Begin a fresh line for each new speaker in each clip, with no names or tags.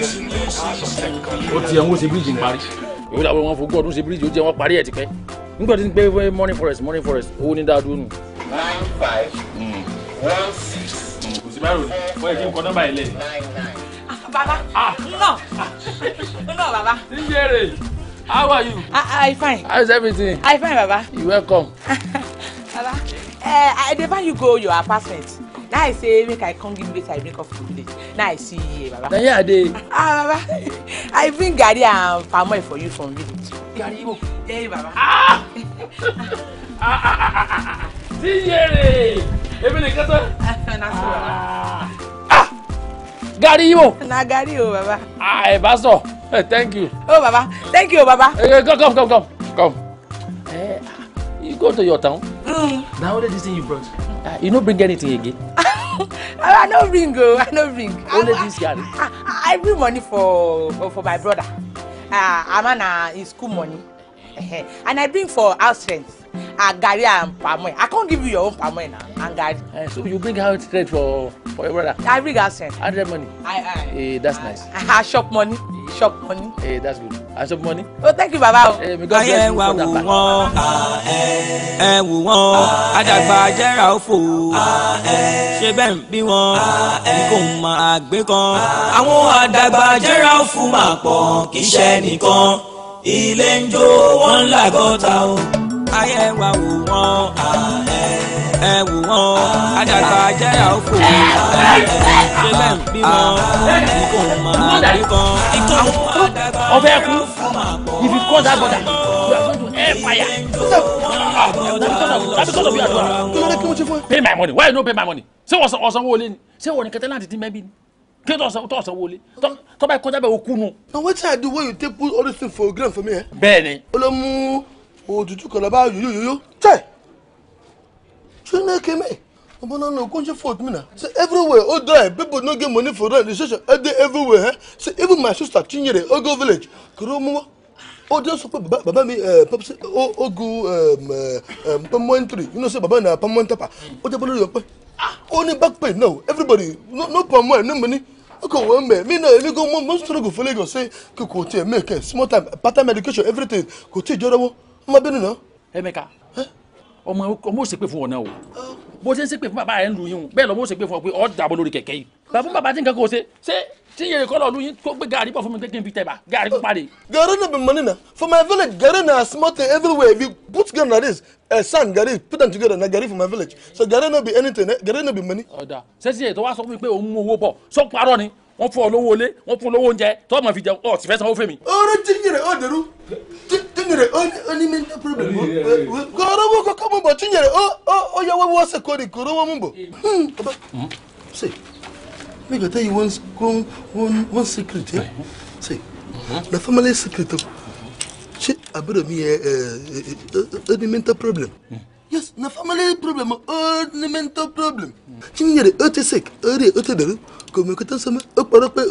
ó
ti ẹ̀ ń wọ́n ṣe bíríìjì ń parí ìwé làwọn wọn fogún ọdún ṣe bíríìjì ó jẹ́ wọ́n parí ẹ̀ tipẹ́ nígbà tí ń pé morning forest morning forest owó ní dáadúró nù.
nine five
one six. kò sí báyìí rò wọ́n yẹ kí n kọ́ nọ́mbà yẹn lẹ̀.
Ah, baba ah. nọ nọ baba. níjẹ́rẹ̀ how are you. I, I fine. how is everything. I fine baba. you welcome. baba uh, eh, I dey buy you go your apartment. Now I say make I come give make ah, I bring up to the village. Now I see you, Baba. Now here dey. Ah, Baba. I bring garri and palm oil for you from village. Garri Igbo. Yeah, Baba. Ah! ah, ah, ah, ah. Siyere! Ah, ah, Ebi nìkan tó. Na so, Baba. Ah! Garri Igbo. Na garri o, Baba. Ah, ẹ bá sọ. Thank you. Oh, Baba. Thank you, Baba. Hey, eh, eh, come, come, come, come.
Come you go to your town. Mm. Now is this thing you brought. Uh, you no bring anything again.
Ah, I no bring o, oh, I no bring. Only this garri. Ah, I, I bring money for for my brother. Uh, Amana is school money. and I bring for house friends and garri and palm oil. I can't give you your own palm oil now. And garri. Uh, eh, so you bring out straight for for your brother. I bring out straight. Hundred money. I, I. Hey, eh, that's I, nice. I, I shop money. Shop money. Hey, eh, that's good. I shop money. Oh, thank you, Baba. Hey, may God bless you for that
plan. Ẹ wù wọ́n, àdàgbà jẹ́ra òfò, ṣé bẹ́ẹ̀ bí wọn, kò máa gbé kan. Àwọn àdàgbà jẹ́ra òfò máa pọ̀ kì í ṣe nìkan, ilé ń jó wọn lágọ́ta o ayé wa wò wọ́n ẹ wò wọ́n àdàgbà jẹ́yà òfò ṣe bẹ́ẹ̀ ń
bí wọn ìkó máa dé kan. ọbẹ̀ kú if you call that brother you are going to air fire. Ah, that because of you ẹ. pay my money why you no pay my money
ṣé wọ́n sanwó olé ni ṣé wọ́n ní kẹtẹ́ láti dín mẹ́bí ni kí ló sọ tọ́sọ wọlé tọ́ba ìkọjá bẹ́ẹ̀ okú nu. na wetin i do wey you take all this thing for ground for me. Eh? bẹ́ẹ̀ni
òtútù kan lọ́ba yòyòyòyò tẹ̀ chineke me ọmọ náà náà kún ṣe fault mi na say everywhere ó dry people no get money for rent recession ẹ dey everywhere eh? even my sister chinyere ogo village kiri omu wa ó dé sọ pé bàbá mi pepsi ogu pamwentry you know say bàbá na pamwentapa ó dé bọ́lá yọpẹ́ ah, ó ní back pain now everybody no, no pamwe no money okay well me me now emi go mo mo struggle for Lagos say kò tiẹ̀ make small time part time medication everything kò tiẹ̀ jọra wọn
ọmọ bínú náà. Emeka ọmọ ọmọ òsèpè fún ọ náà o bó ṣe ń ṣépè fún bàbá rẹ ń lu yín o bẹ́ẹ̀ lọ́mọ òsèpè fún ọ pé ọ dàbọ̀ lórí kẹ̀kẹ́ yìí bàbá fún bàbá tí nǹkan kò ṣe ṣé tí yẹrẹ kọ́ lọ lu yín tó gbé gàrí bọ̀ fún mi pé kí n fi tẹ̀ bá gàrí kó parí. gàrí na bẹ̀ mọ́ni na for my village gàrí na small
thing everywhere if you put gàrí na this uh, sand gàrí put them together na gàrí for my village so gàrí no be anything
eh, gàrí no be money. ọ̀dà ṣé tí yẹrẹ tó wá sọ fún mi pé òun mú owó bọ̀ sọ parọ́ ni wọ́n fún ọ lówó ilé wọ́n fún lówó oúnjẹ tó ọmọ fi jẹun ọ sì sanwó fèmí. ọ̀rọ̀ jíjìnrẹ̀ ọ̀ dẹ̀rú jíjìnrẹ̀ ọ
ní mental problem kò rówó kọ́kọ́ mú bọ̀ jíjìnrẹ̀ ọ yẹ wọ́n wọ́sẹ̀ kọ́ ni kò rówó mú bọ̀. see make I tell you one one one, one secret eh? see hmm. hmm? the family secret o ṣé àbúrò mi yẹ ọ eh, eh, eh, ní mental problem. Hmm yes na family problem mental problem chinyere ote sek ore ote dere kòmòkòtò sọmọ ó pọrọ pé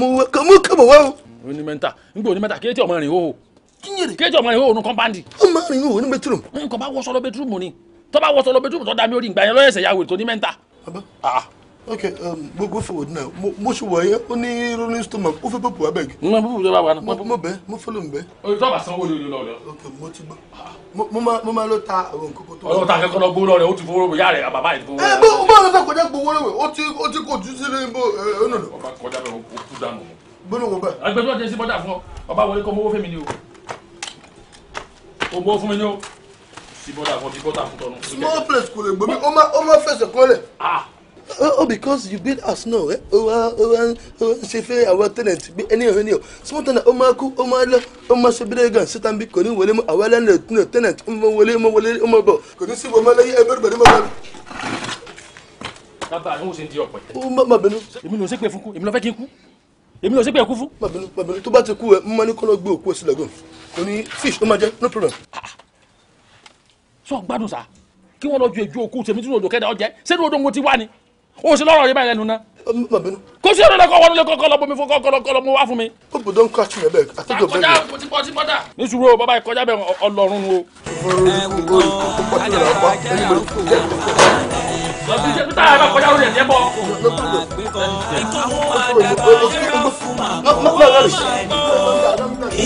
mo wá
kọmọ kọmọ wá o. ornamental n gbọ́ ornamental kéétì ọmọ rìn hóhó chinyere kéétì ọmọ rìn hóhó nu kọ́mpáǹdì. ọmọ rìn hóhó ní bedroom. nǹkan bá wọ́sọ lọ bedroom ni tọ́ bá wọ́sọ lọ bedroom tọ́ da mi orí ìgbà yẹn lọ́yẹ̀sẹ̀ yà wèrè tó ní mẹ́ta.
baba ok um, gbogbo fowó náà mo ṣe wọ̀nyẹn ó ní rolling stone man ó fẹ́ pọ̀pọ̀ abeg. mo pọ̀pọ̀ ìjọba wa náà. mo bẹ mo fọlọ́ mi bẹ. ìjọba sanwó
lè lọ rẹ. ok mo ti
gbọ́ mo máa lọ ta àwọn nǹkan
tó. ọlọ́run ta akẹ́kọ̀ọ́ náà gbowó lọ rẹ ó ti fowó rẹ yára ẹ bàbá yìí fowó rẹ. Eh, ẹ bó bá wọn fẹ́ kọjá gbowó rẹ ó ti ó ti kò ju sí ní bó ẹ ó nà. ọba kọjá bẹ o kú dànù. gbọ́dọ̀ wọ bẹ́ẹ̀. agbẹ́bí ọ̀jẹ̀ sí bọ́dà fún ọ small place kò lè gbọ́ mi ó má
fẹsẹ̀ Oh, oh because you build house eh? náà ẹ o oh, wa ah, o oh, wa ah, o wa ah, ṣe fẹ́ àwọn tenant gbé ẹni ọ̀hún ni o small tenant ó máa kú ó máa lọ ó máa ṣe bílẹ̀ gan síta bí kò ní wọlé mọ́ àwọn ẹlẹ́ni rẹ̀ tún lọ tenant ó máa wọlé ó máa wọlé ó máa bọ̀ kò ní sí wọ́n máa lẹ́yìn ẹgbẹ́ rẹ̀ máa bọ̀.
bàbá àwọn oṣù ti ọ̀pọ̀ ẹ̀. ó má
má bínú. èmi ló ṣe pé fún kú èmi ló fẹ́ kí n kú èmi ló ṣe pé kú fún. má bínú má bínú tó bá ti kú ẹ mo máa ní kọ́ lọ gbé òkú ẹ sílẹ̀ gan kò ní fish ó máa jẹ no problem.
sọ gbádùn sá kí wọ́n lọ ju èjú òkú tèmi tí odò kẹ́dà ọ jẹ́ sẹ́ni odò ń wo ti wá ni o sì lọ́rọ̀ yìí báyìí lẹ́nu náà. kò sí ọ̀rọ̀ lẹ́kọ̀ọ́ wọnú lẹ́kọ̀ọ́ kọ́lọ́ bomi fún kọ́lọ́ kọ́lọ́ mo wá fún mi. ó bùdó ń kọ́ àtúnyẹ bẹ́ẹ̀ àtúntò bẹ́ẹ̀ bẹ́ẹ̀. kọjá kọjá kọjá. ní sùúrù o bàbá ìkọjá bẹ́ẹ̀
ọlọ́run o.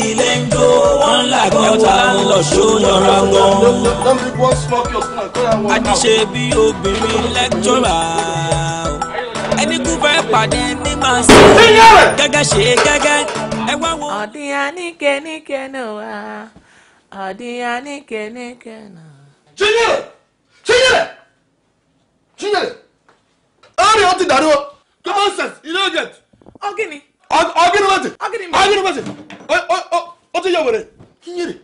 ilé ń jó wọn làgọ́ta lọ ṣó lọ́ra gan. àti ṣe bí obìnrin lẹ́kítọ́rà fẹ́ pàdé ní màá ṣe gẹ́gẹ́
ṣe gẹ́gẹ́ ẹ wá wo. ọ̀dín aníkẹ́níkẹ́ náà wá ọ̀dín aníkẹ́níkẹ́ náà. Chinyere Chinyere
Chinyere ẹ̀rì ọtí dàrú o common sense you no get. ọ̀gìnì. ọ̀gìnì mọ̀tì ọ̀gìnì mọ̀tì ó ti yẹ wèrè Chinyere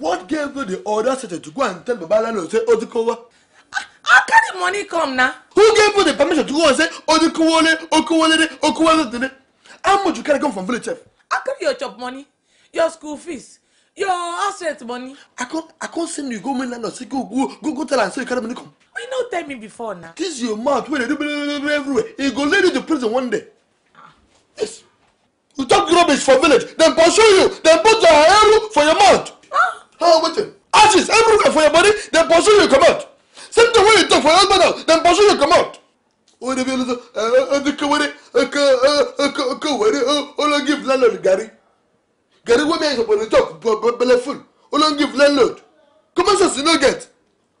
what gave you the order to go and tell babalẹ̀ lọ say ó ti kó wá.
I can the money come now? Who gave you the permission to go and say, oh, Okuwole, Okuwole, Okuwole? How much you carry come from village chef? How carry your chop money, your school fees, your house money? I can't, I can't send you go mainland or say go, go, go, go tell her and say you carry money come. You no tell me before
now. This is your mouth where they do everywhere. He go lead you to prison one day. Ah. Yes. You talk rubbish for village, then pursue you, then put your arrow for your mouth. Huh? Ah. Huh, wait. Ashes everywhere for your body, then pursue you, come out. Same thing when you talk for your husband, then pursue you come out. Oh, the village, uh, the kawari, uh, uh, uh kawari, uh, only give landlord Gary. Gary, what man is upon the talk, belleful. Only give landlord. Common sense you no get.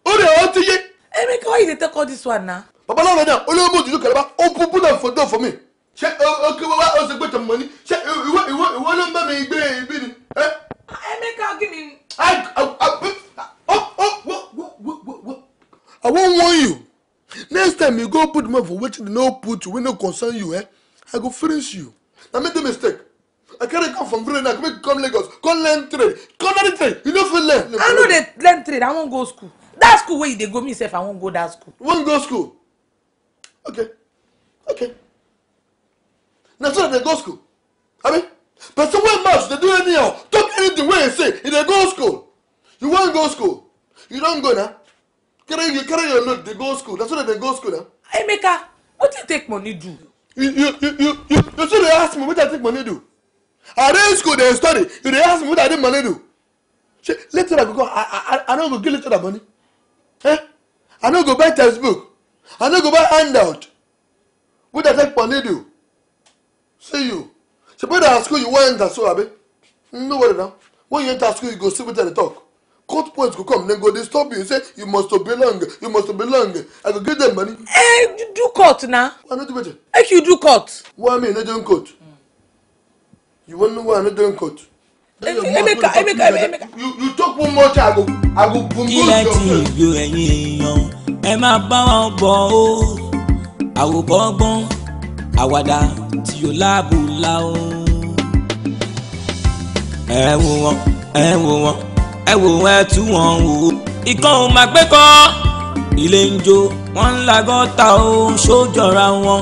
Oh, they are to you. Emeka, why you dey take all this one now? Baba Lawrence now, only about oh, kalaba, open that for door for me. Ṣé ọkọ wa ó ṣe gbé tọmọ ní? Ṣé ìwọ ìwọ ìwọ ló ń bá mi gbé ibi ni? Emeka, kí ni? Ó ó ó i won't warn you next time you go put money for wetin dey no put We no concern you eh i go finish you na
make the mistake i carry come from green I make come lagos come learn trade come learn trade you no fit learn. i know dey learn trade i won't go school that school where you dey go me sef i won't go that school. you wan go school okay okay Now so i dey go school
I mean, but somewhere much they do anyhow talk anything wey he say if they go school you won't go school you don't go now carry you carry your load dey go school That's so dem dey go school na. emeka wetin take money do. you you you you you still dey ask me wetin i take money do i dey school dey study you dey ask me wetin i take money do shey later i go go i i i no go give later money eh i no go buy textbook i no go buy handout wetin i take money do see you Suppose na school you wan enter so abi no worry na when you enter school you go see wetin i dey talk court points go come dem go dey stop you say you must to belong you must to belong i go give dem money. Hey, eh, you do court na. why no do better. make you do court. why me no doing court. you wan know why i no doing court.
emeka emeka emeka.
you talk
one more time i go i go boom boom your face.
kí lẹ́tì ìlú ẹ̀yìn èèyàn ẹ máa bá wọn bọ̀ ó àwòbọ̀gbọ́n àwàdà tí yóò láàbù la ó. ẹ wo wọn ẹ wo wọn ẹ wò wọn ẹ tú wọn wò. ìkan ò máa gbé kọ́ ilé ń jó wọ́n ń la gọ́ta ó ń ṣó jọra wọn.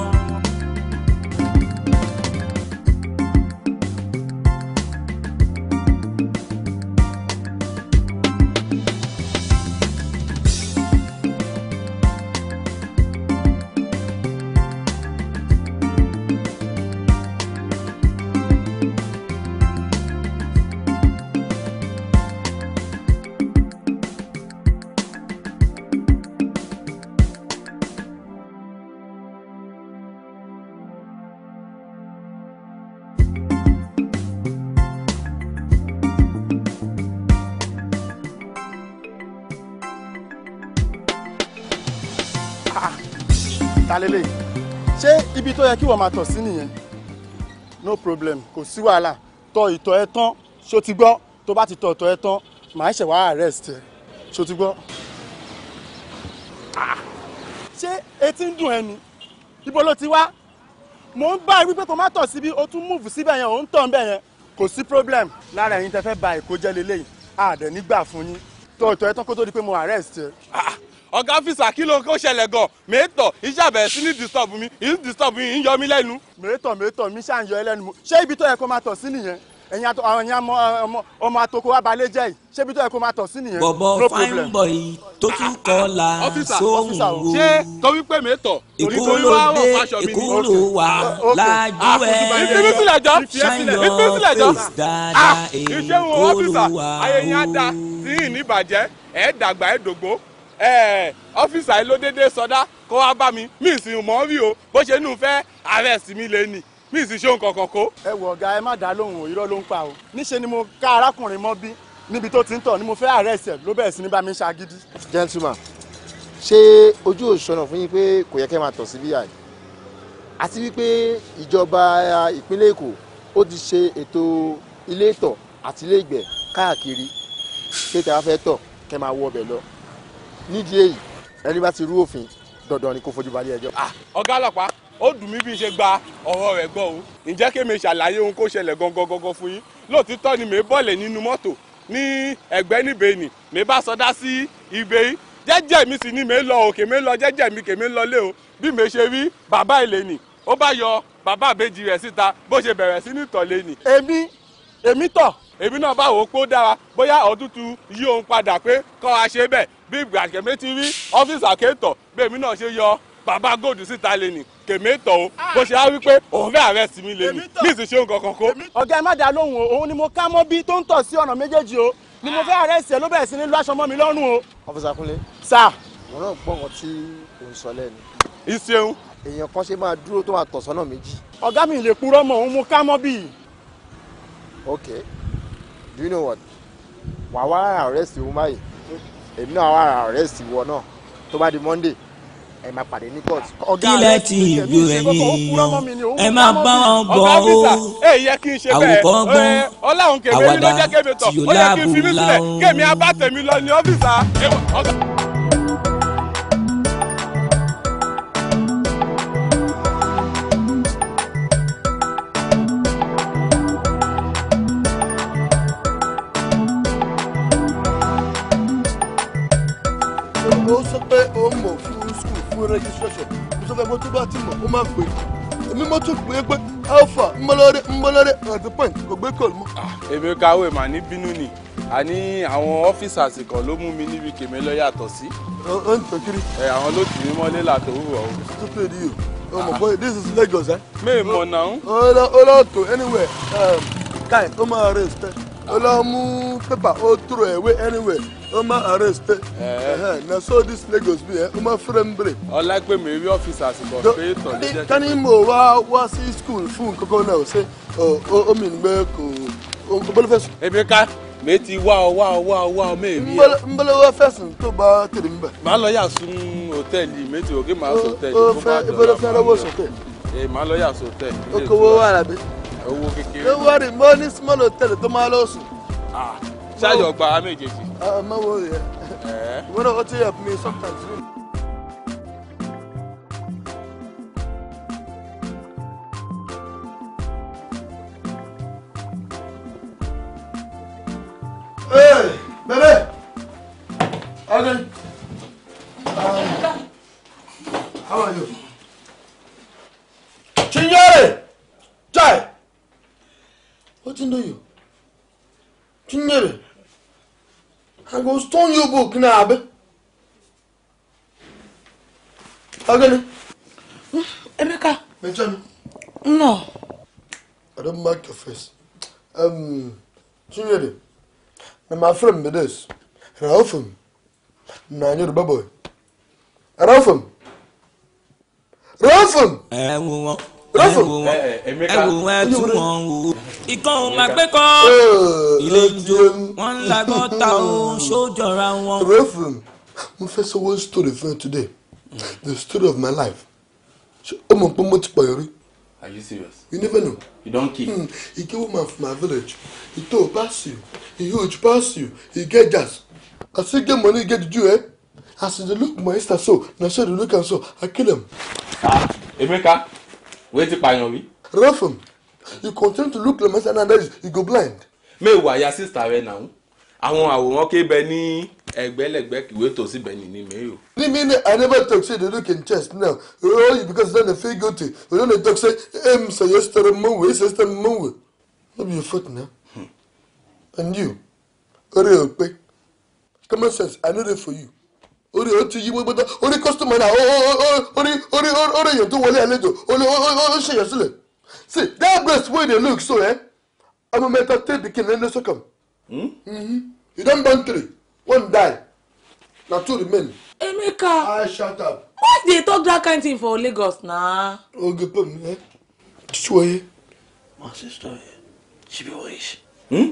kí wọ́n máa tọ̀ sí nìyẹn no problem kò sí wàhálà tọ̀ ìtọ̀ ẹ tán ṣó ti gbọ́ tó bá ti tọ̀ ìtọ̀ ẹ tán màá
ṣẹ̀ wá arrest ẹ ṣó ti gbọ́. ṣé
etí ń dùn ẹ ni ibo ló ti wá mò ń bá wípé kò má tọ̀ síbi ó tún múùfù síbẹ̀ yẹn ò ń tọ̀ ń yẹn kò sí problem lára ẹ̀yin tẹ fẹ́ ba èkó jẹ́ lélẹ́yìn àdẹ̀ nígbà fún yín tọ̀ ìtọ̀ ẹ tán kó tó di pé mo arrest ẹ ọ̀gá ọ́fíìsà kí ló kó ṣẹlẹ̀ gan mẹ́tọ̀ iṣẹ́ àbẹ̀rẹ̀ sí ní disturb mi ìlú disturb mi ń yọ mí lẹ́nu. mẹ́tọ̀ mẹ́tọ̀ mi ṣáà ń yọ ẹ lẹ́nu ṣé ibi tó yẹ kó máa tọ̀ sí nìyẹn ẹ̀yin àwọn ọmọ ọmọ àtòkò wa balẹ̀ jẹ́ yìí ṣé ibi tó yẹ kó máa tọ̀ sí nìyẹn. bọ̀bọ̀ fine
boy tó tún kọ́ la sóhun o ṣé
torí pé mẹ́tọ̀ torí torí wá wọ̀ fáṣọ mi ni. ìkúlò
wà ah, lájú ah, ẹ ṣàyàn face dáadáa ìkúlò wà o. ìṣẹ́ wo ọ́fíìsà
ayẹyẹ á da sí ìníbàjẹ́ ẹ̀ẹ́dàgbà ẹ̀ẹ́dògbò Eh, ọ́fíìsì àìlódédé sọdá kó wá bá mi mí sì mọ̀ rí o bó ṣe nù fẹ́ àrẹ́sì mi lè nì mí sì ṣe nǹkan kan kó.
ẹ wọ ọgá ẹ má dá lóhùn irọ́ ló ń pa o níṣe ni mo ká arákùnrin mọ́ bí níbi tó ti ń tọ̀ ni mo fẹ́ àrẹ́sì ẹ̀ ló bẹ̀rẹ̀ sí ní bá mi ṣagídí. gentleman ṣé ojú òṣùwọ̀n fún yín pé kò yẹ kẹ́ máa tọ̀ sí bíyà yìí àti wípé ìjọba ìpínlẹ̀ èkó ó ti ṣe ètò ilé ìtọ̀ àti ilé ìgbẹ́ káàkiri pé tẹ́ wá fẹ́ tọ̀ kẹ́ máa wọ ọbẹ̀ lọ nídìí èyí ẹni bá ti rú òfin dandan ni kó fojú balẹ̀ ẹjọ́. Ah,
ọ̀gá ọlọ́pàá ó dùn mí bí n ṣe gba ọ̀rọ̀ rẹ̀ gbọ́ o ǹjẹ́ kí mi ṣàlàyé ohun kó ṣẹlẹ̀ gangan gangan fún yín lóòtítọ́ ni mi bọ́ọ̀lẹ̀ nínú mọ́tò ní ẹ̀gbẹ́ níbẹ̀ ni mi bá sọdá sí ibẹ̀ yìí jẹ́jẹ́ mi sì ni mi lọ òkè mi lọ jẹ́jẹ́ mi kèmi lọ lé o bí mi ṣe rí bàbá ilé ni ó bá yọ bàbá àbèjì rẹ̀ síta bó ṣe bẹ̀rẹ̀ sí ní tọ̀lé ni. èmi èmi tọ̀ èmi náà bá wò ó pé ó dára bóyá ọ̀tútù yí òun padà pé kọ́ wa ṣe bẹ́ẹ̀ bí ìgbà kẹ̀mẹ́ ti rí ọ́fíìsì àkẹ́tọ̀ bẹ́ẹ̀ mi náà ṣe yọ bàbá góòdù síta lè nì kèmétọ̀ o ah. bó ṣe á wí pé òun fẹ́ àrẹ́sì mi lè nì ní ìsìnṣẹ́ nǹkan kan kó. ọ̀gá ẹ má dá lóhùn o òun ni mo ká mọ́ bí tó ń tọ̀ sí ọ̀nà méjèèjì o ni mo fẹ́ àrẹ́sì
ẹ ló bẹ̀rẹ̀ sí ní lọ́ṣọ mọ́ mi lọ́rùn o. ọ̀fíìsà Kúnlé. sà. mo náà gbọ́ ọkọ tí ò ń sọ lẹ́nu. ìṣeun. èèyàn kan ṣe máa dúró tó máa tọ̀ sọ́nà méjì. ọ̀gá mi lè purọ́ mọ́ òun mo ká mọ́ bí. okay do you know what wàá wá àrẹ́sì òun báyìí èmi náà wà arrest ìwọ náà tó bá di monday ẹ máa pàdé ní court.
kílẹ̀
tí ìlú ẹ̀yìn yan ẹ máa bá wọn gbọ́ eh,
eh, ó àwòkọ́ gbọ́n àwàdà tí yóò láàbù láwọn.
registration mo sọ fẹ́ mo tún bá ti mọ̀ ó máa pè èmi mo tún pè é pé alpha mbọlọdẹ mbọlọdẹ àti point kò gbé
kọ́ọ̀lù mọ́. Ah, èmi kàwé màá ní bínú ni àní àwọn ọ́fíìsà àsìkò ló mú mi níbi kèmí lọ yàtọ̀ sí. ó ń tọ́ kiri. ẹ àwọn ló tì mí mọ́lé làtọ̀ wúwọ̀ o.
stupid you ọmọ boy this is Lagos. Eh?
mi mọ̀ náà.
ó lọ tó anywhere. Um, guy ó máa rest ó lọ mú pépà ó throw away anywhere ó má arrest e. eh. na so this Lagos bi ẹ ó má frame break. ọlágbèmí
ewé ọ́fíìsì àsìkò pé tàn ló jẹ́ kí. kání mo
wá wá sí school fún kókó náà ṣé
ó mi gbé kò ó bọ́lú fẹ̀sùn. èmi ká mi ti wá ọ wá ọ wá ọ wá ọ mẹ́rin yẹn. nbọ́lọ́wọ́ fẹ̀sùn tó bá tèmi mbà. màá lọ yà eh, sun hòtẹ́ẹ̀lì mi ti òkè màá sọ hòtẹ́ẹ̀lì. ó fẹ́ ìbọ̀lọ́fẹ́ lọ́wọ́ sọ̀tẹ̀. màá lọ yà sọ owó kékeré. ló wá
rí mo ní small hotel tó máa lọ sùn.
ṣáàjọ gba méjèèjì.
ọmọ wo yẹ ìwé náà ó ti help me sometimes. Hey! Do you. Chinyere. I go stone your book now, abe. Again. Emeka. Mention. No. I don't like your face. Um, Chinyere. Na my friend be this. Raufum. Na nyo the boy.
Raufum. Raufum. Ẹ wo wọn. Raufum. Ẹ wo wọn. Eh, eh, wo wo ìkan ò máa gbé kan ilé ijó wọn ń lagbọ́n ta ohun
ṣójọra wọn. reverend mo fẹ́ sọ one story fún ẹ today mm. the story of my life ṣé o mọ̀ pé mo ti pọ̀ yọrí. are you serious. you never know. you don kill. Mm, he get woman from my village he tall pass you he huge pass you he get jazz i still get money get juju eh as he dey look my sister so na so i dey look am so i kill am.
ah emeka wey ti pààyàn bi. rough am you continue to look like Mr. Nandez you go blind. mẹ́wàá ya sísá rẹ̀ náà àwọn àwòrán kébẹ ní ẹgbẹ́lẹ́gbẹ́ ìwé tòsí bẹ́ẹ̀ni ní mẹ́rin.
ní mi ni i never talk say they look in chest now oh you because you don dey feel guilty you don dey talk say em sọyọ sọrọ mọwé sọyọ sọrọ mọwé no be your fault na and you orí o common sense i no dey for you orí o ti yí wọ́n gbọ́dọ̀ orí customer náà oh, oh, oh, orí orí orí èèyàn tó wọlé àlejò orí ó ṣèyàn sílẹ̀ see that breast wey dey look so eh amometa three pikin na nne sokam you don born three one die na two remain.
emeka i shut up. why you dey talk that kind thing for lagos na. oge pam eh
chichiwaye. my sister eh she be wench. Hmm?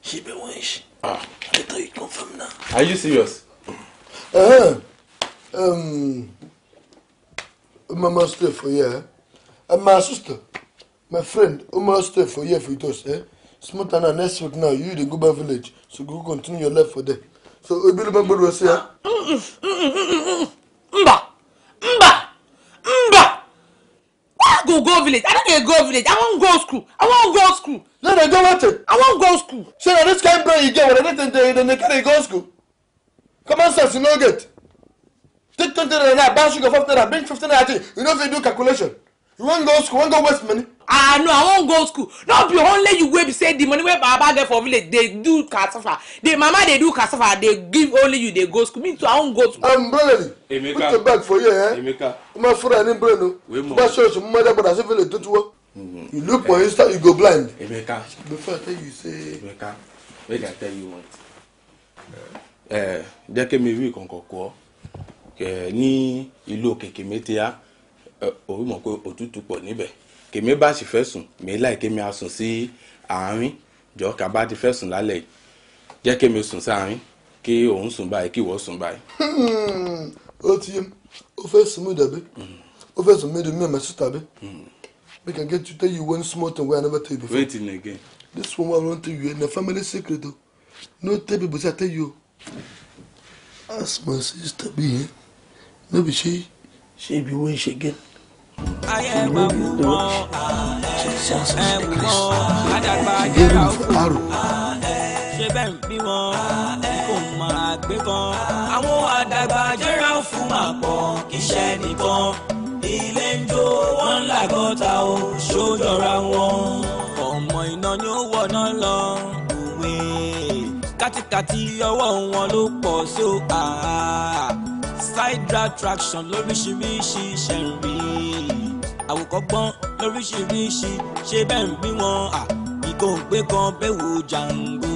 she be wench. ah i
dey tell you confirm
na.
are you serious.
Uh, um, mama stay for here eh? and my sister my friend omar stay for here with us eh? small town na next week now you dey go back village so go continue your life for there so obi ló bá gbọdọ sí ẹ.
mba mba
mba why i go go village i no dey go village i wan go school i wan go school. no dey go it. i wan go school. shey na dis kain brain you get wen i dey dey dey carry go school common sense you no get take twenty naira buy sugar five naira bring
fifteen naira thing you no fit do calculation you wan go school wan go waste money. I know i wan go school no be only you wey be say the money wey baba get for village dey do cassava the mama dey do cassava dey give only you dey go school me too i wan go school. ambrele
put
the bag
for here
eh
uma fura ẹni brain o bá ṣọ́ọ̀ṣì mú mẹ́ta padà sí village tó ti mm-hmm. you look for insta you go blind.
emeka before i tell you say. emeka make i tell you one thing. Eh, eh, jẹ́ kí mi rí ìkọ̀ǹkọ̀ kọ́ eh, ní ìlú òkèkè mẹ́tẹ́á òun mọ̀ pé òtútù pọ̀ níbẹ̀ kèmí bá sì fẹ́ sùn mí láì kémi á sùn sí àárín jọ ká bá ti fẹ́ sùn lálẹ́ yìí jẹ́ kémi sùn sáárín kí òun sùn báyìí kí ìwọ sùn báyìí.
Hmm. ó ti ó fẹ́ sùn mí dàbí hmm. ó fẹ́ sùn mí dùn mí àmàṣù tàbí we can get you tell you one small thing wey I never tell you before. wait in again. this one wey I wan tell you na family secret o no tell people say I tell you as my sister be here. no be she she be
wey she get ayé máa wù wọ́n ẹ wù wọ́n adàgbà yàrá òkú ṣe bẹ́ẹ̀ àwọn àdàgbà jẹ́ra fún àpọ̀ iṣẹ́ nìkan ilé ń jó wọn làgọ́ta ò ṣojọra wọn ọmọ iná ni ó wọná lọ òwe kátikàti ọwọ́ wọn ló pọ̀ sí ò side traction lóríṣiríṣi ṣẹ̀rí àwòkọ́gbọ́n lóríṣiríṣi ṣe bẹ́ẹ̀ ń bí wọn à ìkóǹgbé kan bẹ́ẹ̀ wò jàǹgbó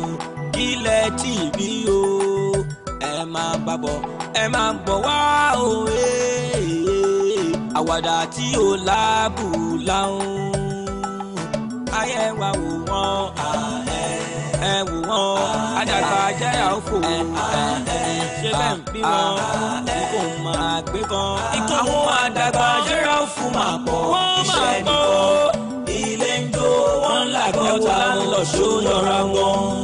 ilẹ̀ tí ì rí o ẹ máa gbàbọ̀ ẹ máa gbọ̀ wá òwe àwàdà tí ò láàbù láhùn ayé wa wò wọ́n ààrẹ ẹ wò wọ́n àdàgbà jẹ́ra ó fò wọ́n ṣe bẹ́ẹ̀ ń bí wọn n kò máa gbé kan. àwọn àdàgbà jẹ́ra ó fò máa pọ̀ iṣẹ́ nìkan ilé ń jó wọ́n ń làkọ́ta lọ ṣó yọra wọn.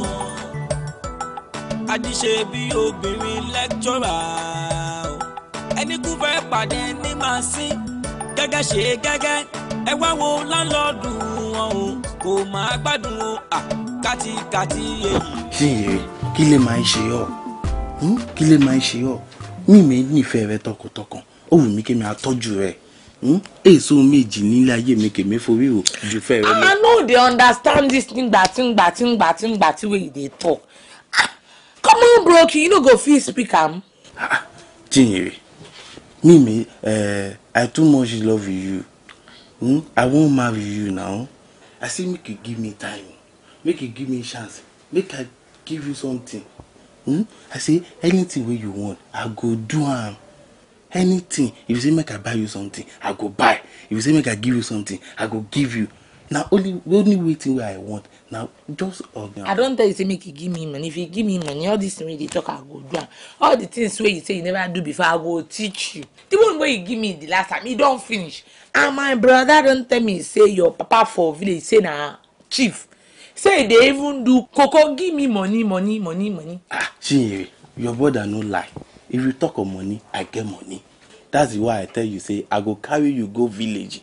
àdìṣe bí obìnrin lẹ́kítọ́rà ẹni kú fẹ́ pàdé ní màsín gẹ́gẹ́ ṣe gẹ́gẹ́ ẹ wá wo láńlọ́ọ̀dù wọn o kò máa gbádùn o kátikáti èyí.
ṣìyẹ kí lè máa ń ṣe ọ hmm? kí lè máa ń ṣe ọ mímì nífẹ̀ẹ́ rẹ tọkàntọkàn ó wù mí kí mi àtọ́jú rẹ hmm? èso méjì nílé ayé mi kèmí forí o ju fẹ́ rẹ lọ. I
no dey understand this ngbà tí ngbà tí ngbà tí ngbà tí wey you dey talk ah, common broken you no go fit speak am.
Chinyere ah, Mimi, uh, eh, I too much love with you. Hmm? I wan marry you now. I say make you give me time.
Make you give me chance. Make I
give you something. Hmm? I say anything wey you want, I go do am. Anything. If you say make I buy you something, I go buy. If you say make I give you something, I go give you na only only wetin wey i want na just ogan. i
don tell you say make you give me money if you give me money all this thing wey you dey talk i go do am all the things wey you say you never do before i go teach you the one wey you give me the last time e don finish and my brother don tell me say your papa for village say na chief say e dey even do koko give me money money money money. ah
chinyere
your brother no lie if you talk of money i get money that's why i tell you say i go carry you go village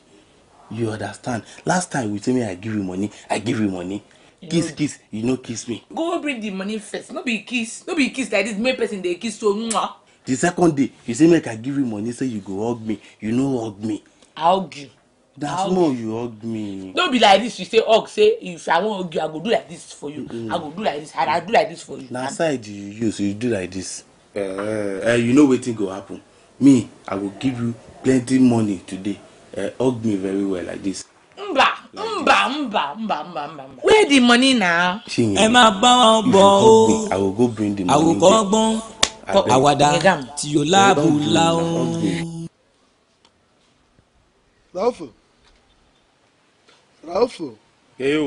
you understand last time you tell me i give you money i give you money kiss kiss you no kiss me.
go bring the money first no be kiss no be kiss like this make person dey kiss so mwah.
the second day you say make i give you money say you go hug me you no hug me. i hug you. na small you hug me.
no be like this you say hug say if i wan hug you i go do like this for you mm. i go do like this and i do like this for you. na
side you use you do like this. Uh, uh, you know wetin go happen me i go give you plenty money today uh, hug me very well like this.
Mba, mba, mba, mba, mba, mba, Where the money now? Ẹ máa bá wọn bọ̀ o.
I will go bring the money. Àwòkọ́ ọgbọ́n àwàdà
tí yóò láàbù láwọn.
Raufu. Raufu. Eyo.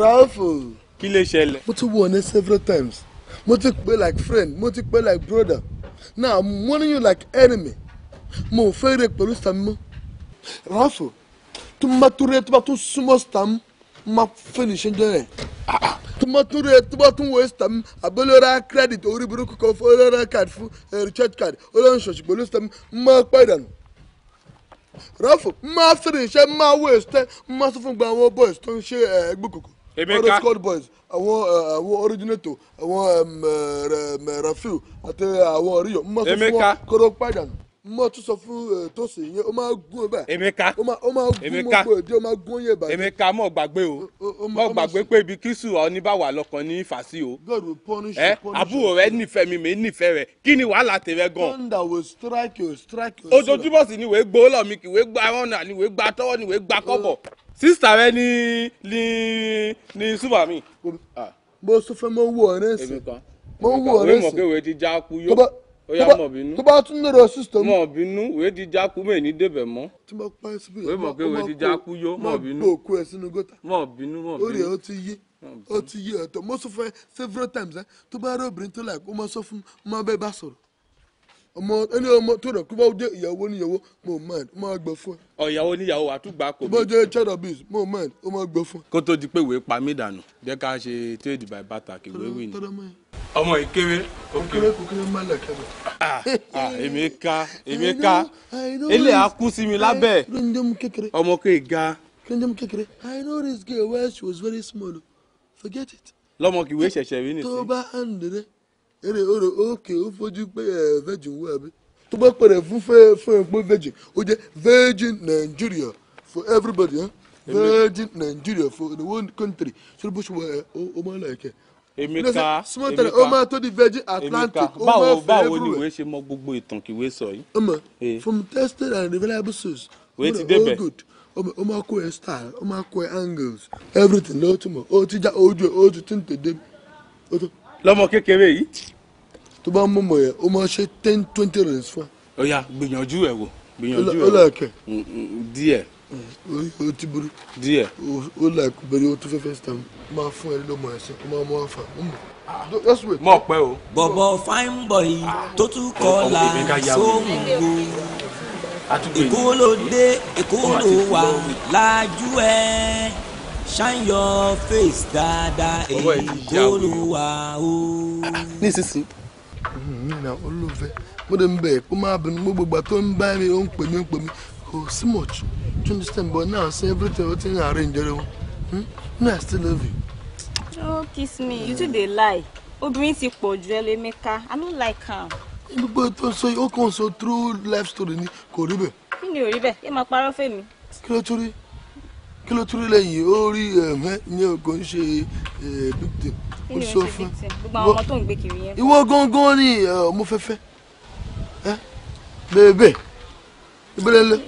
Raufu. Kí lè ṣẹlẹ̀? Mo ti wọ̀ ní several times. Mo ti pè like friend, mo ti pè like brother. Now I'm warning you like enemy mo ò fẹ́ rẹ̀ pẹ̀lú sàmì mọ́ ráfò tó má tó rẹ̀ tó bá tó súnmọ́ sàmì má fẹ́ ní ṣẹ́jọ́ rẹ̀ tó má tó credit orí burúkú kan fún olóra card fún eh, recharge card olórin ṣọ̀ṣì pẹ̀lú sàmì má pàdé nù ráfò má fẹ́ ní ṣẹ́ má wọ̀ ẹ̀sítẹ́ má sọ fún gba boys tó ń ṣe ẹgbẹ́ kòkò ọ̀rọ̀ scott boys àwọn eh, àwọn originator àwọn eh, rafiu àti àwọn ọ̀ríyọ̀ má sọ fún wọn kóró pàdé nù mo tún sọ
fún eh, tòsí yẹn o máa gún bẹ́ẹ̀. emeka emeka emeka mọ gbàgbé o mọ gbàgbé pé ibi kíṣù ọ̀ní bá wà lọ́kàn ní fàṣí o.
God will punish eh? you. ẹ àbúrò
rẹ nífẹ̀ẹ́ mi mi nífẹ̀ẹ́ rẹ kí ni wàhálà tẹ̀rẹ̀ gan. will strike you ojoojúmọ́ sí ni wèé gbó lọ kì wèé gba ọ̀nà ni wèé gba tọ́wọ́ ni wèé gba kọ́bọ̀ sísà rẹ ni ni ni súpà mi. mo sọ fẹ́ mo wọ ọ̀rẹ́ sí mo wọ ọ̀rẹ́ sí ó yá mọ̀ bínú. tó bá tún lérò sísítọ̀ mi. mọ̀ bínú wèé di jákú mẹ́ ní débẹ̀ mọ́. tí mo pa ẹ́ síbi. wèé mọ̀ pé wèé di jákú yó mọ̀ bínú. mọ̀ bó o sínú gọ́tà. mọ̀ bínú mọ̀ bínú. ó rè é ó
ti yé ó ti yé ọ̀tọ̀ mo sọ fún ẹ several times ẹ tó bá rí obìnrin tó láì kó mo sọ fún mo bẹ bá sọ̀rọ̀ ọmọ ẹni ọmọ tó rẹ̀ kó bá jẹ́ ìyàwó níyàwó mo mọ̀ ẹ́ mo gbọ́ fún
ẹ. ọ̀yàwó níyàwó àtúgbà kò bí. bó jẹ́
child abuse mo mọ̀ ẹ́ mo
gbọ́ fún ẹ. kó tó di pé wèé pa mí dànù jẹ́ ká ṣe trade by barter kí wéé wì ní ọmọ ìkéwé òkèrè
kòkèrè mọ́lẹ̀ kẹrẹ.
Ah, ah, èmi ká èmi ká
ilé akú sí mi lábẹ́
ọmọ kò ga.
I know this girl when she was very small forget it.
lọmọ kìwé ṣẹ̀ṣẹ̀ rí nìsín. tó
bá ń dèrè èrè orò òkè ó fojú pé virgin wú àbí tó bá pẹ̀rẹ̀ virgin ó jẹ́ virgin Nigeria for everybody eh? virgin Nigeria for the one country ṣé bó ṣe wọ ọmọ ọlọ́ọ̀kẹ́ èmi ka èmi ka o máa tó di
Virgin Atlantic o máa fẹ́ everywhere. báwo ni ìwé ṣe mọ gbogbo ìtàn kìwé sọ yìí. ọmọ eh. from
tested and reliable sources. wéé ti débẹ̀ o máa kó ẹ style o máa kó ẹ angles everything ló tún mọ̀ o ti já ojú ẹ o ti tún tèdè. lọ́mọ kékeré yìí. tó bá ń mú yẹn o máa ṣe ten twenty runs fún.
ó yá gbìyànjú ẹ̀ wò gbìyànjú ẹ̀ wò mm, mm, díẹ̀ o ti burú. díẹ̀.
o la ìkúbẹ̀rẹ̀ o tún fẹ́fẹ́ síta máa fún ẹ lọ́mọ ẹ̀sìn kó máa mú àǹfà. Mm. mọ̀
pẹ́ o. bọ̀bọ̀ fine boy tó tún kọ́ la sóhun wo èkó ló dé èkó ló wà lájú ẹ shine your face dáadáa èkó ló wà o.
nísinsìnyí mm-hmm, mi olùfẹ́ mo dé ń bẹ̀ kó máa bẹ̀rù gbogbo àgbà ń bá mi ó ń pè mí ó ń pè mí kò sí mọ̀jú to understand, but now say everything, everything arrange. Hmm? No, I still love you.
Oh, kiss me. You two they lie. Obìnrin ti pọ̀ ju ẹ maker? I don't like her.
Gbogbo tó ń sọ yìí, ó true life story ni kò rí
ni ò rí bẹ́ẹ̀? Ẹ máa parọ́ fèmí.
Kí ló tún rí? Kí ló tún rí lẹ́yìn? Ó rí ẹ̀mẹ́ ehm, ní eh, kò ni o ṣe victim?
Gbogbo àwọn ọmọ tó ń gbé kiri yẹn. Ìwọ
gángan ni mo fe fẹ́. Bẹ́ẹ̀ bẹ́ẹ̀. Ìbẹ̀rẹ̀ lẹ́.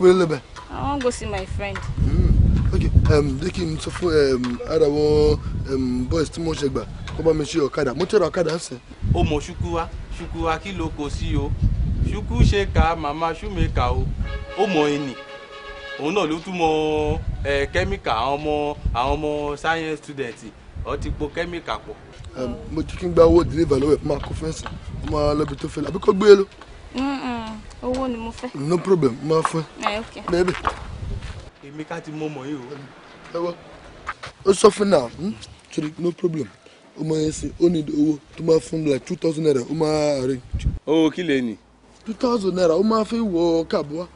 Where are you?
I want to go see my friend. Mm.
Okay, um, they came for um, other wọn um, boys tí mo ṣe gbà kó bá your ṣe ọ̀kadà mo tẹ̀rọ ọ̀kadà ṣe.
ó mọ ṣukuwa ṣukuwa kí ló kó sí o ṣukú ṣe ka màmá ṣùmẹ̀ka o ó mọ ẹnì òun náà ló tún mọ ẹ kẹ́míkà àwọn ọmọ àwọn ọmọ science studenti. ó ti po kẹ́míkà pọ̀.
Um, mo ti kí n gba owó deliver lọ́wọ́ ẹ̀ fún ma kó fẹ́ǹsì mo máa lọ́bi tó fẹ́ lọ
owó ni mo fẹ́. no
problem máa fún ẹ eh, bẹ́ẹ̀bẹ́.
èmi ká ti mọ ọmọ yìí o.
ẹ wá ó sọ fún náà hmm? sorry no problem ó máa yẹn sí ó ní owó tó máa fún like two thousand naira ó máa arrange.
owó kí lè nì.
two thousand naira ó máa fi wọ káàbọ̀ wá.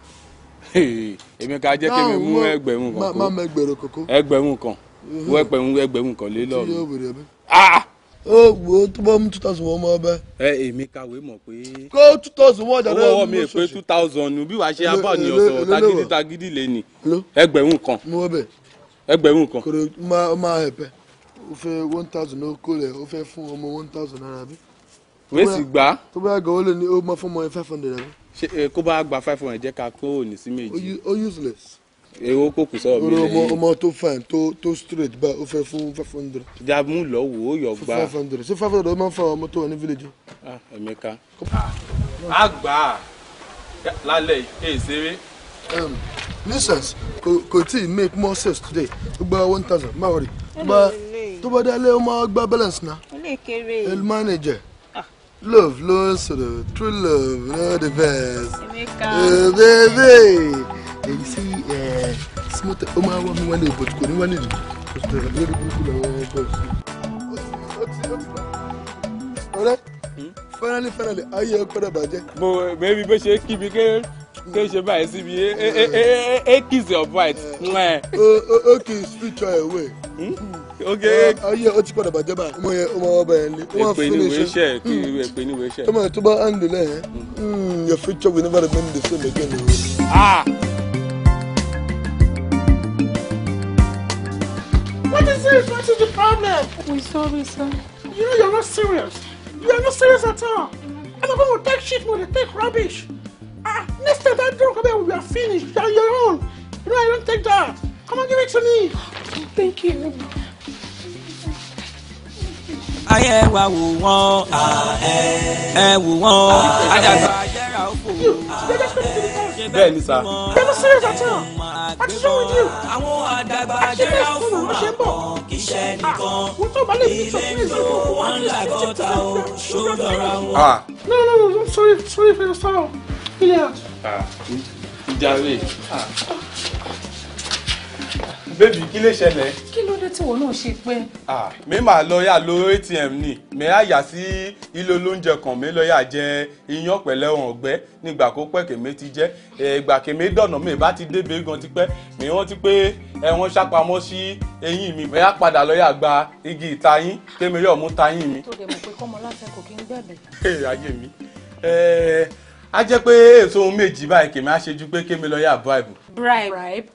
èmi ká jẹ́ kí mi mú ẹgbẹ̀rún kan kó ẹgbẹ̀rún kan wọ ẹgbẹ̀rún ẹgbẹ̀rún kan lé
lọ́ọ̀rù ó wo tó bá mú two thousand one, mọ ọbẹ.
ẹ èmi kàwé mọ̀ pé. kó two thousand wọn jáde. owó mi pé two thousand bí wàá ṣe abọ́ ni ọ̀sọ̀ tagidi tagidi lè nì ẹgbẹ̀rún kan. mo wọ bẹ. ẹgbẹ̀rún kan. kòrò
máa máa ẹ̀pẹ̀ o fẹ́ one thousand ó kó rẹ̀ o fẹ́ fún ọmọ one thousand náírà bí.
wẹ́sì gbà.
tó bá gà ó lè ní ó máa fún ọmọ yẹn five hundred rẹ̀ bí.
Eh, kó bá gba five hundred jẹ́ ká kó òní sí méjì. ó useless ewo kò kù sọ̀rọ̀ mi lẹ́yìn. ọmọ
tó fine tó tó straight báyìí ó fẹ́ fún five hundred.
jamu lọ wò ó five hundred ṣé five
hundred ó máa fa ọmọ tó wà ní village. Ah, ẹ̀mí ká.
a gbà á lálẹ́ yìí ṣeré. Um,
nuisance kò tí ì make more sales today ó gba one thousand má wọrí tó bá dálé ó máa gba balance náà.
ó lè kéré.
el manager ah. love ló ń true love no the best. ẹ̀mí ká. Oh, baby èyí sí smooth ó máa ń wọ́n mi wọlé ìbòtí kò ní wọlé mi lórí burúkú lọ́wọ́ bọ́ọ̀sì.
ọ̀rẹ́ fẹ́rẹ́lì hmm? fẹ́rẹ́lì ayé ẹ padà bàjẹ́. mo bẹ́ẹ̀ bí bó ṣe kí mi ké ké ṣe báyìí síbi a kiss your bite. Eh, o
kì í speech your way. ayé ó ti padà bàjẹ́ báyìí. mo yẹ ọmọ ọba yẹn lé. èpè ni wèé ṣe
èpè ni wèé ṣe. tọ́mọ̀
tó bá ń lò lẹ́yìn your future will never remain the same again. Ah.
What is this? What is the problem? We saw this, sir. You know you're not serious. You are not serious at all. And I'm going to take shit more than take rubbish. Ah, next time that drunk about we are finished. You're your own. You know I don't take that. Come on, give it to me.
Thank you ayé wa wò wọ́n ẹ wò wọ́n àdàgbà ayéra òfò bẹ́ẹ̀ ni sá. bẹ́ẹ̀ ni serious at all what is wrong with you. àwọn àdàgbà ayéra òfò máa kì í ṣe ah, nìkan ilé ló wọn là gọ́ta o ṣòdọ̀ra wọn.
Ah.
no no no i'm sorry sorry for your sorrow. ilé
àti. ìjà rè é. Ah bébì kí lè ṣẹlẹ̀.
kí ló dé tíwọ náà ṣe pé.
mi máa lọ yà lo atm ni mi á yà sí ilé olóúnjẹ kan mi lọ yà jẹ iyán pẹ̀lẹ́ ọ̀hún ọ̀gbẹ́ nígbà kó pẹ́ kèmé ti jẹ́ ìgbà kèmé dọ̀nà mi bá ti débi gan tipẹ́ mi wọ́n ti pé ẹ̀wọ̀n ṣàpamọ́ sí eyín mi mi á padà lọ yà gba igi ìtayín kémi yọ̀ mú tayín mi. tó
dẹ̀ mọ̀ pé kọ́mọ láfẹ́ kò kí ń gbẹ̀bẹ̀.
ẹ ayé mi a jẹ́ pé èso ohun méjì báyìí kèmí á ṣe ju pé kémi lọ yà bribe.
bribe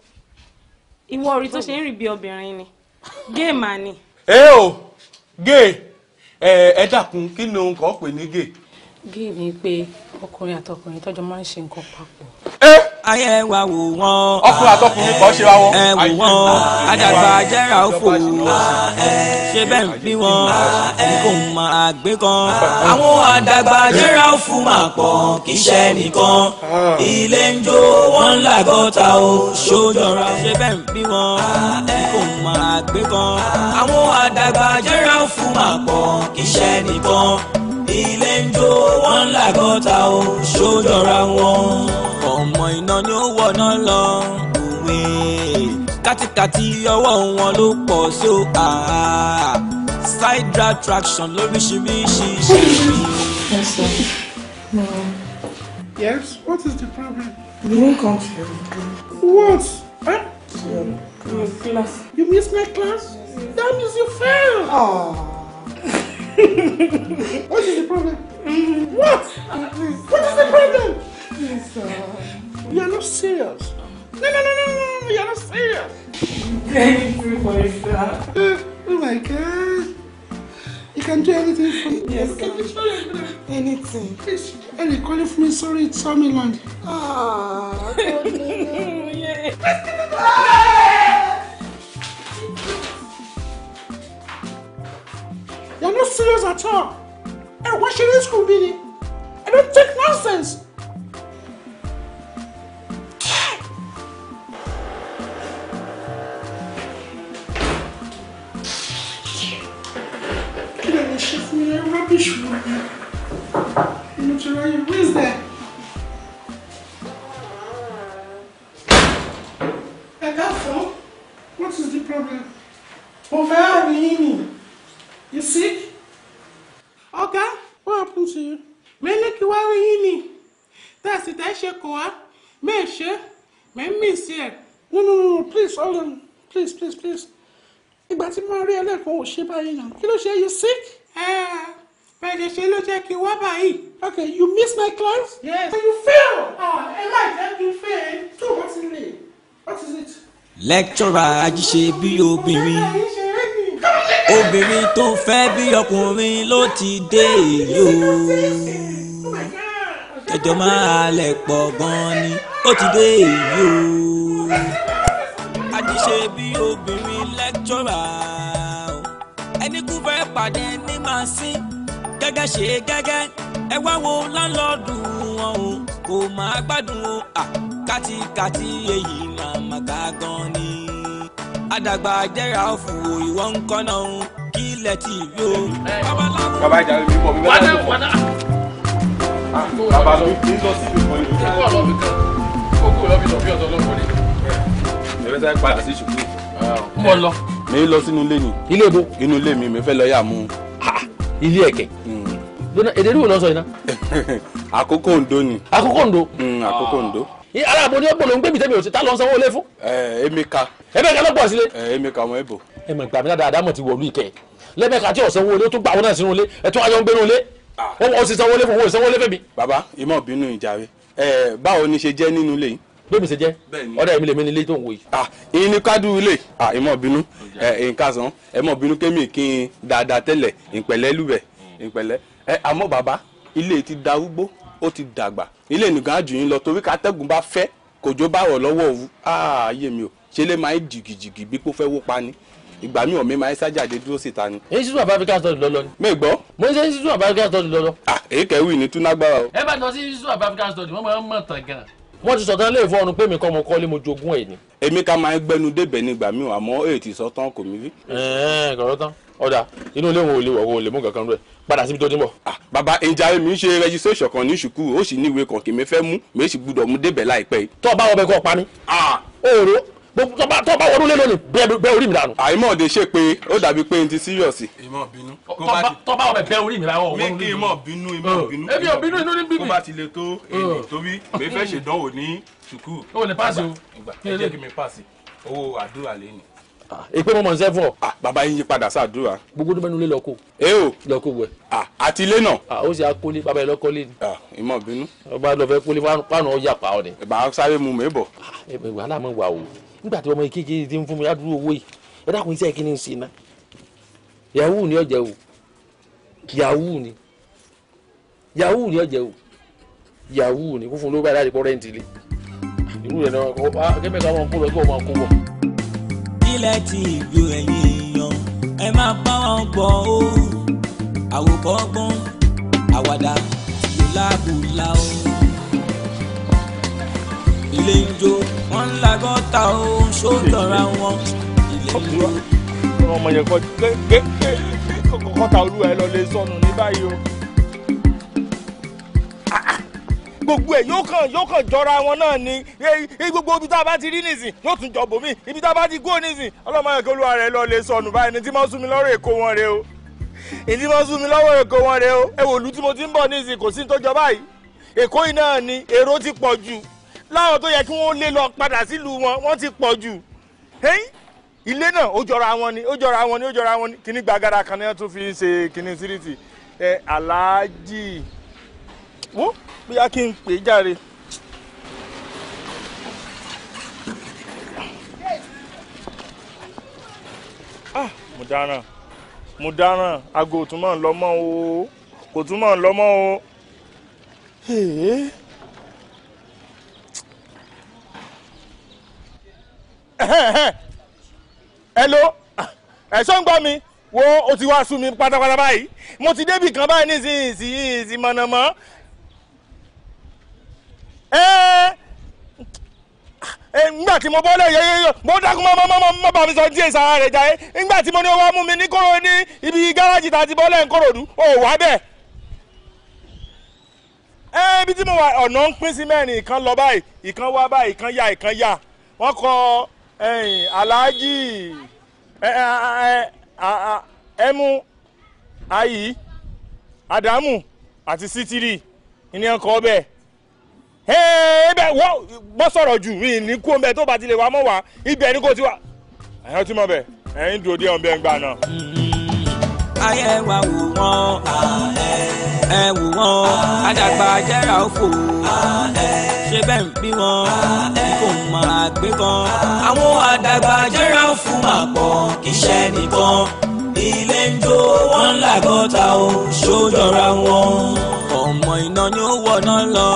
ìwọ orí tó ṣe ń rìn bí obìnrin ni gay mà ni.
ẹ o gay ẹ
dákun kí ni òun kàn pè ní gay. gay ni pé ọkùnrin àtọkùnrin tọjọ máa ń ṣe nǹkan papọ̀.
ẹ ayé wa wò wọ́n. ọkùnrin àtọkùnrin kan ṣe ra wọn. ẹ wò wọ́n àdàgbà jẹ́ra òfò ṣe bẹ́ẹ̀ ń bí wọn kò máa gbé kan. àwọn àdàgbà jẹ́ra òfò máa pọ̀ kì í ṣe nìkan ilé ń jó wọn làgọ́ta o ṣojọra ṣe bẹ́ẹ̀ ń bí wọn kò máa gbé kan. àwọn àdàgbà jẹ́ra òfò máa pọ̀ kì í ṣe nìkan ilé ń jó wọn làgọ́ta o ṣojọra wọn ọmọ iná ni ó wọná lọ òwe kátikàti ọwọ́ wọn ló pọ̀ sí ah, side drag traction lóríṣiríṣi
Yes, what is the problem? You won't come to school. What? Huh? Your, class. You missed my class? That means you failed. Oh. what is the problem? Mm-hmm. What? Uh, what is the problem? You're not serious. No, no, no, no, no, no, you're not serious. Thank you for that. Uh, oh my God. You can do anything for me. Yes, sir. Anything. Please. Any calling for me, sorry, it's Samiland. Ah, God, no, You're not serious at all. And hey, what should this school be? I don't take nonsense. Yeah, rubbish woman. Muturai, who is got Egafo, what is the problem? Overeating. You sick? Okay, what happened to you? Meleki wareini. That's it, I shake koa. Me she, me miss here. No, no, no, please, hold on. Please, please, please. Ìgbà tí mo rí ẹlẹ́kọ̀ọ́ ò ṣe báyìí náà. Kí ló you sick? Ah. bẹ̀rẹ̀ ṣe ló jẹ́ kí n wá báyìí. okay you miss my class. yes you fail. Ah, ẹ má jẹ́ kí you fail. tó o ti what is it.
lecturer ajíṣe bí obìnrin obìnrin tó fẹ́ bí ọkùnrin ló ti dé èyí o oh ẹjọ́ máa lẹ̀ pọ̀ gan-an ni ó ti dé èyí o ajíṣe bí obìnrin lecturer fẹ́ pàdé ní màsín gẹ́gẹ́ ṣe gẹ́gẹ́ ẹ wá wo láńlọ́ọ̀dù wọn o kò máa gbádùn o kátikáti èyí màmá ká gan ni. àdàgbà jẹ́ra fún ìwọ ń kọ́nà o kí ilẹ̀ ti rí bàbá
ìjà mi bọ̀ mi bẹ́ẹ̀ lọ́wọ́. Ah, bàbá mi kì í lọ sí ìlú kan. kókó ọlọ́bì kan kókó ọlọ́bì lọ bí ọ̀dọ́ ọlọ́kùnrin. ìrẹsẹ̀ padà sí ṣùkú. mo lọ mi lọ sínú ilé ni. ilé ibo. inú ilé mi mi fẹ́ lọ yà mú. ilé ẹ̀kẹ́. Hmm. èdè ìlú wo lọ sọ yìí ná. àkókò Ondo ni. àkókò Ondo. Hmm, àkókò ah. Ondo. ara àbò ni ó gbọ́dọ̀ ń gbé mi tẹ́mi ò sí tá lọ sanwó ilé fún. Emeka. Emeka ló pọ̀ sílé. Emeka ọmọ Ebo. ẹ mọ̀ gbàmí dáadáa àdámọ̀ ti wọ̀lú ìkẹ́ lẹ́mẹ̀ka tí ọ̀sán wọlé tó gbà wọn náà sínú ilé ẹ̀ tún ayọ̀ ń gbénu ilé ó ah. sì sanwó ilé fún wọn ò sanwó ilé fẹ́mi. baba ìmọ̀ bínú ìjà rẹ̀ báwo ni ṣe jẹ́ nínú ilé yìí bébì ṣe jẹ́ ọ̀dọ̀ èmi lèmi nílé tó ń wo yìí. à ah, ìyìn ni kádù ilé à ah, ìmọ̀ bínú ìkàsán eh, ẹ̀mọ̀ bínú kémi kí n dáadáa tẹ́lẹ̀ ìpẹ̀lẹ́ lùbẹ̀ ìpẹ̀lẹ́ hmm. ẹ eh, àmọ́ bàbá ilé ti darúgbó ó ti dàgbà ilé nìkan á jù yín lọ torí kátẹ́gùn bá fẹ́ kòjó bá wọ̀ lọ́wọ́ òwú ààyè ah, mi ò ṣe lè máa ń jìgìjìgì bí kò fẹ́ wó pa ni ìgbà mi ò mi máa ń sájàde dúró síta ni. èyí sísun àbáfíkà sọ lọlọ ni. mi gbọ́. mo ń ṣe sísun àbáfíkà sọ lọlọ. à èyí kẹ́wì ni túnágbára o. ẹ bá lọ sí sísun àbáfíkà sọ ni wọ́n máa ń mọ̀ tàn gan-an wọ́n ti sọ̀tàn lè fọ́ọ̀rùn pé mi kọ́ mo kọ́lé mo jogún ẹ̀ ni. èmi ká máa ń gbẹnu débẹ̀ nígbà mi ò àmọ́ èyí ti sọ tán kò mí rí. ẹ̀ẹ́n kọ̀rọ̀ tán ọ̀dà inú ilé òun ò lè wọ̀ òun lè mú kankan rẹ̀ padà síbi tó ti ń ah, bàbá ìjà mi ṣe registration kan ní ṣùkú ó sì ní ìwé kan kì í mi fẹ́ mú mi sì gbúdọ̀ mú débẹ̀ láìpẹ́. tó o bá wọ bẹ kó o pa mí. òòrò ah tó bá wọnú lé lónìí bẹ orí mi dànù. àìmọ̀ọ́dé ṣe pé ó dàbí pé n ti serious. ìmọ̀ bínú. tó bá wọbẹ̀ bẹ orí mi láwọ̀ wọnú lé lónìí. mi kì í mọ̀ bínú ìmọ̀ bínú. èmi ò bínú inú ní bíbí. tó bá ti le tó èyí tóbi pé fẹ́ ṣèdánwò ní sùkúù. o lè paasi o. ìgbà ẹ jẹ́ kí mi paasi owó àdúrà lé ni èpè mọ̀mọ́ ṣe fún ọ. Ah, bàbá yín yí padà sàdúrà. gbogbo tó bẹnu lé lọkọ. ee o lọkọ wẹ. Ah, àti ilé náà. Ah, ó ṣe akólé bàbá yẹn lọkọ lé ni. ìmọ̀ bínú. ọba lọ fẹ́ kólé fáànù ọjà pa ọ ni. bàá sáré mu mẹ́bọ̀. wàhálà mọ̀ wà o nígbà tí ọmọ ìkejì ti ń fún mi ládùúgbò owó yìí ẹ dákun iṣẹ́ kí ni ń ṣe ná yahoo ni ọjà o yahoo ni yahoo ni ọjà o yahoo ni fúnfun ló bá láti pọ́ rẹ́ǹtì lé irú rẹ̀ náà kẹ́mẹ́ka wọn kó lọ kí wọ́n kó wọ̀.
ilẹ̀ ti ìlú ẹ̀yìn èèyàn ẹ máa bá wọn gbọ́ ó àwòkọ́ àwàdà tìlú láàbù la ilé ń jó wọ́n ń la gọ́ta ohun ṣó tọ̀ra wọn. ọmọ yẹn kọ́ta olúwa ẹ lọ lè sọnù ní
báyìí o gbogbo ẹ yóò kàn yóò kàn jọra wọn náà ni gbogbo ibi tá a bá ti rí nìsín yóò tún jọ bòmí ibi tá a bá ti gó nìsín ọlọ́mọ yẹn kí olúwa rẹ̀ lọ lè sọnù báyìí ní tí mo sún mi lọ́rọ̀ èkó wọn rè o ìdí mo sún mi lọ́wọ́ èkó wọn rè o ẹ wò lù tí mo ti ń bọ̀ nìsín kò sí ní tó jọ báyìí èkó yìí náà ni èrò ti pọ̀ jù láwọn tó yẹ kí wọ́n lé lọ padà sílùú wọn wọ́n ti pọ̀ jù ilé náà ó jọra wọn ni ó jọra wọn ni ó jọra wọn ni kíní gbàgàrà kan náà tún fi ń ṣe kíní síríìtì ẹ aláàjì wọ́n bóyá kí n pè é járe. ah mo dáràn mo dáràn aago ò tún mọ̀ ń lọ o kò tún mọ̀ ń lọ mọ́ o. hello ẹ̀sọ́ ń gbọ́ mi wo o ti wá sú mi pátápátá báyìí mo ti débì kan báyìí nísinsìnyí ìsìn mọ̀nàmọ́ nígbà tí mo bọ́lẹ̀ yo mo dákun mọ́ mọ́ mọ́ bá mi sọ díẹ̀ sára rẹ̀ jáde nígbà tí mo ní wá mú mi ní kóró ní ibi gáràjì tá a ti bọ́lẹ̀ ń kòròdú ò wá bẹ́ẹ̀. ẹ mo wa ọ̀nà ń pín sí mẹ́rin ìkan lọ báyìí ìkan wá báyìí ìkan yá ya. yá wọ́n kọ́ ọ ẹ̀yin aláàjì ẹmu ayi adamu àti sitiri ní ẹkọ ọbẹ̀ ẹbẹ wọ sọ̀rọ̀ jù mí ní kú ọbẹ̀ tó bá tilẹ̀ wà mọ́ wá ibẹ̀ ni kò ti wà ẹ̀yin ọtí mọ̀ bẹ̀ ẹ̀yin dòde ọbẹ̀ ń gbà náà
ayé wa wò wọ́n ẹ wò wọ́n àdàgbà jẹ́ra òfò ṣe bẹ́ẹ̀ ń bí wọn kò máa gbé kan. àwọn àdàgbà jẹ́ra òfò máa pọ̀ kíṣẹ́ nìkan ilé ń jó wọn làgọ́ta o ṣojọra wọn. ọmọ iná ni ó wọná lọ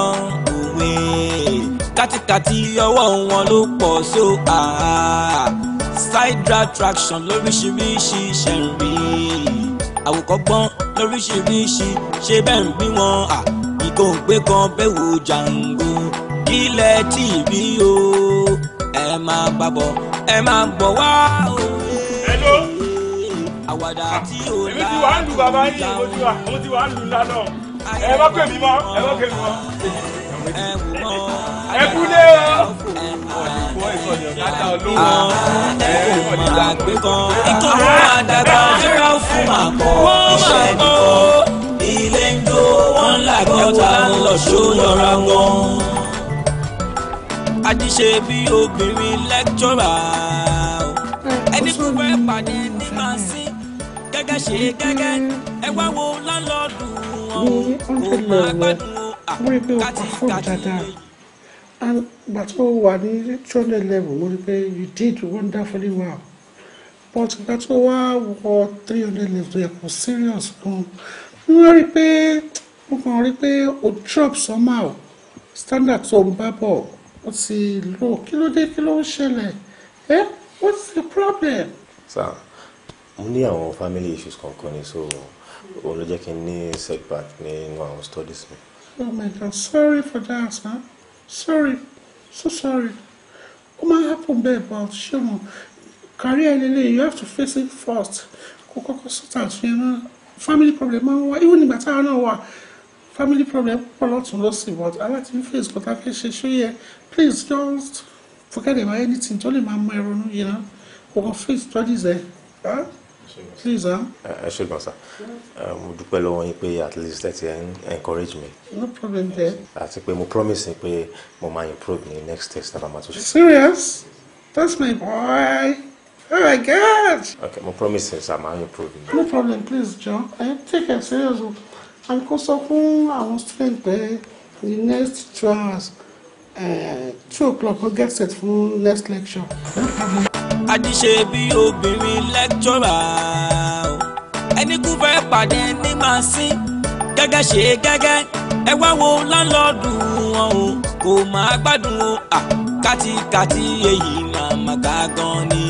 òwe kátikàti ọwọ́ wọn ló pọ̀ sí o ah, ah, ah. side drag attraction lóríṣiríṣi ṣẹ̀rí àwòkọ́gbọ́n lóríṣiríṣi ṣe bẹ́ẹ̀ ń bí wọn à ìkóǹpé kan bẹ́ẹ̀ wò jàǹgó ilẹ̀ tí ì rí o ẹ máa bá bọ̀ ẹ máa bọ̀ wá o. Hello. àwàdà tí o lá. èmi ti wà á lu bàbá yìí mo ti wà mo ti
wà lu ńlá ẹ má pè mí mọ́ ẹ má pè mí mọ́. ẹ wò mọ́ ẹkúlé o. àgbẹ̀ kan
ìkọ́wọ́ àdàgbà jẹ́ra fún àpọ̀ iṣẹ́ nìkan ilé ń jó wọn làgọ́ta lọ́ṣọ́ yọra wọn. àdìṣe bí obìnrin lẹ́kítọ́rà ẹni kò fẹ́ pàdé nígbà sí gẹ́gẹ́ ṣe gẹ́gẹ́ ẹ wá wo lálọ́ọ̀dù wọn kò máa gbádùn wọn àkàtì kàtì
and gbà tó wà ní two hundred level mo rí pé you did wonderfully well but gbà tó wá wọ three hundred level yẹ kó serious gan mo rí pé mo kàn rí pé o drop somehow standard tó ń bá bọ̀ ó ti lò kí ló dé kí ló ń ṣẹlẹ̀ ẹ what's the problem.
sir mo ní àwọn family issues kankan ni so òun ló jẹ́ kí n ní setback nínú àwọn studies mi.
oh my god sorry for that. Huh? sorry so sorry What máa happen bẹ́ẹ̀ but ṣé mo kárí you have to face it first kó kọ́kọ́ sọ́tà family problem máa ń even nígbà táwọn náà family problem pọ̀ lọ́tún lọ́sì but I like aláti face kọ́tà fẹ́ ṣe ṣó yẹ please just forget about anything tó lè máa mú ẹ ronú yìí náà face studies ẹ. Huh? please ah.
I ṣe gan sa mo dúpẹ́ lọ́wọ́ yín pé at least ẹ ti encourage me.
no problem there.
àti pé mo promise yín pé mo máa improve ní next test náà máa tún
serious that's my boy oh my god.
okay mo promise yín sa máa improve.
no problem please John i take it serious o and kò sọ fún àwọn student pé the next two hours uh, two o'clock we get set for next lecture
no problem àjíṣe bí obìnrin lẹ́kítọ́rà ẹni kú fẹ́ pàdé ní màsín gẹ́gẹ́ ṣe gẹ́gẹ́ ẹ wá wo láńlọ́ọ̀dù wọn o kò máa gbádùn o kátikàti èyí màmá ká gan ni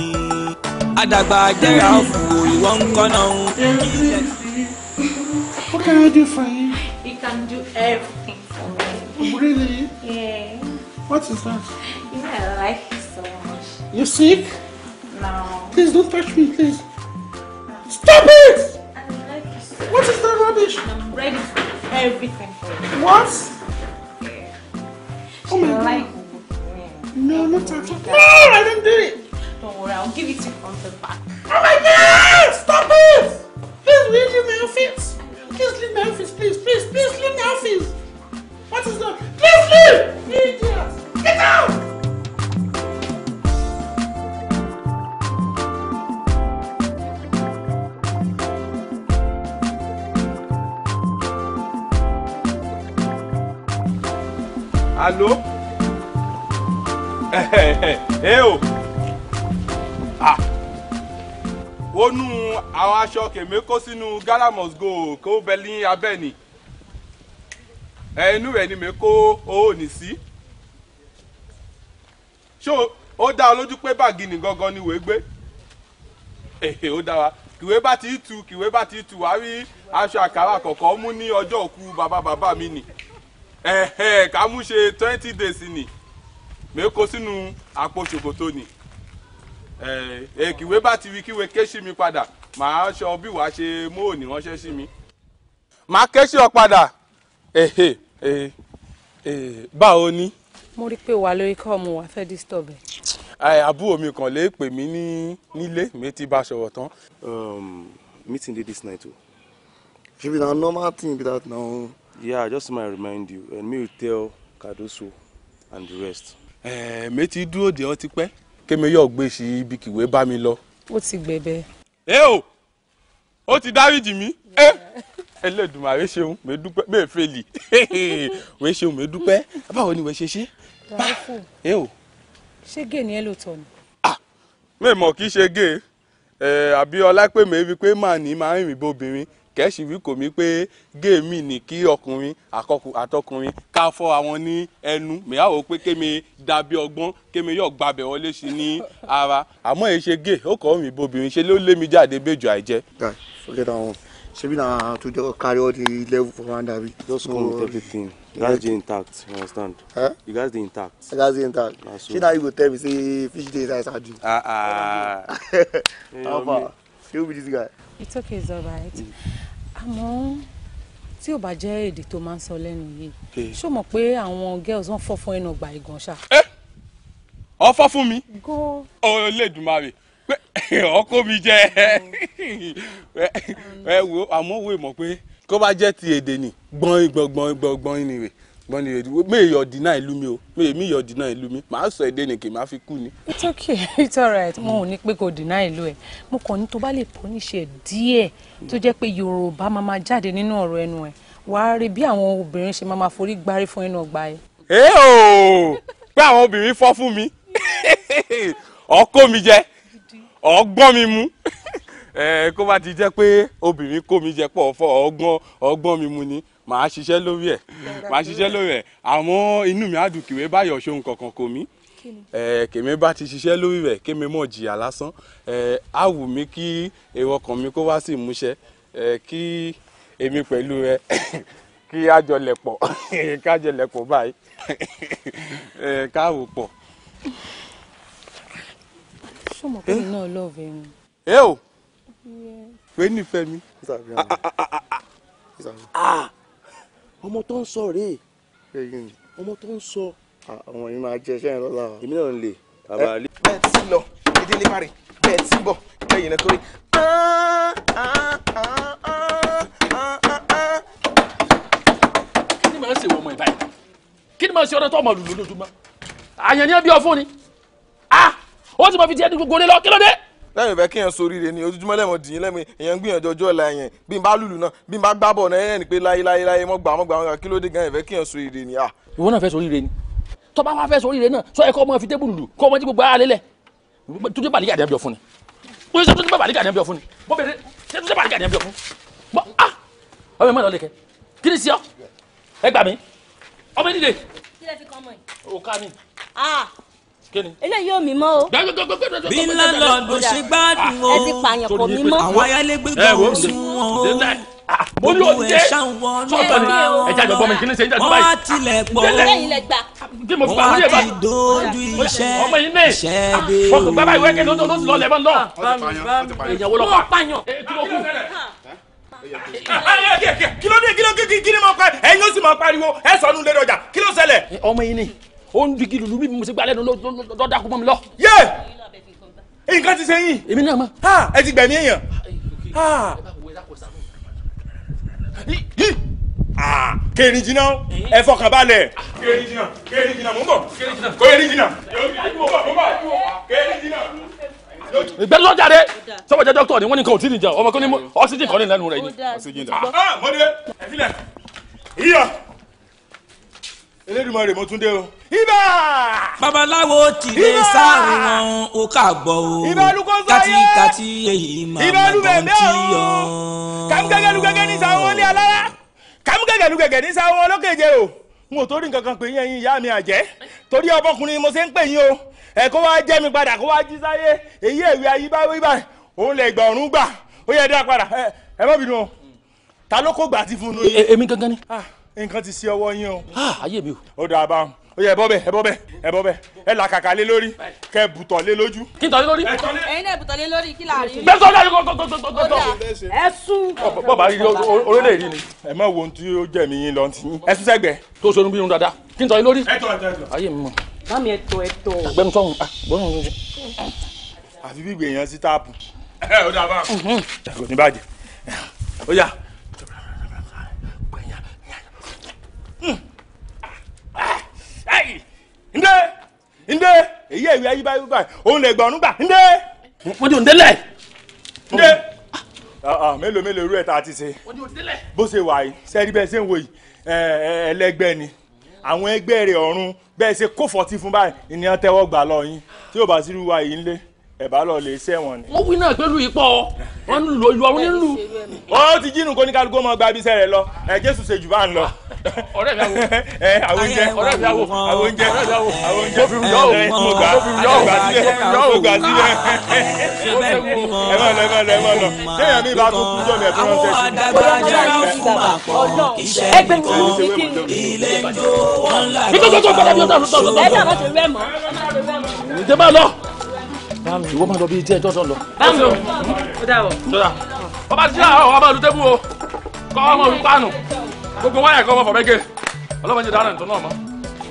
àdàgbà jẹ́ra fún ìwọ ń kọ́nà òun. What can
I do for you?
You can do everything for me. Oh, really? Yeah. What is that? Yeah, I like you so much. You sick? now.
Please don't touch me, please. Stop it! I like it. What is that rubbish? I'm ready for everything. What? Yeah. Oh my god. Like no, not at all. No, I didn't do it.
Don't worry, I'll give it to you from the back.
Oh my god! Stop it! Please leave my office. Please leave my office, please, please, please leave my office. What is that? Please leave! Idiot! Get out!
alo ẹ o ó ah. nu àwọn aṣọ kèmé kó sínú gala must go kó bẹ́lí abẹ́ ni ẹnu rẹ̀ ni mi kó owó ní sí ṣó o dá ọ lójú pé báàgì ní gangan ni wèé gbé èhè ó dá wa kìwé bá ti tu kìwé bá ti tu wá rí aṣọ àkàrà kọ̀ọ̀kan mú ní ọjọ́ òkú bàbá bàbá mi nì ẹ̀hẹ́ ká twenty days ni mẹ́kọ sínú àpò ṣòkòtò ni èkìwé bá ti wí kíwé kéṣì mi padà màá ṣọ bí wàá ṣe mú òní ránṣẹ́ sí mi. màá kéṣì ọ padà báwo ni.
mo rí i pé wà lórí kọ́ mo wà fẹ́ disturb ẹ.
àbúrò mi kàn lè pè mí ní nílé mi ti bá sọ̀rọ̀ tán. Um, meeting dey this night o. ṣe na normal thing be that na o
yeah just might remind you and me tell Cardoso and the rest.
ẹ̀ẹ́ eh, méjì dúró de ọtí pẹ́ kémi yóò gbé sí ibi kìwé bá mi lọ.
ó ti gbẹ̀bẹ̀. ẹ eh o ó ti
dáríjì mí ẹ eh, Ẹlẹ́dùmarè ṣeun mẹ dúpẹ́ mẹ fèlì wẹ ṣeun mẹ dúpẹ́ báwo ni wẹ ṣe ṣe. dáfò ah, ẹ o.
ṣé gé ni ẹ lò tọ ni. ah
mẹ́ẹ̀mọ̀ kì í ṣe gé ẹ̀ àbí ọlápẹ̀mẹ́ wípé màá ní màá rìn bóbìnrin kẹ́sì wí kò mí pé géèmì ni kí ọkùnrin àtọkùnrin ká fọ́ àwọn ní ẹnu mìíràn wò pé kémi dàbí ọgbọ́n kémi yóò gbàbẹ̀ wọlé sí ní ara àmọ́ èyí ṣe géè ó kọ́ mi bobìnrin ṣe ló lé mi jáde bẹ́jọ àìjẹ́. guys forget that one ṣebí na to just carry all the
level for one dabi. just come with everything you guys dey intact you understand. you guys dey intact. you guys dey intact. shey na you
go tell me say fish dey inside sardine.
ah ah.
how far you be this guy.
it's okay it's alright. Mm àmọ́ tí ò bá jẹ́ èdè tó máa ń sọ lẹ́nu yìí ṣó mọ̀ pé àwọn girls wọn fọ́ fún ẹnu ọgbà ìgàn ṣá. ẹ
ọ fọ́ fún mi Olódùmarè pé ọkọ mi jẹ ẹ wo àmọ́ wo ìmọ̀ pé kó bá jẹ́ ti èdè ni gbọ̀n gbọ̀n gbọ̀n gbọ̀n ni rè gbọ́n ni may your deny ìlú mi o may mi your deny ìlú mi màá sọ èdè nìkè màá fi kú ni.
it's okay it's alright mo ò ní pé kò deny ìlú ẹ mo kàn ní tó bá lè pọ́nìṣẹ́ díẹ̀ tó jẹ́ pé yorùbá máa ma jáde nínú ọ̀rọ̀ ẹnu ẹ̀ wàá rí bí àwọn obìnrin ṣe máa ma forí gbárí fún inú ọgbà ẹ.
ẹ ò
pé àwọn obìnrin fọ́ fún mi ọkọ mi jẹ ọgbọ́n mi mú kó bá ti jẹ́ pé obìnrin kó mi jẹ pọ̀ ọ̀fọ̀ ọgbọ́n mi mú ni màá ṣiṣẹ́ lórí ẹ̀ màá ṣiṣẹ́ lórí ẹ̀ àmọ́ inú mi á dùn kìwé báyọ̀ ṣohun kankan kò mí kèmí bá ti ṣiṣẹ́ lórí rẹ̀ kémi mọ̀ jìyà lásán á wù mí kí èrò ọkàn mi kó wá sí ìmúṣẹ kí èmi pẹ̀lú rẹ kí á jọ lẹ̀ pọ̀ ká jọ lẹ̀ pọ̀ báyìí ká wò pọ̀.
sọmọ pé iná lọ́ọ̀bù ẹ̀rùn.
ẹ o pé nífẹ̀ẹ́ mi
ọmọ tó ń sọ rèé ọmọ tó ń sọ. Ah, àwọn yìí máa jẹ sẹ́yìn lọ́la. èmi náà ń lè. bẹ́ẹ̀ tí lọ ìdílé parí bẹ́ẹ̀ tí bọ̀ ẹ̀yìn náà torí.
kí ni màá ṣe wọ ọmọ ẹ̀ báyìí kí ni màá ṣe ọdọ tó ọmọ lùlù lójúmọ́ àyàn ni ẹ bí ọ fún ni ah! ó ti mọ fi tiẹ̀ ní gbogbo lé lọ kí ló dé lẹ́yìn ìfẹ́ kéèyàn soríire ni ojoojúmọ́ lẹ́mọ̀ dìyín lẹ́mọ̀ èèyàn ń gbìyànjú ọjọ́ ọ̀la yẹn bí n bá lùlù náà bí n bá gbá bọ̀ náà ẹ̀rìn pé láyéláyé láyé mọ́ gbà mọ́ gbà mọ́ kí ló dé gan ìfẹ́ kéèyàn soríire ni. ìwọ náà fẹ́ soríire ni tọ́ba wa fẹ́ soríire náà sọ ẹ̀kọ́ ọmọ fi tébùlù lù kọ́ ọmọ tí gbogbo ara lélẹ̀ tó dé bàlíkà dẹ́bíọ̀ fún ni ó yẹ sẹ́tún bàlíkà dẹ́bíọ̀ fún ni bọ́ bẹ̀rẹ̀ sẹ́tún bàlíkà dẹ́bíọ̀ fún bọ́ ah ọmọ ẹ̀ mọ́ lọ́lẹ̀ kẹ́ kí ni sí ọ ẹ gbà mí ọmọ ẹ̀ nílé.
kí lẹ fi kọ́ ọmọ yìí. òkà ah eléyìí ò mí mọ́ o. bí ńlá lọ́dún ṣe
gbádùn
o àwọn ayálégbé gbọ́
sún wọn o mo ní òjijì
sọ̀tọ̀ ni ẹ̀jẹ̀
àjọ̀gbọ́n mi kì í ṣe ẹ̀jẹ̀ àjọ̀gbọ́n yìí. tilẹ̀ pọ̀ kí mo fà wọ́n ti dojú iṣẹ́ ọmọ yìí ní ọkọ̀ bàbá ìwé kẹ́ni ló ti lọ lẹ́bọ̀ náà èèyàn wọlọ́ pa kí ló kù. kí ló dé kí
ló kí ni mo pa ẹ̀yin ó sì máa pariwo ẹ̀ sọ̀nù lẹ́dọ̀jà kí ló ṣẹlẹ̀. ọmọ yìí ni ó ń digi lulu bí mo ṣe gbà lẹ́nu ló dákú mọ́ mi lọ. yé nǹkan ti ṣe yín. èmi náà mọ. ẹ ti gbẹ̀mí èèyàn. kẹrin jìnnà ẹ fọkàn balẹ̀. kẹrin jìnnà kẹrin jìnnà mo ń bọ̀ kẹrin jìnnà mo ń bọ̀ kẹrin jìnnà ìgbẹ́ni lọ́jà rẹ̀ sọ́wọ́jà dọ́kítọ̀ ni wọ́n ní nǹkan ò tí ì jà ọmọ kan ní ọsíjìn kan ní lẹ́nu rẹ̀ ni. ọsíjìn tà.
mọ̀dé ẹ fi
Elédùmarè mo tún dé o. ibà. babaláwo tìlẹ̀ sáàrin wọn ó kà gbọ́ o. ibà lukọ sáyé. kátikati èyí máa ma dán tí yọ. kàmúgẹ́gẹ́ lugẹ́gẹ́ ní sáwọn ní alára
kàmúgẹ́gẹ́ lugẹ́gẹ́ ní sáwọn ọlọ́kẹ́jẹ o n ò torí nǹkan kan pè yín ẹ̀yin ìyá mi àjẹ́ torí ọmọkùnrin mo ṣe ń pè yín o ẹ kó wá jẹ́ mi padà kó wá jí sáyé èyí èwe ayíbáwí báyìí òun lè gbà ọ̀run gbà ó yẹ dá padà ẹ ẹ má bínú o ta ló kó nǹkan ti ṣe ọwọ́ yín o. ayé mi o. ó dáa bá ó yẹ ẹbọ bẹ ẹbọ bẹ ẹbọ bẹ ẹ là kàkà lé lórí kẹ bùtọ lé lójú.
kí n tọ lé lórí. ẹyin náà bùtọ lé lórí kí la
rí. bẹ́ẹ̀ sọ́dọ̀ yìí kọ́kọ́kọ́kọ́. ẹ sún. bọ́ọ̀bà rí orílẹ̀
èdè ni ẹ má wo ohun tí ó jẹ̀mí yín lọ ti yín. ẹ sún sẹ́gbẹ̀ẹ́. tó sọ níbi irun dáadáa kí n tọ lé lórí. ẹ tọ ẹ tọ ẹ tọ. ayé mi mọ.
bámi ẹ tọ ẹ tọ. gbẹnu
sọhùn ah, gbọnù. àfi bí gbèyàn sí ǹdẹ ǹdẹ èyí ẹ̀rí ayé báyìí báyìí òun lè gbọ̀n nígbà ǹdẹ. wọ́n ti òǹdẹ́lẹ̀. ǹdẹ ah, ah, mélòó mélòó irú ẹ̀ tá a ti ṣe bó ṣe wà yìí sẹ́ẹ̀rí bẹ́ẹ̀ ṣe ń wò yìí ẹlẹ́gbẹ́ ni àwọn ẹgbẹ́ rẹ̀ ọ̀run bẹ́ẹ̀ ṣe kó fọ́tí fún báyìí ìnìyàn tẹ́wọ́ gbà lọ yín tí yóò bá sírú wa yìí ńlẹ́ ẹ̀bá lọ lè sẹ́wọ̀n ni.
wọ́n wí náà pẹ̀lú ipò wọn ń
lo ìlú ọ̀run nílùú. ó ti jínú kó ní kálukú ọmọ gba abisẹ rẹ lọ ẹ jésù ṣe bá ń lọ. ọ̀rẹ́ mi àwo ẹ àwọn oúnjẹ ọ̀rẹ́ mi àwo àwọn oúnjẹ àwọn oúnjẹ tó yọ òun mọ tó yọ òun gbà sílẹ̀ yọ òun gbà sílẹ̀ ẹ má lọ ẹ má lọ ẹ má lọ sẹ́yìn mi bá tún kú jọ mi ẹ̀tún ránṣẹ́ sí. ẹgbẹ́ mi ò ìwọ máa lọ bí iṣẹ́ ẹjọ́ tó lọ. báwo ó dà wọ̀. tó dà
ọba ti dáhà ọba lu tébù
o kọ́ ọmọ olú pàánù gbogbo wáyà kọ́ ọmọ fọ̀mẹ́gẹ́ ọlọ́mọdé dáhà nìtọ́ náà mọ́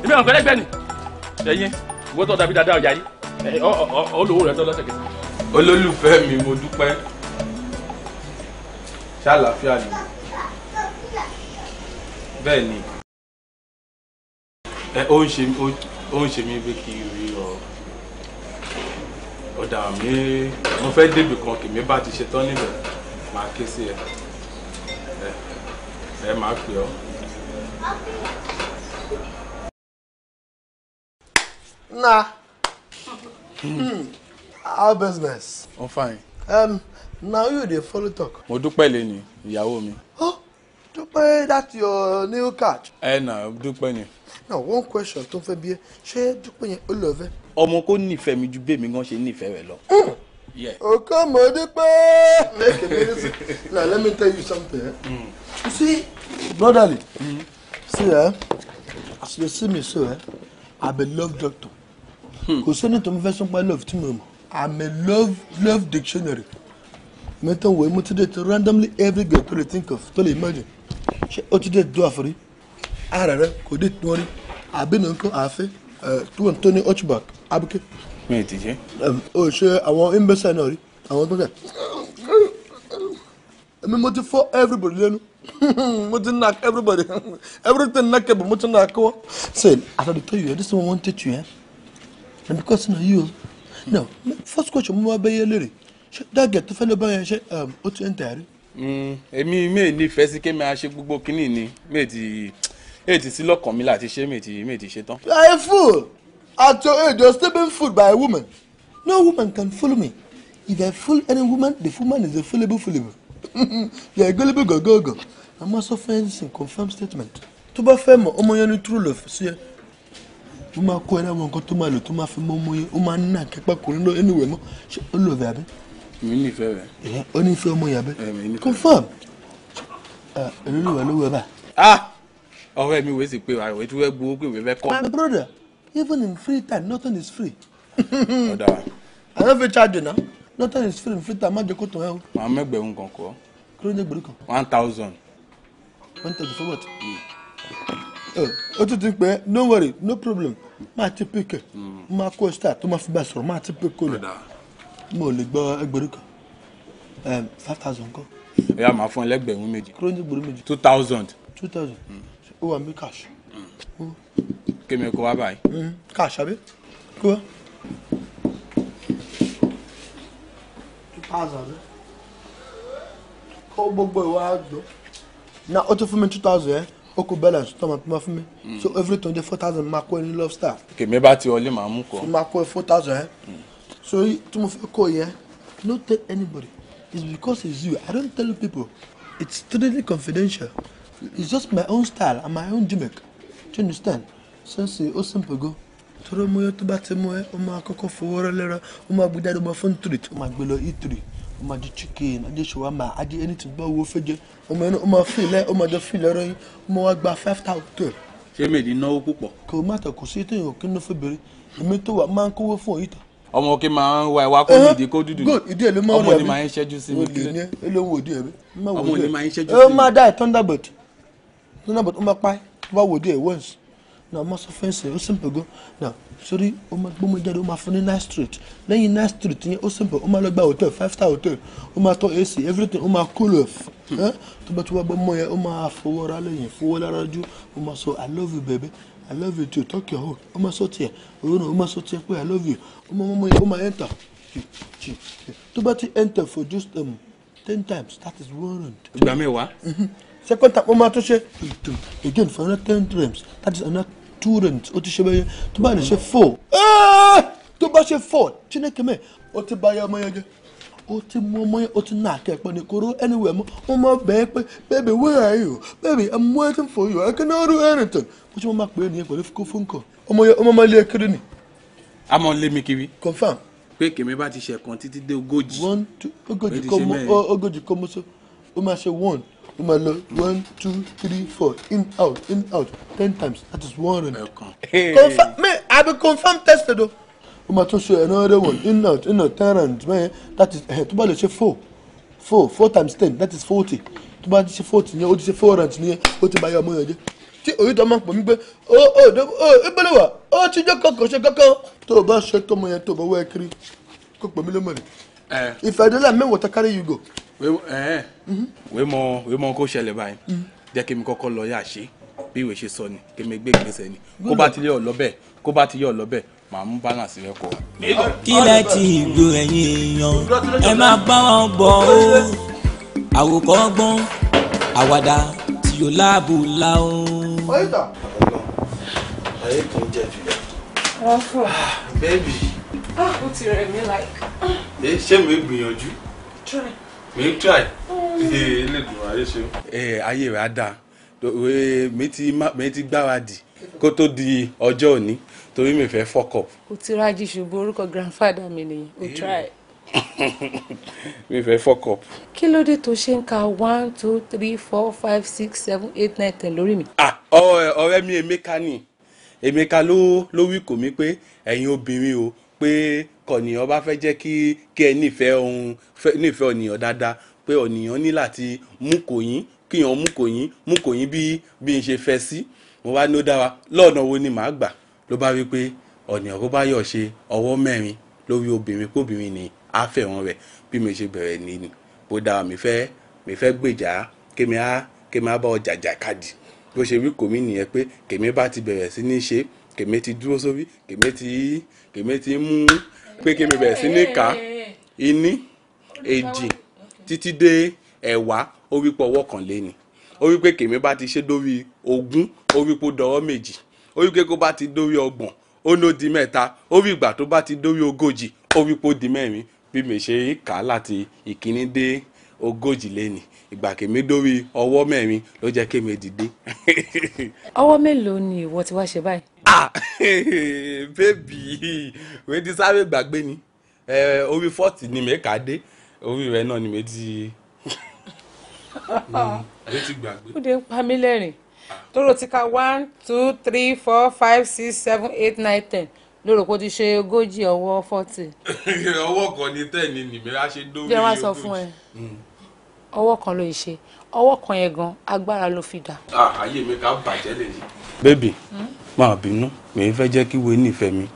ìbí àwọn pẹlẹgbẹ ni ẹyin ìwọ tó dàbí dáadáa ọjà yìí olówó rẹ tó lọ́sẹ̀ kẹsì. olólùfẹ́ mi mo dúpẹ́ ṣàlàáfíà ni bẹ́ẹ̀ ni ó ń ṣe mí bí kí n rí ó dà mo fẹ́ débi kan kì mí bá ti ṣe tán níbẹ̀ máa ké sí ẹ ẹ máa pè ọ́. Nah. hmm.
Our business. I'm fine. Um, now you dey follow talk.
Mo dúpẹ́ lé ní ìyàwó mi.
Oh, dúpẹ́ that your new catch.
Eh, ẹ nà dúpẹ́ ni.
Now one question tó fẹ́ bí ẹ ṣé dúpẹ́ yẹn ó lọ fẹ́?
ọmọ kò nífẹ̀ẹ́ mi ju bẹ́ẹ̀mi gan ṣe nífẹ̀ẹ́ rẹ lọ.
ọkọ mo dúpẹ́.
let me tell you something. Eh? Mm.
you see brotherly mm. see eh, as you see me so eh, i'm a love doctor hmm. kò sẹ́ni tó ń fẹ́ sọ́pá love tí mo mọ̀ i'm a love love dictionary mẹ́tàn wo emotide to randomly every girl to lè think of to lè imagine ṣé ó ti dé do àforí ara rẹ kò dé tún ọ rí àbínú nǹkan àáfẹ́. Eh, tuwọ̀n tó ní hutchback abike. mi ì tìjẹ́. o ṣe àwọn imbẹ́sẹ̀ náà rí àwọn tó ń tẹ̀. èmi mo ti fọ́ everybody lẹ́nu mo ti knock everybody everything knackable mo ti knock wọ́n. say as i dey tell you eh, this one wan you na because na you now first question mo máa bẹ yẹ lérè ṣé dáàgẹ̀ tó fẹ́ lọ bá yẹn ṣe ó ti ń tẹ̀ rí.
Hmm, èmi mi ì nífẹ̀ẹ́ sí kémi a ṣe gbogbo kínní ni mi ì ti èyí sí lọ́kàn mi láti ṣe méjì méjì ṣe tán. you are a
fool at your age you are still being fooled by a woman no woman can fool me if i fool any woman the woman is a foolable foolable you are a gullible gogogo i must offer you this in confirm statement tó bá fẹ́ mọ̀ ọmọ yẹn ní true love sí ẹ ó máa kó ẹ láwọn nǹkan tó máa lò tó máa fi mọ ọmọ yẹn ó máa ń nà kẹ́pà kò nílò ẹnu ìwé mọ́ ṣé ó lò bẹ́ẹ̀ abẹ́.
mi nífẹ̀ẹ́ rẹ. ẹ ọ nífẹ̀ẹ́ ọmọ yẹn abẹ́
confirm ẹ Confirm. lórí ìwà lówó ẹ bá. ah
ọ̀rẹ́ mi wèé sì pé àwẹ̀ tí wọ́n gbowó pé wèé fẹ́ my
brother even in free time nothing is free. ọ̀dà i no fit charge you na nothing is free in free time
má jẹ́ kó tàn ẹ́ o. màá mẹ́gbẹ̀rún kan kọ́. kí ló dé gbèrú kan. one thousand. one thousand for what. o eh, tún ti pẹ́ no worry no problem máa ti pèkè
hmm. máa kó star tó máa fi bá sọ̀rọ̀ máa ti pèkè lọ mo lè gbọ́ ẹgbẹ̀rún kan five thousand kọ́.
ẹ yà máa fún ẹ méjì. kí ló gbèrú méjì. two thousand.
two thousand. Hmm ó wà mí cash.
kémi kó wá báyìí. Hmm, cash àbí
kó wá. two thousand eh? ó gbogbo ìwà àgbò. na ó tún fún mi two thousand ẹ eh? ó kó balance tó máa tó fún mi hmm. so every twenty four thousand máa kó ẹ love star.
kèmí bá ti wọlé màá mú kọ. so máa
kó ẹ four thousand ẹ eh? hmm. so tí mo fẹ́ kó yẹn no tell anybody it's because it's you i don't tell people it's totally confidential it's just my own style and my own gimmick do you understand since ó simple go tọrọ mú yẹn tó bá ti mú ẹ ó máa kọ́kọ́ fowó rẹ́lẹ́rẹ́ ó máa gbé jáde fún tìrìtì ó máa gbé lọ ìtìrì e ó máa di chicken adé ṣòwámà adé anything bá owó fẹ́jẹ́ ọmọ yẹn ó máa fi ilẹ̀ ó máa jọ fi ilẹ̀ rẹ́yìn ó máa wá gba five thousand twelve.
ṣé mèdì náwó púpọ̀.
kò má tẹ kò sí ètò ìhàn kí n ló fẹ́ bèrè èmi tó wà máa ń kówó fún òyìnbó.
ọmọ òkè máa ń wá ìwà kó nìdí kó dúdú ọmọ ni máa ń ṣẹ́jú sí mi kílẹ̀ ọmọ ni máa ń ṣẹ́jú sí mi. ó má
dá ẹ̀ thunderbird no no but ó máa pa ẹ́ tó bá wò once na ọmọ sọ fẹ́ǹsì ó simple go na sórí ó máa gbọ́mọ jáde ó máa fún ní nice street lẹ́yìn nice street yẹn ó simple ó máa lọ gba hotel five star hotel ó máa tọ́ AC everything ó máa cool off tó bá tó wá gbọ́mọ yẹn ó máa fowó ra lẹ́yìn fowó lára jù ó i love you baby i love you too talk your own ó máa sọ tiẹ̀ òun náà ó máa pé i love you ó máa mọ́mọ́ yẹn ó enter tó bá ti enter for just um, ten times that is warrant. ìgbà mẹ́wàá second tap ó máa tún ṣe ìtò again for another ten drams that is another two rents ó ti ṣe bẹ́ẹ̀ tó bá lè ṣe four ah! tó bá ṣe four chineke mẹ́ ó ti bá yá ọmọ yẹn jẹ́ ó ti mú ọmọ yẹn ó ti nà kẹ́pẹ́ ní koro anywhere mọ́ wọ́n máa bẹ̀ẹ́ pé baby where are you baby i'm waiting for you i cannot do anything bó ṣe wọ́n máa pè é nìyẹn pẹ̀lú kó fún kàn ọmọ yẹn ọmọ máa lé e kiri ni.
a mọ̀ lé kiri. confam. pé kèmí bá ti ṣe kan títí dé ogójì. one two ogójì kọ́ mọ́
ogójì kọ́ mọ́ so ó máa ṣe one ló máa lọ one two three four in out in out ten times that is one hundred.
confirm
me i be confirm tested o. ó máa tún ṣe another one in out in out ten rounds mẹ́yẹn that is eh, tó bá lè ṣe four four four times ten that is forty tó bá ti ṣe forty yẹn ó ti ṣe four rounds yẹn ó ti bá yọ ọmọ yẹn jẹ tí òyìnbó máa ń pè mí pé ó ó ó ìbílẹ̀ wà ó ti jẹ́ kankan ṣe kankan tó o bá ṣe tọmọ yẹn tó o bá wá ẹ kiri kó pè mí ló mọ̀ ní. ìfẹ̀dọ́là mẹ́wọ̀ọ́
ta carry you go wé mọ wé mọ kó ṣẹlẹ̀ báyìí jẹ́ kí mi kọ́kọ́ lọ yá ṣe bí ìwé ṣe sọ ni kí mi gbé ìgbésẹ̀ ni kó bá ti yọ̀ lọ́bẹ̀ kó bá ti yọ̀ lọ́bẹ̀ màá mú balance rẹ kọ.
kí lẹ ti ìgò ẹ̀yin èèyàn ẹ máa bá wọn bọ̀ ó àwòkọ́ gbọ́n àwàdà tí yóò láàbù la ó. ọ̀yẹ́dà ọ̀gbọ́n ayé kan jẹ́ jùlọ.
wọ́n fọ̀. Ah, bẹ́ẹ̀bì. Ah, ó ti rẹ̀ mí láìka.
Eh, ṣé mi gbìyànjú. try mi try mm. elédùn ayé ṣe. ẹ ayé rẹ á dáa mi ti mi ti gbáradì kó tó di ọjọ́ òní torí mi fẹ́ fọkọ̀.
o ti rájí ṣùgbọ́n orúkọ grandfather mi nìyí o eh. try.
mi fẹ́ fọkọ̀.
kí ló dé tó ṣe ń ka one two three four five six seven eight nine ten lórí mi. Ah,
ọ̀rẹ́ mi Emeka ni Emeka ló ló wí kò mí pé ẹ̀yin obìnrin o pé kọ̀nìyàn bá fẹ́ jẹ́ kí kí ẹ nífẹ̀ẹ́ ohun nífẹ̀ẹ́ ọ̀nìyàn dáadáa pé ọ̀nìyàn ní láti mú kò yín kíyàn mú kò yín mú kò yín bí bí n ṣe fẹ́ sí mo wá ní ó dá wa lọ́ọ̀nà wo ni màá gbà ló bá wí pé ọ̀nìyàn kó bá yọ̀ ṣe ọwọ́ mẹ́rin lórí obìnrin kóbìnrin ni àfẹ́wọ̀n rẹ̀ bí mi ṣe bẹ̀rẹ̀ ní ni bó dá wa mi fẹ́ mi fẹ́ gbèjà kémi á kémi á bá ọ jàjà kadì bó ṣe wí kò mí nìyẹn pé kémi bá ti bẹ̀rẹ̀ sí ní ṣe kémi ti dúró sórí kémi ti kémi ti mú pé kí mi bẹ̀rẹ̀ sí ní kà á ìní èjì títí dé ẹ̀wá ó wí pé ọwọ́ kan lé ni ó wí pé kèmí bá ti ṣe dórí ogún ó wí pé ó dọwọ́ méjì ó wí pé kó bá ti dórí ọgbọ̀n ó ló di mẹ́ta ó wí ìgbà tó bá ti dórí ogójì ó wí pé ó di mẹ́rin bí mi ṣe kà á láti ìkíní dé ogójì lẹ́ni ìgbà kèmí dórí ọwọ́ mẹ́rin ló jẹ́ kémi dìde.
ọwọ́ mélòó ni ìwọ ti wá ṣe báyìí
ah baby wey ti sáré gbàgbé ni orí fọ́ọ̀tì ni mẹ́ka dé orí rẹ̀ náà ni mi ti.
Hmm, ó dé ń pa mí lẹ́rìn lóró ti ka one two three four five six seven eight nine ten lóró kó ti ṣe ogójì ọwọ́ forty.
ọwọ́ kan ní ten ni nìmẹ́ra ṣe dórí ogójì. bí wọ́n sọ fún ẹ
hmm. ọwọ́ kan ló ṣe ọwọ́ kan yẹn gan agbára ló fi dà.
Ah, ayé mi ká bàjẹ́ lè ní. bébì. Hmm? máa bínú mi fẹ́ jẹ́ kí wọ́n nífẹ̀ẹ́ mi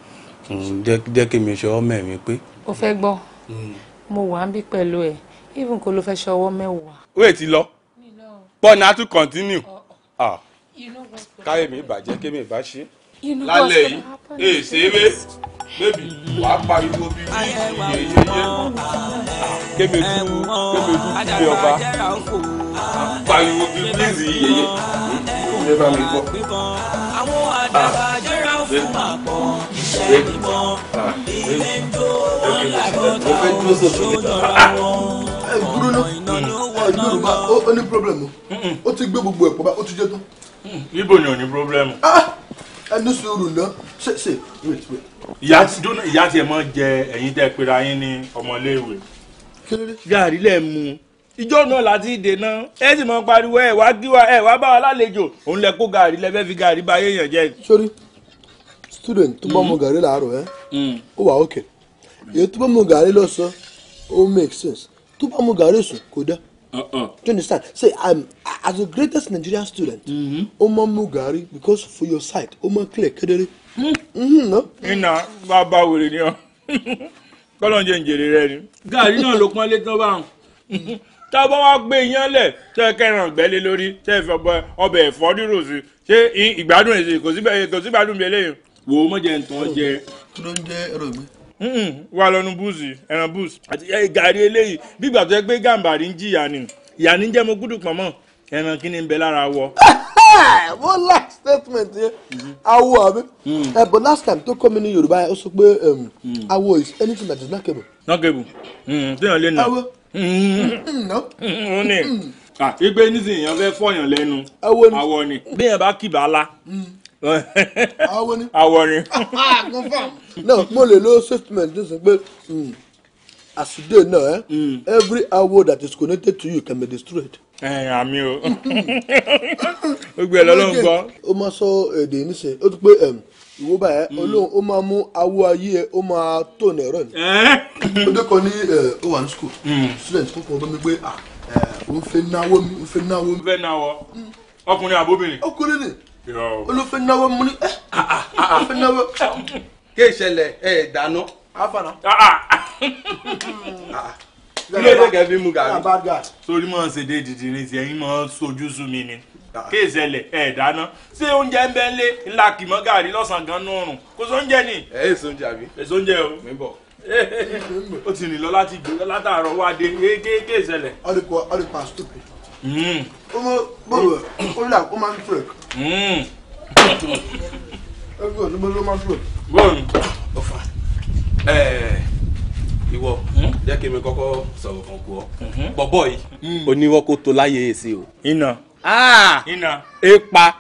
hmm, jẹ́ kí mi ṣe ọmọ pé.
o fẹ́ gbọ́ hmm. mo wà ń bí pẹ̀lú ẹ̀ even kó ló fẹ́ ṣe ọwọ́ mẹ́wàá.
wéè ti lọ pọ́n náà tún continue ah. káyọ̀ mi ìbàjẹ́ kémi ìbá ṣe
lálẹ́ yìí èè ṣeré
bébì wà á pariwo bí
bí yeyeye kémi tú kémi tú kílé ọba pariwo bí bí yeyeye kò ní bá mi gbọ́ àdàbà jẹ́ra fún àpọ̀ iṣẹ́
ilé ń jó wọn làgọ́ta oṣù lọ́ra
wọn
ọ̀nà ìnáwó wọ̀nà lọ. ó ní pírọ́blẹ̀mù ó ti gbé gbogbo ẹ̀pọ̀ bá ó ti jẹ́ tán.
ibo ni ò ní pírọ́blẹ̀mù. ẹni sùúrù náà ṣe ṣe wait wait. ìyá tiẹ̀ mọ́ jẹ ẹ̀yin tẹ́ pera yín ní ọmọléèwé. gàrí lẹ́ẹ̀ mu ìjọ náà láti dènà ẹ sì mọ pariwo ẹ wá kí ẹ wá bá wa lálejò òun lẹ kó gàrí lẹ fi gàrí ba ayé yẹn jẹ. sori student tó bá mu mm. gàrí
làárọ̀ ẹ eh? mm. ó wà ókè èyí tó bá mu gàrí lọ́sàn ó make sense tó bá mu gàrí sùn kò dá. Uh-uh. do you understand say i'm as the greatest nigerian student mm-hmm. ó máa mu gàrí because for your side ó máa clear kedere. Hmm. Mm-hmm, iná
bá a bá wèrè ni ọ kọ́lọ́njẹ́ ń jèrè rẹ ni. gàrí náà ló pọ́n létí náà bá tá a gbé iyán lẹ̀ ṣe kẹran gbẹ́lé lórí ṣe ọbẹ̀ ẹ̀fọ́ rírò sí ṣé ìgbádùn kò sí gbádùn eléyìí wò ó mọ̀jẹ̀ ntọ́ jẹ. kí ló ń jẹ́ ẹ̀rọ wà lọ́nu búùsì ẹran búùsì àti gàrí eléyìí bí yẹ pé ń jìyà ni jẹ́ mo gúdù pọ̀ mọ́ ẹran lára wọ.
last statement yẹn
mm-hmm. awo ó ní ìgbé nísìnyí yẹn fẹ́ fọyàn lẹ́nu awọ ni bí yẹn bá kìbá la mm. awọ ni. awọ ni.
náà
ah, mo lè lo statement ní sọ pé àsìdè mm, eh, mm. every hour that is connected to you can be destroyed.
ẹ̀yin àmì o
ó gbé ẹ lọ́lọ́
ń sọ èdè nísìnyí ó ti pé ìwọ báyẹn hmm. olóhùn ó máa mú awọ ayé ẹ ó máa tó nẹ̀rọ ni. Eh? ọdẹ kan ní eh, ó wà ní school hmm. student kọ́kọ́ ọba mi pé òun ah, eh, fẹ́ náwó mi òun fẹ́ náwó mi. fẹ́ náwó ọkùnrin
àbóbìnrin. ọkùnrin ni
olùfẹ́ náwó mu ni ẹ
olùfẹ́ náwó. kí ìṣẹ̀lẹ̀ ẹ̀ dáná. afana. ilé ìdẹ́gẹ̀ fi mú gàrí. sórí mọ̀ ṣe dé dìdì ní tiẹ̀ yín mọ̀ sojú sú mi ni kí ìṣẹ̀lẹ̀ ẹ dáná ṣé oúnjẹ ń bẹ ń lé ńlá kìmọ gàrí lọ́sàn gan nù ọrùn kò sóúnjẹ ni. ẹ ẹ sóúnjẹ àbí. ẹ sóúnjẹ o. mi bọ. ó ti rìn lọ láti gbé látàárọ̀ wá dé kí ìṣẹ̀lẹ̀. ọ̀rẹ́kọ̀ ọ̀rẹ́kọ̀ àstúpẹ̀. ọmọ bọ̀wọ̀ ọ̀rẹ́là ó máa ń fẹ̀.
ẹgbẹ́ ọ̀dọ́ ló máa ń fẹ̀.
bọ́ọ̀lù ọ̀fà ìwọ hmm? jẹ́ kí mi kọ́kọ́ sọ̀rọ̀ kan kú ọ hmm. bọ̀bọ̀ yìí hmm. oníwọ́ kó tó láyé èsì o. iná Ah! iná. ipa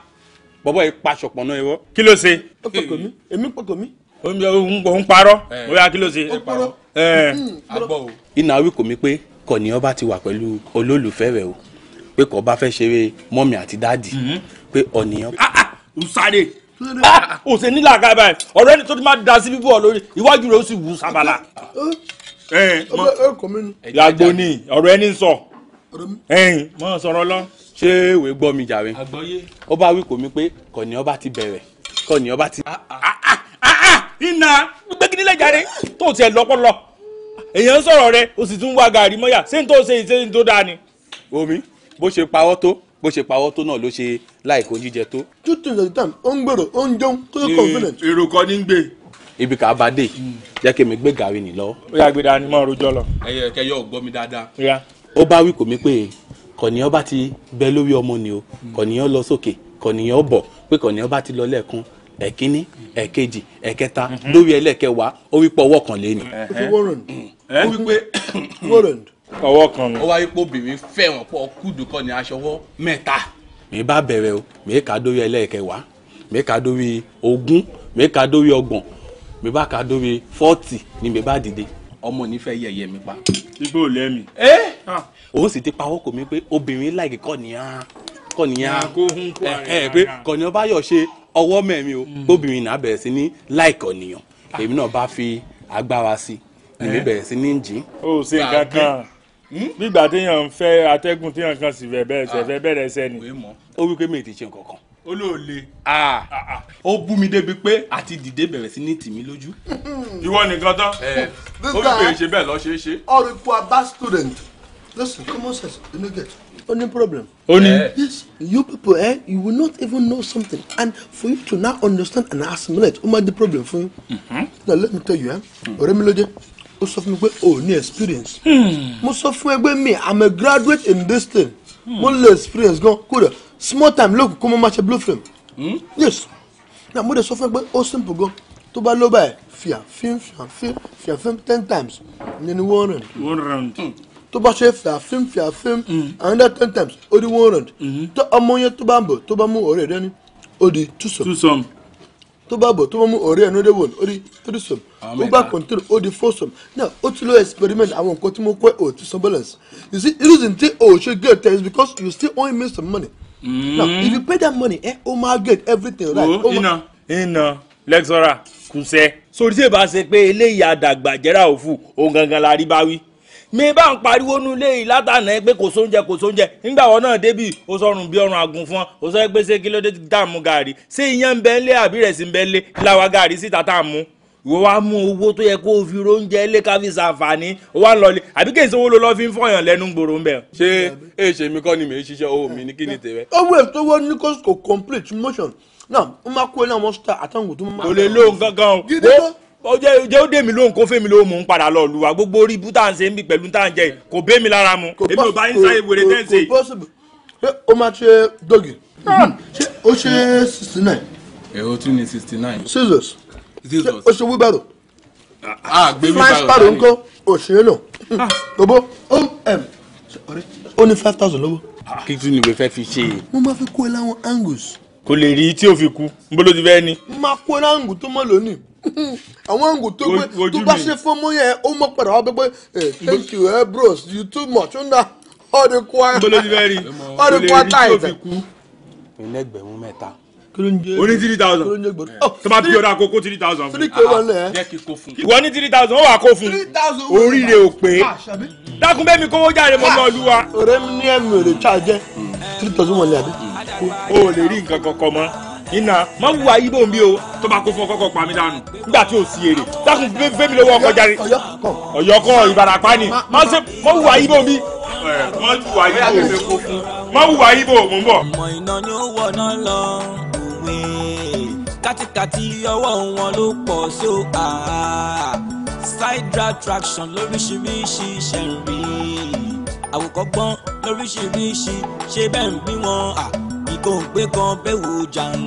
bọ́bọ́ ipa ṣọ̀pọ̀ náà ẹ̀wọ́ kí ló ṣe. ó pẹ̀kọ̀ mi èmi pẹ̀kọ̀ mi. Omi ń parọ́ eh. bóyá kí ló ṣe. ó parọ́ àgbọ̀ eh. hmm, hmm, o. iná wí kò mí pé kọ̀ọ̀nì ọba ti wà pẹ̀lú olólùfẹ́ rẹ̀ o pé kò bá fẹ́ ṣeré mọ́mì àti dáàdì mm-hmm. pé ọ̀nìyàn. ǹsàdé ah, ah, ó ṣe nílà ká báyìí ọ̀rọ̀ ẹni tó ti máa da sí bíbọ̀ lórí iwájú rẹ̀ ó sì wù sábàlà. ẹ ẹ kọ́ mi nù. yàgò ni ọ̀rọ̀ ẹni ń sọ. Eh, mọ sọ̀rọ̀ lọ ṣé ìwé gbọ́ mi jàre ó bá wí kò mí pé kọ̀ọ̀nì ọba ti bẹ̀rẹ̀ kọ̀ọ̀nì ọba ti. Ah, ah. Ah, iná gbẹ́gídí lẹ́jàre tó tiẹ̀ lọ́pọ̀lọ́ èèyàn ń sọ̀rọ̀ rẹ o sì tún wá gàrí mọ́yà ṣé n tó ṣe ìṣe tó dáa ni. omi bó ṣe pawọ́ tó bó ṣe pawọ́ tó náà ló ṣe láìkó jíjẹ tó. tútù ìjọba tán ó ń gbèrò ó ń jẹun tó yẹ confident. èrò kan ní ń gbé. ibi kà á bá dé jẹ́ kí mi gbé gàrí nì lọ. ó yà gbé dání mọ́ rojọ́ lọ. ẹyẹ kẹyọ ò gbọ́ mi dáadáa. ó bá wí kò mí pé kọ̀nìyàn bá ti bẹ lórí ọmọ ni o mm. kọ̀nìyàn lọ sókè kọ̀nìyàn bọ̀ pé kọ̀nìyàn bá ti lọ lẹ́ẹ̀kan ẹ̀kíní mm-hmm. ẹ̀kejì ẹ̀kẹta mm-hmm. lórí ẹlẹ́kẹwàá ó wípé ọwọ́ kan lé ni. ó wípé ọwọ́ kan ni. ó wá wípé obìnrin fẹ́ràn pọ̀ kúdù kọ́ ni aṣọwọ́ mẹ́ta. mi bá bẹ̀rẹ̀ o mi kà dórí ẹlẹ́kẹwàá mi kà dórí ogún mi kà dórí ọgbọ̀n mi bá kà dórí fọ́ọ̀tì ni mi bá dìde ọmọ nífẹ̀ẹ́ yẹ̀yẹ́ mi pa. igbó lẹ́mi. ẹ́ ah òun sì ti pawọ́ kò mí pé obìnrin láìkí kọ́ nìyà kọ́ nìyà ẹ pé kọ̀nìyàn bá yọ̀ ṣe ọwọ́ mẹ́mi o mm. obìnrin náà bẹ̀rẹ̀ sí ní láìkọ̀ nìyàn ah. èmi náà bá fi agbára sí i èmi eh. bẹ̀rẹ̀ sí ní jìn. ó ṣe nǹkan kan nígbà hmm? téèyàn ń fẹ́ atẹ́gùn téèyàn kan sì fẹ́ bẹ́ẹ̀ sẹ́fẹ́ bẹ̀rẹ̀ sẹ́ni. Ah. ó wí pé mi ì ti ṣe nǹkan kan olóòle. Ah. ó bú mi débi pé àti dìde bẹ̀rẹ̀ sí ní tì mí lójú. ìwọ nìkan tán eh. ó fi bèrè ṣe bẹ́ẹ̀ lọ ṣeé ṣe. ọ̀rọ̀ ikú abá student
Listen, come on, sense, you know get. Only problem. Only? Yeah. Yes. You people, eh, you will not even know something. And for you to now understand and assimilate, what might the problem for you? Mm-hmm. Now, let me tell you, eh, Oremilode, ó sọ fún oh no experience. Mo sọ fún ẹgbẹ́ mi, I'm a graduate in this thing. Mo less experience Go kódà small time lókùn kó mo máa ṣe blow flame. Yes. Now, mo dẹ̀ sọ oh simple go. Tó bá ló báyìí, fìyà fín fìyà fín fìyà fín ten times. Ìyẹn ni one round. One round. Mm tó bá ṣe fìàfin fìàfin mm. another ten times ó di one round tó ọmọ yẹn tó bá ń bọ̀ tó bá mú ọ̀rẹ́ rẹ ní ó di two sum. two sum tó bá bọ̀ tó bá mú ọ̀rẹ́ ẹ̀ ní ó dé wọ̀n ó di three sum ó bá control ó di four sum now ó ti lọ experiment àwọn nǹkan tí mo kọ́ ẹ̀ ò ti san balance you see the reason tí o ṣe get there because you still only make some money
mm. now mm-hmm. if you
pay that
money eh, o ma get everything right. Oh, o ina ina lecturer kùsẹ́. sori tí èèbà ṣe pé eléyìí àdàgbà jẹ́ra òfu òun gangan la rí bá wí mi bá ń pariwo nu ilé yìí látànà pé kò sóúnjẹ kò sóúnjẹ nígbà wọn náà débì ó bí ọrùn àgùn fún ọ ó pé ṣé kí ló dé dààmú gàrí ṣé iyán ń bẹ ń àbí rẹ̀ sí ń bẹ ń lé láwa gàrí síta tá à mú ìwọ wa mú owó tó yẹ kó o fi róúnjẹ lé ká ṣàǹfààní ó ń lọlé àbí kí èso wo ló lọ fi ń fọyàn lẹ́nu gbòòrò ń bẹ. ṣé èyí ṣe mi kọ́ ni mi ṣiṣẹ́ owó mi ní kí ni tẹ̀wẹ́. owó ètò owó nikos kò complete motion náà ó máa kó ẹ náà wọ́n sọ àtàwọn òdùnmọ́. kò lè lóhùn kankan o. gidi tó jẹ́ jẹ́ ó dé mi lóhùn kó fẹ́ mi lóhùn mò ń padà lọ lùwà gbogbo orí bú tá à ń ṣe ń bì pẹ̀lú tá à ń jẹ kò bẹ́ mi lára mu èmi ò bá ń sáyé wèrè tẹ́sí. ó máa ṣe dọ́gì ah.
ṣé ó ṣe sixty nine.
èrò
tún ni sixty nine.
scissors ó ṣe wheelbarrow.
a ah, ah,
gbé wheelbarrow flash barrow ńkọ́
òṣèré lò gbogbo ó ní five thousand lọ́wọ́.
kí tún nìgbẹ́ fẹ́ fi ṣe.
mo máa fi kó ẹ láwọn angles.
kò lè rí tí o fi kú nbóló ti fẹ́ ni.
máa kó ẹ láwọn angles tó mọ̀ lónìí àwọn àǹgò tó gbé tó bá ṣe fún mọ́ yẹn ó mọ̀ padà wá pé pé thank you eh, bros you too much ó ń dà ọdún kwara ọdún kwara táyìtì.
ẹlẹgbẹ̀rún mẹ́ta o ní three thousand oh, tó bá bí ọ̀dọ̀ àkókò three thousand ah, fún un ìwọ ní three thousand ó wà kó fún un oríire ò pé ah, dákúnbẹ́mi kówó jáde mọ́ náà ah. lúwa. ọ̀rẹ́ mi ní ẹ̀mí ò lè ṣáàjẹ́ three thousand wọlé àbí. o ò lè rí nǹkan kankan mọ́ iná má wù ayé bò ń bí o tó bá kó fún ọkọ̀ pa mí dànù nígbà tí o sì èrè dákun fẹ́ mi lówó ọkọ̀ jáde ọ̀yọ́ kọ́ ìbàràpá ni má ń bí má wù ayé bò má wù ayé mò ń bọ̀.
ọmọ iná ni ó wọná lọ òwe kátikàti ọwọ́ wọn ló pọ̀ sí side drag traction lóríṣiríṣi ṣẹ̀rí àwòkọ́gbọ́n lóríṣiríṣi ṣe bẹ́ẹ̀ ń bí wọn mi kò gbé kan bẹ́ẹ̀ wò jàǹdù.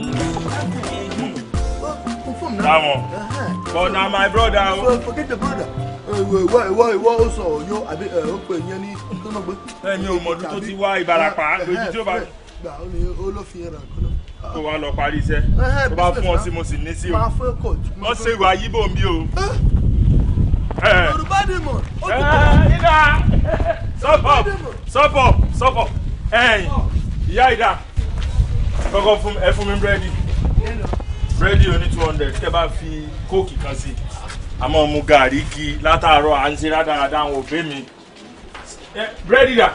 táwọn
but na
my brother o. so forget the brother eh, ìwọ ìwọ ìwọ ó sọ òyò àbí eh, ó pè yẹn ní
tó náà gbé. ẹni o mọ̀ọ́dún tó ti wá Ìbàràpá eh, lójú tí ó bá.
gbà ó ní olófin ẹ̀rọ kan
náà kó wa lọ parí iṣẹ́ tó bá fún ọ sí mo sì ní sí o
wọ́n ṣe ìwà yíbò
mi o. yorùbá ni mọ̀ ó ti kọ́. ìdá sọ́pọ̀ sọ́pọ̀ sọ́pọ̀ ẹ̀yìn ìyá ìdá kọ́kọ́ fún ẹ fún mi búrẹ́dì búrẹ́dì oní two hundred kẹ́ bá fi kóòkì kan sí àmọ́ mu gàrí kí látàárọ̀ à ń ṣe rádaràda àwọn òbí mi búrẹ́dì dà.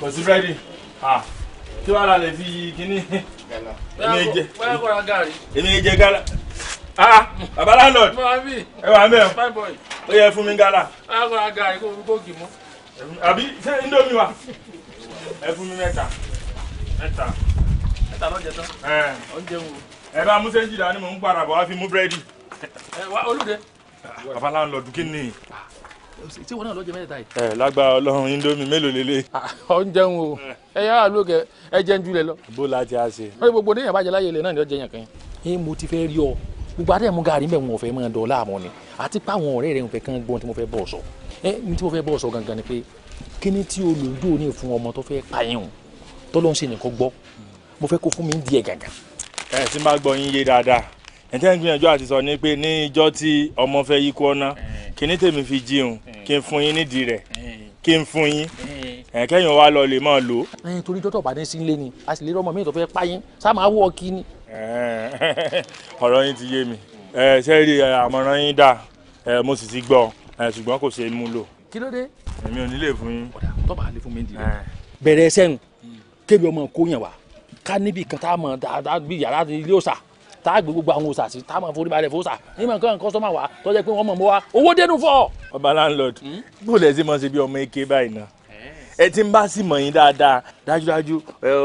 kò sí búrẹ́dì. kí wàá la lè fi kíní. èmi jẹ gala. ah baba landlord.
ẹ wà mẹ́ o
ó yẹ fún mi gala. àbí ṣé indomie wa ẹ fún mi mẹ́ta mẹ́ta mẹ́ta lọ́jẹ tán ẹ oúnjẹ wo. ẹ bá musa ń jìdá ni mò ń gbára bọ̀ wá fi mú búrẹ́dì. ẹ wá olùdẹ. bàbá la ń lọ dùkí ni. tí wọn náà lọ́jẹ mẹ́ta yìí. ẹ lágbára Ọlọ́run indomie mélòó lélẹ̀. oúnjẹ ń wo ẹ yára lóògẹ ẹ jẹun jù lẹ lọ. bó la ti a ṣe. wọ́n ní gbogbo déyàn bá jẹ láyé ilé náà ni ó jẹ yàn kan. ẹ mo ti fẹ́ rí ọ gbogbo adé mu gaari mbẹ wọn fẹ́ máa dọ láàmú ni àti pé àwọn ọ̀rẹ́ rẹ ń fẹ́ kán gbọ́n tí mo fẹ́ bọ sọ ẹ ní tí mo fẹ́ bọ sọ gangan ni pé kíní tí olùdó ní fún ọmọ tó fẹ́ pààyàn o tọ́lọ́ ń ṣe nìkan gbọ́ mo fẹ́ kó fún mi ń di ẹ̀ gàgà. ẹ ti máa gbọ́ yín yé dáadáa ẹ̀ tẹ́ ń gbìyànjú àti sọ ni pé ní ìjọ́ tí ọmọ fẹ́ yí kú ọ́nà kíní tèmi fi jíun kí n fún yín nídìí rẹ̀ kí n fún yín ẹ̀kẹ́yìn wa lọ lè máa lò. ẹyin torí dọ́tọ̀ bá ní sí ilé ni a sì lè rọmọ mi tó fẹ́ páyín sá máa wọ́ kí ni. ọ̀rọ̀ yín ti yé mi ṣé rí àmọ̀ràn yín dáa mo sì ti gbọ́ ṣùgbọ́n kò ṣe é mú lò. kí ló dé èmi ò nílé fún yín. ọ̀dà tó bá lè fún mi dì í. Eh. bẹ̀rẹ̀ sẹ́nu kébi ọmọ kó yàn wá ká níbi kan tá a mọ̀ dáadáa bí yàrá ilé òòsà tá a gbé gbogbo àwọn òòsà sí tá a mọ̀ forí balẹ̀ fòòsà ní mọ̀ nǹkan kọ́sọ́mà wa tó jẹ́ pé wọ́n mọ̀ mọ́ wa owó dénú fọ́. ọba landlord hmm? bó lẹ sí mọ sí bí ọmọ eke báyìí náà eh. ẹ ti ń bá sì mọ̀ yín dáadáa dájúdájú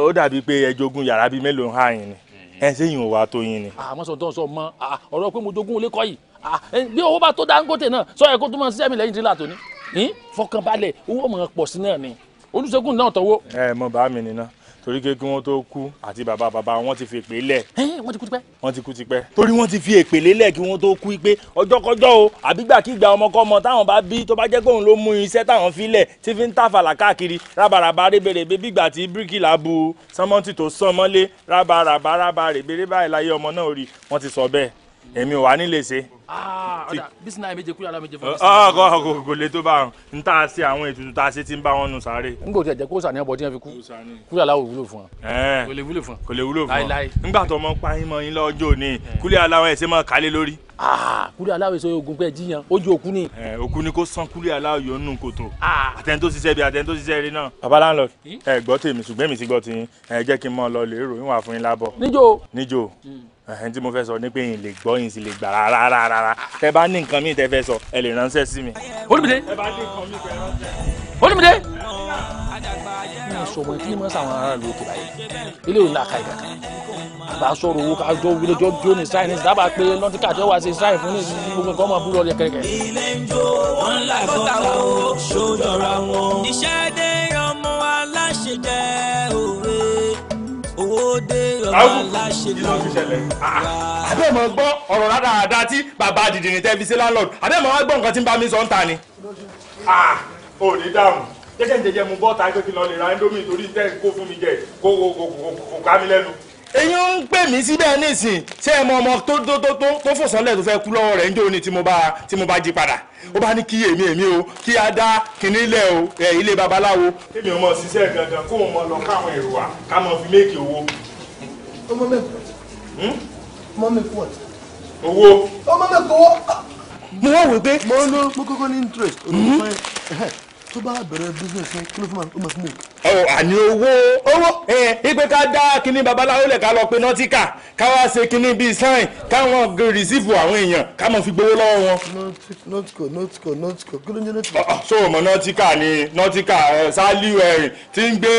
ó dàbí pé ẹ jogún yàrá bíi mélòó ń yín ni eh. ẹ sẹ́yìn òwà tó yín ni. àmọ́ ah, sọ dán sọ mọ ah, ọ̀rọ̀ pé mo jogún olé kọ́ yìí ah, bí owó bá tó Dangote náà sọ ẹ kó tó mọ sísẹ́mi lẹ́yìn tí là tó ní. Hm? fọkànbalẹ̀ owó mọ̀ pọ̀ sí náà ni olùṣègùn náà tọwọ́. ẹ mọ bá mi nìna torí pé kí wọ́n tó kú àti bàbá bàbá wọn ti fi èpè lẹ̀. wọ́n ti kú tipẹ́. wọ́n ti kú tipẹ́. torí wọ́n ti fi èpè lélẹ̀ kí wọ́n tó kú pé ọjọ́kọjọ́ o àbígbàkigbà ọmọkọ́mọ táwọn bá bí tó bá jẹ́ pé òun ló mú iṣẹ́ táwọn fi lẹ̀ tí fi ń tàfàlà káàkiri rábaràbà rébèrèbè bígbà tí bíríkìlà bu sánmọ́ntì tó sánmọ́lé rábaràbà rábarèbè rébàìláyé ọmọ náà rí wọ́n ti sọ bẹ́ẹ̀ èmi ò wá nílé ṣe. Ah, ọ̀dà bísí náà méje kúrò aláméje fún mi. ọkọ ah, ọkọ ah, kò lè tó bá wọn n tá a ṣe àwọn ètùtù tá a ṣe ti ń bá wọn nù sáré. n kò tẹ̀ jẹ́ kó sàníyàn bọ̀ tí wọ́n fi kú kúrò aláwọ̀ wúlò fún wọn. kò lè wúlò fún wọn. kò lè wúlò fún wọn. nígbà tó mọ pa yín mọ yín lọ́jọ́ ni kúlẹ̀ aláwọ̀ ẹ̀ ṣe mọ kálé lórí. kúlẹ̀ aláwọ̀ èso ogun pẹ́ jíyan ojú òkú ni. òkú ni kò san kúlẹ̀ aláwọ̀ yóò nù kòtò. àtẹni tó ṣiṣẹ́ bí àtẹni tó ṣiṣẹ́ rí náà. baba landlord ẹ gbọ́ tèmi ṣùgbọ́n èmi ti gbọ́ tiyín ẹ jẹ́ kí n mọ lọ ẹ̀hìn tí mo fẹ́ sọ ni pé n lè gbọ́ n sì lè gbà rárá tẹ bá ní nǹkan míì tẹ fẹ́ sọ ẹ lè ránṣẹ́ sí mi. olùmìdé olùmìdé. mi ò sọ̀rọ̀ kí ni mo sàwọn ará ló kura yìí eléyìí ńlá kàìkà àbá sọ̀rọ̀ owó kájọ wílé jọ jó ní sáyẹn ní dábàá pé lọ́tíkà tí wá sí sáyẹn fún ní gbogbo ọmọ búrọ̀ rẹ kẹ̀kẹ́. ilé
ń jó wọn láìpọ́ta wọn ṣojọra wọn. ìṣẹ́dé ọmọ aláṣẹ jẹ́ òru owó dé ọba láṣẹ lọ.
abẹ́ mọ̀ gbọ́ ọ̀rọ̀ rádaràda tí bàbá àdìdìrín tẹ́ fi sí landlord abẹ́ mọ̀ wá gbọ́ nǹkan tí ń bá mi sọ ń ta ni. ò ní dáhùn jẹ́jẹ́ ń jẹjẹ́ mu bọ́ọ̀tà pé kí n lọ lè ra indomie torí tẹ́ kó fún mi jẹ kó kó kó kó ká mi lẹ́nu eyín ń pè mí síbẹ̀ nísìn ṣé ẹ mọ ọmọ tó tó tó tó fòsánlẹ̀ tó fẹ́ kú lọ́wọ́ rẹ̀ ń jó ni tí mo bá tí mo bá jí padà ó bá ní kí èmi èmi o kí a dá kinní ilẹ̀ o ẹ̀ ilé babaláwo. èmi ọmọ ṣiṣẹ́ gangan kó o mọ lọ káwọn èrò wa ká mọ fi méèkì owó. ọmọ mẹ́kọ̀ọ́ hmm? ọmọ
mẹ́kọ̀ọ́ owó. ọmọ mẹ́kọ̀ọ́. mo wá wò pé. mo ń lo mo kọ́kọ́ ní interest. Hmm? tó bá bẹ̀rẹ̀ business yẹn kí ló fún ma fún mi.
ọ àní owó owó ipe ká dá kínní babaláwo lẹ̀ ká lọ pe nọ́tíkà ká wá ṣe kínní bíi sign káwọn rìsíìfù àwọn èèyàn ká mọ̀ fi gbowó lọ́wọ́ wọn.
nọ́tíkà nọ́tíkà nọ́tíkà kí ló ń jẹ́ nọ́tíkà.
so mọ nọ́tíkà ni nọ́tíkà ṣáálíù ẹ̀rìn tí ń gbé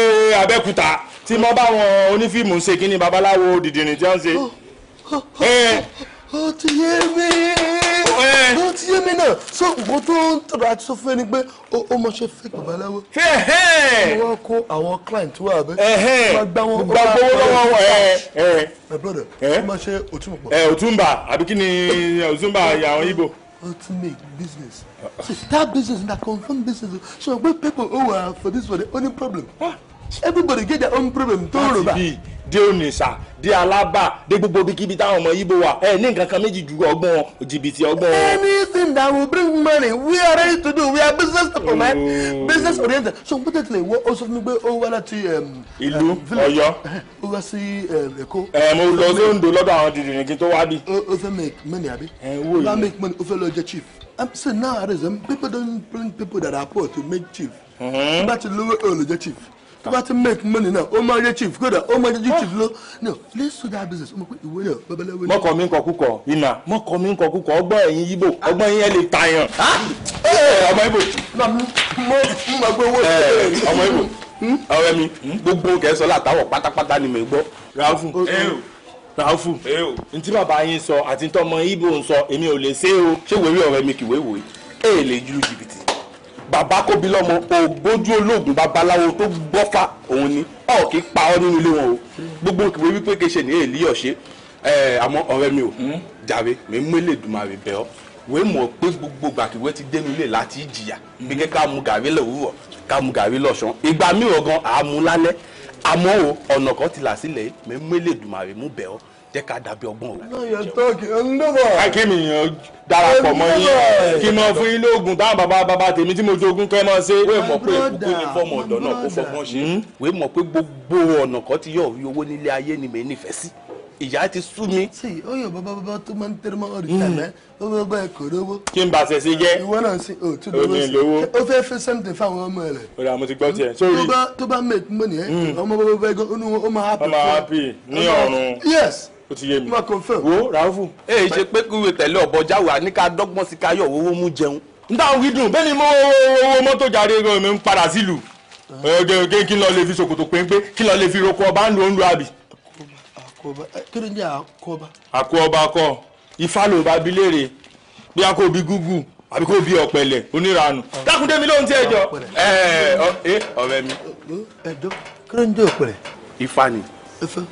abẹ́kúta tí mo bá wọn onífíìmù ṣe kínní babaláwo dìdìrín tí wọ́n ṣe.
ó ti yé mi ó ti yé mi náà so nǹkan tó ń tọrọ àti sọ fún ẹni pé ó mọ ṣe fẹ́ babaláwo wọ́n kó àwọn client wà bẹ́ẹ̀ wọ́n gbá wọn gbá owó lọ́wọ́ wọn ẹ̀ my brother ó máa ṣe òtúmọ̀ pọ̀.
òtúmbà àbí kí ni òtúmbà àwọn Ìgbò.
ultimate business see that business na confirm business so when people who oh, are uh, for this one only problem. Ah everybody get
their own problem tó rò bá. láti onisa dé alaba dé gbogbo bíkíbi táwọn ọmọ Ìgbò wà ẹ ní nǹkan kan méjì ju ọgbọ́n jìbìtì ọgbọ́n.
anything that will bring money we are ready to do we are business people man business oriented so n pété tilẹ̀ wọ́n ó sọ fún mi pé ó wá láti.
ìlú um, Ọ̀yọ́
ó wá sí Èkó. ẹ mo lọ sí
Oǹdó lọ́dọ̀ àwọn dìdìrín kí tó wá
bí. ó oh, fẹ́ oh, make money abi. ẹ wò yìí ó fẹ́ make money ó fẹ́ lọ jẹ chief. I'm saying now, nowadays um, people don't bring people that are poor to make chief. Mm-hmm. but to lower lówó the chief tó bá ti make money náà
ó máa rí chief kódà ó máa jẹ́
chief oh. ló no let's do that business ó mọ̀ pé ìwé náà babaláwo ni. mọ́kàn ah! eh, mi ń
kọ kúkọ iná mọ́kàn mi ń kọ kúkọ ọgbọ́n ẹ̀yin yíbo ọgbọ́n yín ẹ̀ lè tayàn. ọmọ ibo ọmọ ibo ọ̀rẹ́ mi hmm? gbogbo kẹsàn látàwọ pátápátá ni mo gbọ́. ràáfù oh, oh. Eh ràáfù eh ntí bàbá yín sọ àti ntọ́mọ ibo ń sọ èmi ò lè ṣe é o ṣé wèé rí ọ̀rẹ́ mi kì wéé wòye èèlè ju jìbìtì bàbá kò bí lọ́mọ ògbójú olóògùn babaláwo tó gbọ́fà òun ni ọ̀ pa ọ́ nínú ilé wọn o gbogbo kìwé wípé kéṣe ní èlí ọ̀ṣẹ́ àmọ́ ọ̀rẹ́ mi ò hmm? jàre mi mú Elédùmarè bẹ̀ ọ́ wèé mọ̀ pé gbogbo gbàkíwé ti dénú ilé láti jìyà hmm. bí kẹ́ ká mu gàrí lòwúrọ̀ ká mu gàrí lọ́sàn ìgbà mìíràn gan àmú lálẹ́ àmọ́ o ọ̀nà kan ti là sílẹ̀ mi mú Elédùmarè mú bẹ̀ ọ́ jẹ́ ká dàbí ọgbọ́n o. kí mi yàn darapọ̀ mọ́ yín kí n mọ fún yín lóògùn táwọn bàbá bàbá tèmi tí mo jogún kẹ́ mọ́ ṣe. wéè mọ̀ pé kúkú ni fọ́mọ ọ̀dọ́ náà kó fọgbọ́n hmm? ṣe. wéè mọ̀ pé gbogbo ọ̀nà kan ti yọ̀ rí owó nílé ayé ni mi nífẹ̀ẹ́ sí ìyá ti sú mi. sí oyè bàbá
bàbá tó máa ń tẹrẹ mọ́ ọ̀rẹ́ hmm. tẹ̀lé ó fẹ́ bá ẹ̀kọ́ lówó. kí n bá ṣe sí jẹ́ ìwọ náà sí òtú lówó sí ó fẹ́ fẹ́ sẹ́ǹtì fáwọn ọmọ rẹ̀.
o ra mo ti gbọ́ tiẹ̀ hmm. sórí.
tó bá happy.
ó happy yes o ti yé mi wo ràáfù. ẹ ẹ ṣe pé kúwe tẹ̀lé ọ̀bọ̀já wà ní ká dọ́gbọ́n sí káyọ̀ owó mú jẹun. n táwọn fi dùn bẹ́ẹ̀ ni mo owó mọ́tò jáde mi ń padà sílùú ọjọ́ kí n lọ lè fi ṣòkòtò péńpé kí n lọ lè fi roko ọba ń lo ń lo àbí.
kí ló ń jẹ́ àkóbá.
àkóbá kọ ifá ló bá bi léèrè bí a kò bí gúgù àbí kò bí ọ̀pẹ̀lẹ̀ oníranu ah. dákúndé mi lóhun tí ẹ jọ ẹ ọ̀rẹ́ mi. ẹ̀dọ́
kí ló ń jẹ́ ọ̀pẹ̀lẹ̀. ifá ni ẹfẹ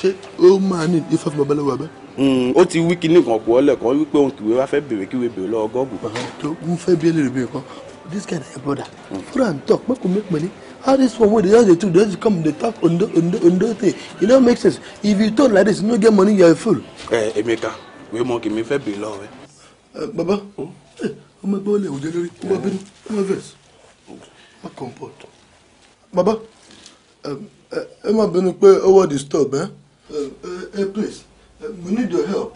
ṣé ó máa ní ifá fún babaláwo abẹ.
Hmm, ó ti wí kíní kan pọ̀ lẹ́kọ̀ọ́ wípé òun kìwé wá fẹ́ bèrè kíwé bèrè lọ́wọ́ gọ́ọ̀gù. tó
ń fẹ́ bí ẹlẹ́rìí bèrè kan this guy na your brother fura n talk make we make money how this one wey dey just dey do dey just come dey talk ondo ondo ondo thing e no make sense if you talk like this you no get money you are a fool.
ẹ
Emeka wee mọ kì í mi fẹ́ bèrè lọ́wọ́
rẹ. baba hmm? ọmọ ẹgbẹ́ wọlé ìwòjẹ́ lórí ọmọ abinu ọmọ vex hmm. ọmọ comfort baba. Um, ẹ má bínú pé owó disturb ẹ. ẹ please we need your help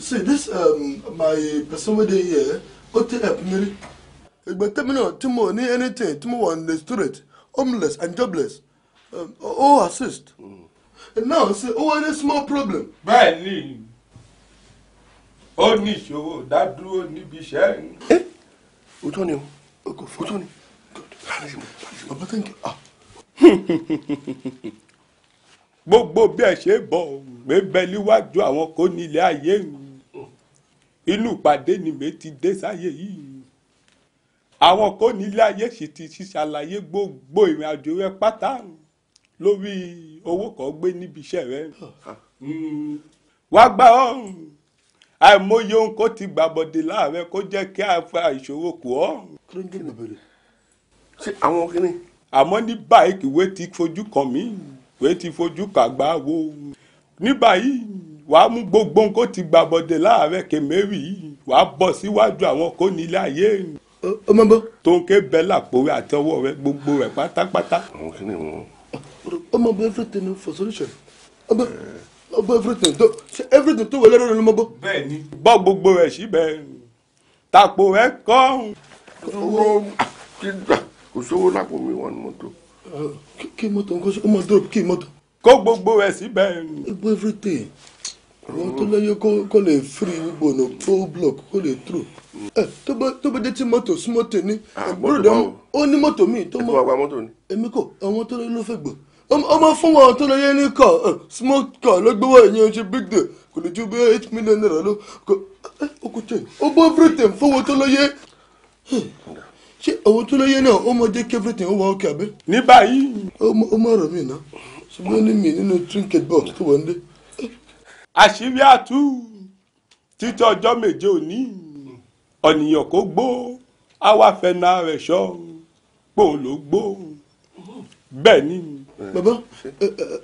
see this um, my person wey dey here ó ti help me rí. ìgbà tẹ́mi náà tí mo ní anything tí mo wà on the street homeless and jobless um, assist. Mm. now see, ó wá ní small problem. bẹ́ẹ̀ ni
ó ní ìṣòro dádúró níbi iṣẹ́.
ẹ òótọ́ ni o òótọ́ ni. bàbá thank you. Ah
gbogbo bí ẹ ṣe bọ̀ gbé bẹ àwọn kò nílé ayé inú ìpàdé ni mi ti dé sáyé yìí àwọn kò nílé ayé sì ti ṣàlàyé gbogbo ìrìn rẹ pátá lórí owó kan gbé níbi iṣẹ́ rẹ wá gbà ọ́ àìmọye ohun kò ti gbàbọ̀dé láàrẹ kó jẹ́ kí a fa ìṣòro kù ọ́. kí ló ń dùn lóbèrè ṣé àwọn kìnnìún àmọ́ ní báyìí kìwé ti fojú kàn mí kìwé ti fojú kàgbà wo ní báyìí wàá mú gbogbo nǹkan ti gbà bọ̀dẹ̀ láàárẹ̀ kèmẹ́rì wàá bọ̀ síwájú àwọn kò ní ilé ayé ọmọ bọ. tó ń ké bẹ́ẹ̀ làpò rẹ̀ àti ọwọ́ rẹ̀ gbogbo rẹ̀ pátápátá. àwọn kí ni wọn.
ọmọ bọ everything for solution ọmọ ọmọ everything tó everything tó wọlé lórí
ọmọ bọ. bẹ́ẹ̀ni bọ gbogbo rẹ̀ síbẹ̀ tapo rẹ̀ kọ.
owó kí n gbà kò sówó lápò mi wọ́n ní mọ́tò.
kí mọ́tò nǹkan ṣe ó máa drop kí mọ́tò. kó gbogbo ẹ̀ síbẹ̀. gbogbo everything àwọn tó lẹ́yìn kó lè free gbogbo ọ̀nà full block kó lè through. ẹ tó bá dé tí mọ́tò sí ah, mọ́tò ní.
àgbọ̀dọ̀
ó ní mọ́tò míì ẹ tó wá gba mọ́tò ni. èmi kò àwọn tó lẹ́yìn ló fẹ́ gbọ̀ ọmọ fún wọn tó lóye ní kọ smoke car ló gbowó ìyẹn ṣe big day kò lè ju bí eight million naira ló kọ ó kò tẹ everything fún wọn tó lóye ṣé òun tó lóye náà ó mọ jẹ́ kí everything ó wà ókè àbí. ní báyìí. ó mọ ọ̀rọ̀ mi
náà ṣùgbọ́n ní mi nínú trinket box tó wọ́n dé. àṣírí àtú títí ọjọ́ méje òní ọ̀nìyàn kò gbó àwa fẹ́nà rẹ̀ ṣọ́ pòun ló gbó bẹ́ẹ̀ ni. bàbá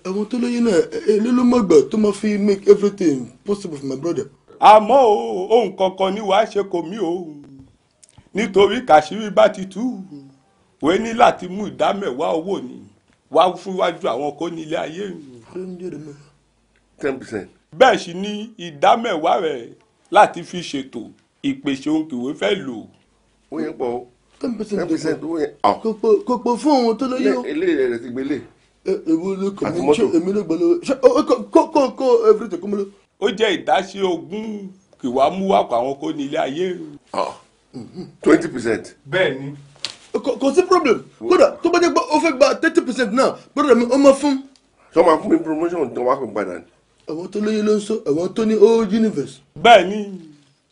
àwọn tó lóye náà èlé ló mọ̀gbà tó máa fi make everything possible for my
brother. àmọ́ ohun kankan ni wàá ṣe kò mí o nítorí kàṣírí bá ti tú wẹ́ẹ́ ní láti mú ìdá mẹ́wàá owó ni wá fúnwájú àwọn kò ní ilé ayé ten percent. bẹ́ẹ̀ sì ni ìdá mẹ́wàá rẹ̀ láti fi ṣètò ìpèsè ohun kìwé fẹ́ lò. ó yẹ pọ̀ o ten
percent owó yẹn. Ah. kò pọ̀ fún ohun tó lóyún.
ilé rẹ̀ ti gbélé. E, èmi ló kọ̀
mí ṣé èmi ló gbọ́ lọ́wọ́ ṣé kó kó kó everything kó mú lọ. ó jẹ́ ìdásí ogún kìwámúwá pa àwọn kò ní ilé ayé. Ah twenty percent. bẹ́ẹ̀ni.
kò sí problem kódà tó bá jẹ́ pé ó fẹ́ gba thirty percent náà gbọ́dọ̀ mi ó máa
fún. sọ ma fún mi promotion tó wá fún padà ni. àwọn tó lóye ló ń sọ àwọn tó ní old universe. bẹ́ẹ̀ni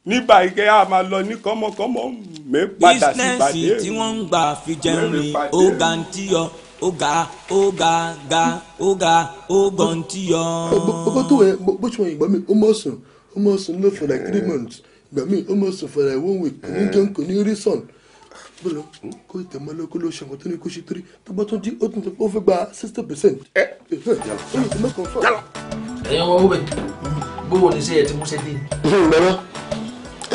nígbà ike a máa lọ ní kọ́mọkọ́mọ mi padà sí ìpàdé.
bísínẹ́sì tí wọ́n ń gbà fi jẹun rìn ó ga ń tíyọ ó ga ó ga ga ó ga ó gan ń tíyọ. ọgbọ́n
tó wẹ̀ bó ṣe wọ̀nyí gbọ́ mi ó mọ̀ sùn ó mọ̀ sùn ló for like three months gbàmí ó mọ̀ sọ̀fẹ̀rẹ̀ one week eh. kò ní jẹun kò ní rí sàn bọ́lá kó ìtẹ̀mọ́ lọ́kọ́ ló ṣe àwọn tó ní kó ṣe torí tó bá tún di ó tún ó fẹ́ gba sixty percent. Eh. Eh, ẹ ẹ ẹyin ọmọ wúbẹ gbówó ní sẹyẹ tí mo ṣe dé. bàbá hmm,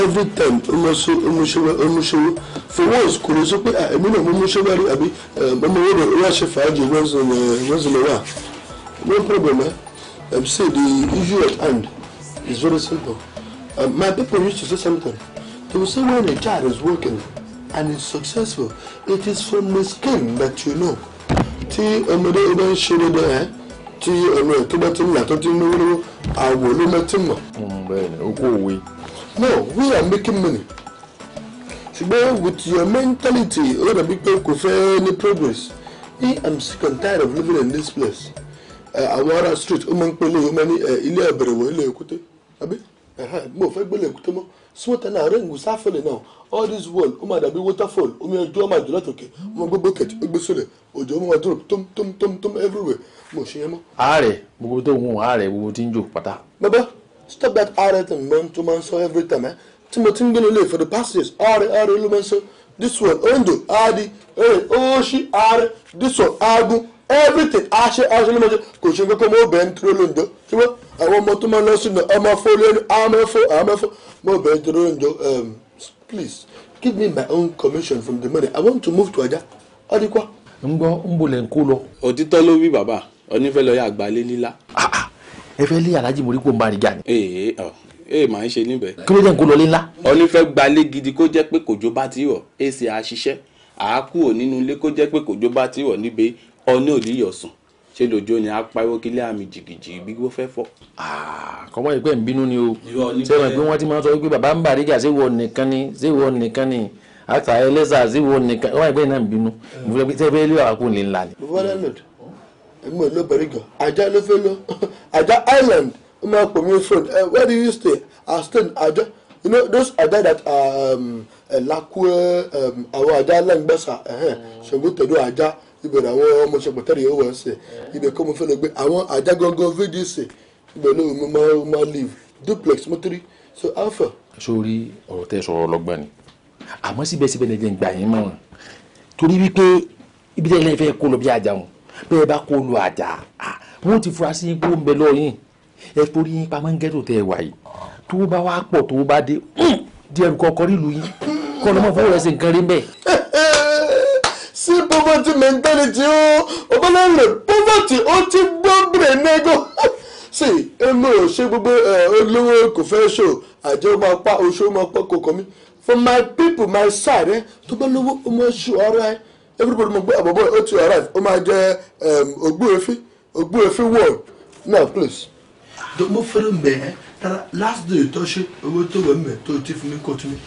every time ọmọṣẹ́wọ́ for once kò ní sọ pé ah, èmi náà mo mú ṣẹ́wọ́ rí àbí ọmọ wo ni wọ́n ṣe fàájì rẹ́sìlẹ̀wà no problem eh? I'm say the issue at hand is very simple. Uh, my people used to say something. They would say when a child is working and is successful, it is from the skin that you know. Tí ọmọdé ọba ń ṣe dédé ẹ, eh? tí ọmọ ẹ tó bá ti ń là tó ń lówó lówó, àwọ̀ ló bá ti mọ̀.
Mm,
Bẹ́ẹ̀ni, o kò
No, we are making money. Ṣùgbọ́n with your mentality, ó dàbí pé kò fẹ́ ní progress. I am sick and tired of living in this place. Uh, àwọn ará street, ó máa ń pè lóyún, ó máa ní uh, ilé ẹ̀bẹ̀rẹ̀ ilé èkúté. Àbí? mo fẹ́ gbélé èkúté mọ́ sóòtẹ́ náà rẹ̀ ń gùn náà all this world, ó máa dàbí waterfall omi ọjọ́ ó máa jù látòkè mo gbé bucket ó gbé sólẹ̀ òjò ó máa drop tom tom tom tom everywhere mo ṣe yẹn mọ́.
ààrẹ gbogbo tó ń hun ààrẹ gbogbo tí ń jò pátá.
bàbá stop that ààrẹ tí mo tó máa ń sọ every time ẹ eh? tí mo ti ń gbénu for the past years ààrẹ ààrẹ ló máa ń sọ this one ondo aadi ee eh, oṣi ààrẹ this one aagun everything aṣẹ aṣẹ ló máa ṣe kò ṣe kókó mo bẹ̀ ń dúró lóńjọ ṣùgbọ́n àwọn ọmọ tó máa lọ sínú ọmọ fún lórí amẹ́fọ́ amẹ́fọ́ mo bẹ̀ ń dúró lóńjọ um, please give me my own commission
from the money i want to move to aja. ọdínkwa. ń gbọ́ ń bolẹ̀ ń kó lọ. òtítọ́ ló wí bàbá onífẹ́ lọ́ọ́ yà gbalé lílá. Ah, ah. ẹ fẹ́ lé aláàjì mo rí kó ń bá ní jà ni. ee ọ ee màá ń ṣe níbẹ̀. kí ló dé ń kó lọlé ńlá. onífẹ́ gbalé gidi kó jẹ́ pé kòjó bá ti wọ̀ èsì àṣìṣe àákú ò nínú ilé ọní òdì yọ̀sùn ṣé lójó ni a pariwo kílé àmì jìgìjì bí wọ́n fẹ́ fọ́. Ah, kọ́mọ́ ìpẹ́ ń bínú ni o sẹ́wọ̀n pé wọ́n ti máa sọ wípé bàbá ń bàrígà sí wọ nìkan ni sí wọ nìkan ni àtà ẹlẹ́sà sí wọ nìkan wọ́n ìpẹ́ náà ń bínú sẹ́wọ́n ilé wàá kú ní ńlá ni.
bàbá ẹgbẹ́ ló island ó máa pọ̀ eh, where do you stay i stay in you know those ajá that um, eh, lakue um, àwọn ajá lẹ́ngbẹ́sà ṣògùn tẹ̀dọ̀ ajá ibẹ̀ ni àwọn ọmọ ìṣẹ̀pọ̀ tẹ́lẹ̀ yóò wọ́n sẹ̀ ibẹ̀ kọ́ mo fẹ́ lọ gbé àwọn àjágangan vdc ibẹ̀ náà mo máa máa live duplex
mọ́tírì so alpha. sórí ọ̀rọ̀ tẹ́ sọ̀rọ̀ ọlọ́gbọ́n ni àmọ́ síbẹ̀síbẹ̀ ní ẹ̀jẹ̀ ń gbà yín mọ́ torí wípé ibi tẹ́lẹ̀ fẹ́ kó lọ bí ajá wọn bẹ́ẹ̀ bá kó lọ ajá wọn ti fura sí yín kó ń bẹ lọ yín ẹ torí yín pamọ́ ń gẹ́tò tẹ́ ẹ wà yìí tó bá wá pọ̀ tó bá dé díẹ̀ kọ́kọ́ rí ìlú yín kọ́ lọ́mọ́ fún ìrẹsì nǹkan rí bẹ́ẹ̀.
si poverty mentality o ọbọlọrẹ poverty ó ti gbọ́ bẹ̀rẹ̀ nẹ́gọ́ sí èmi ò ṣe gbogbo olówó kò fẹ́ ṣò àjọ máa pa oṣù máa pa kòkò mi for my people my side eh, tó bá lówó ó máa ṣù ọ̀rọ̀ ẹ everybody mo gbé àbọ̀bọ̀ ó ti arrive ó máa jẹ ògbóòfin Efi, wall now please. jọ̀wọ́ mo fẹ́ràn bẹ́ẹ̀ rárá last day tó ṣe owó tó wẹ̀ mẹ́ tó ti fún mi kó tún mi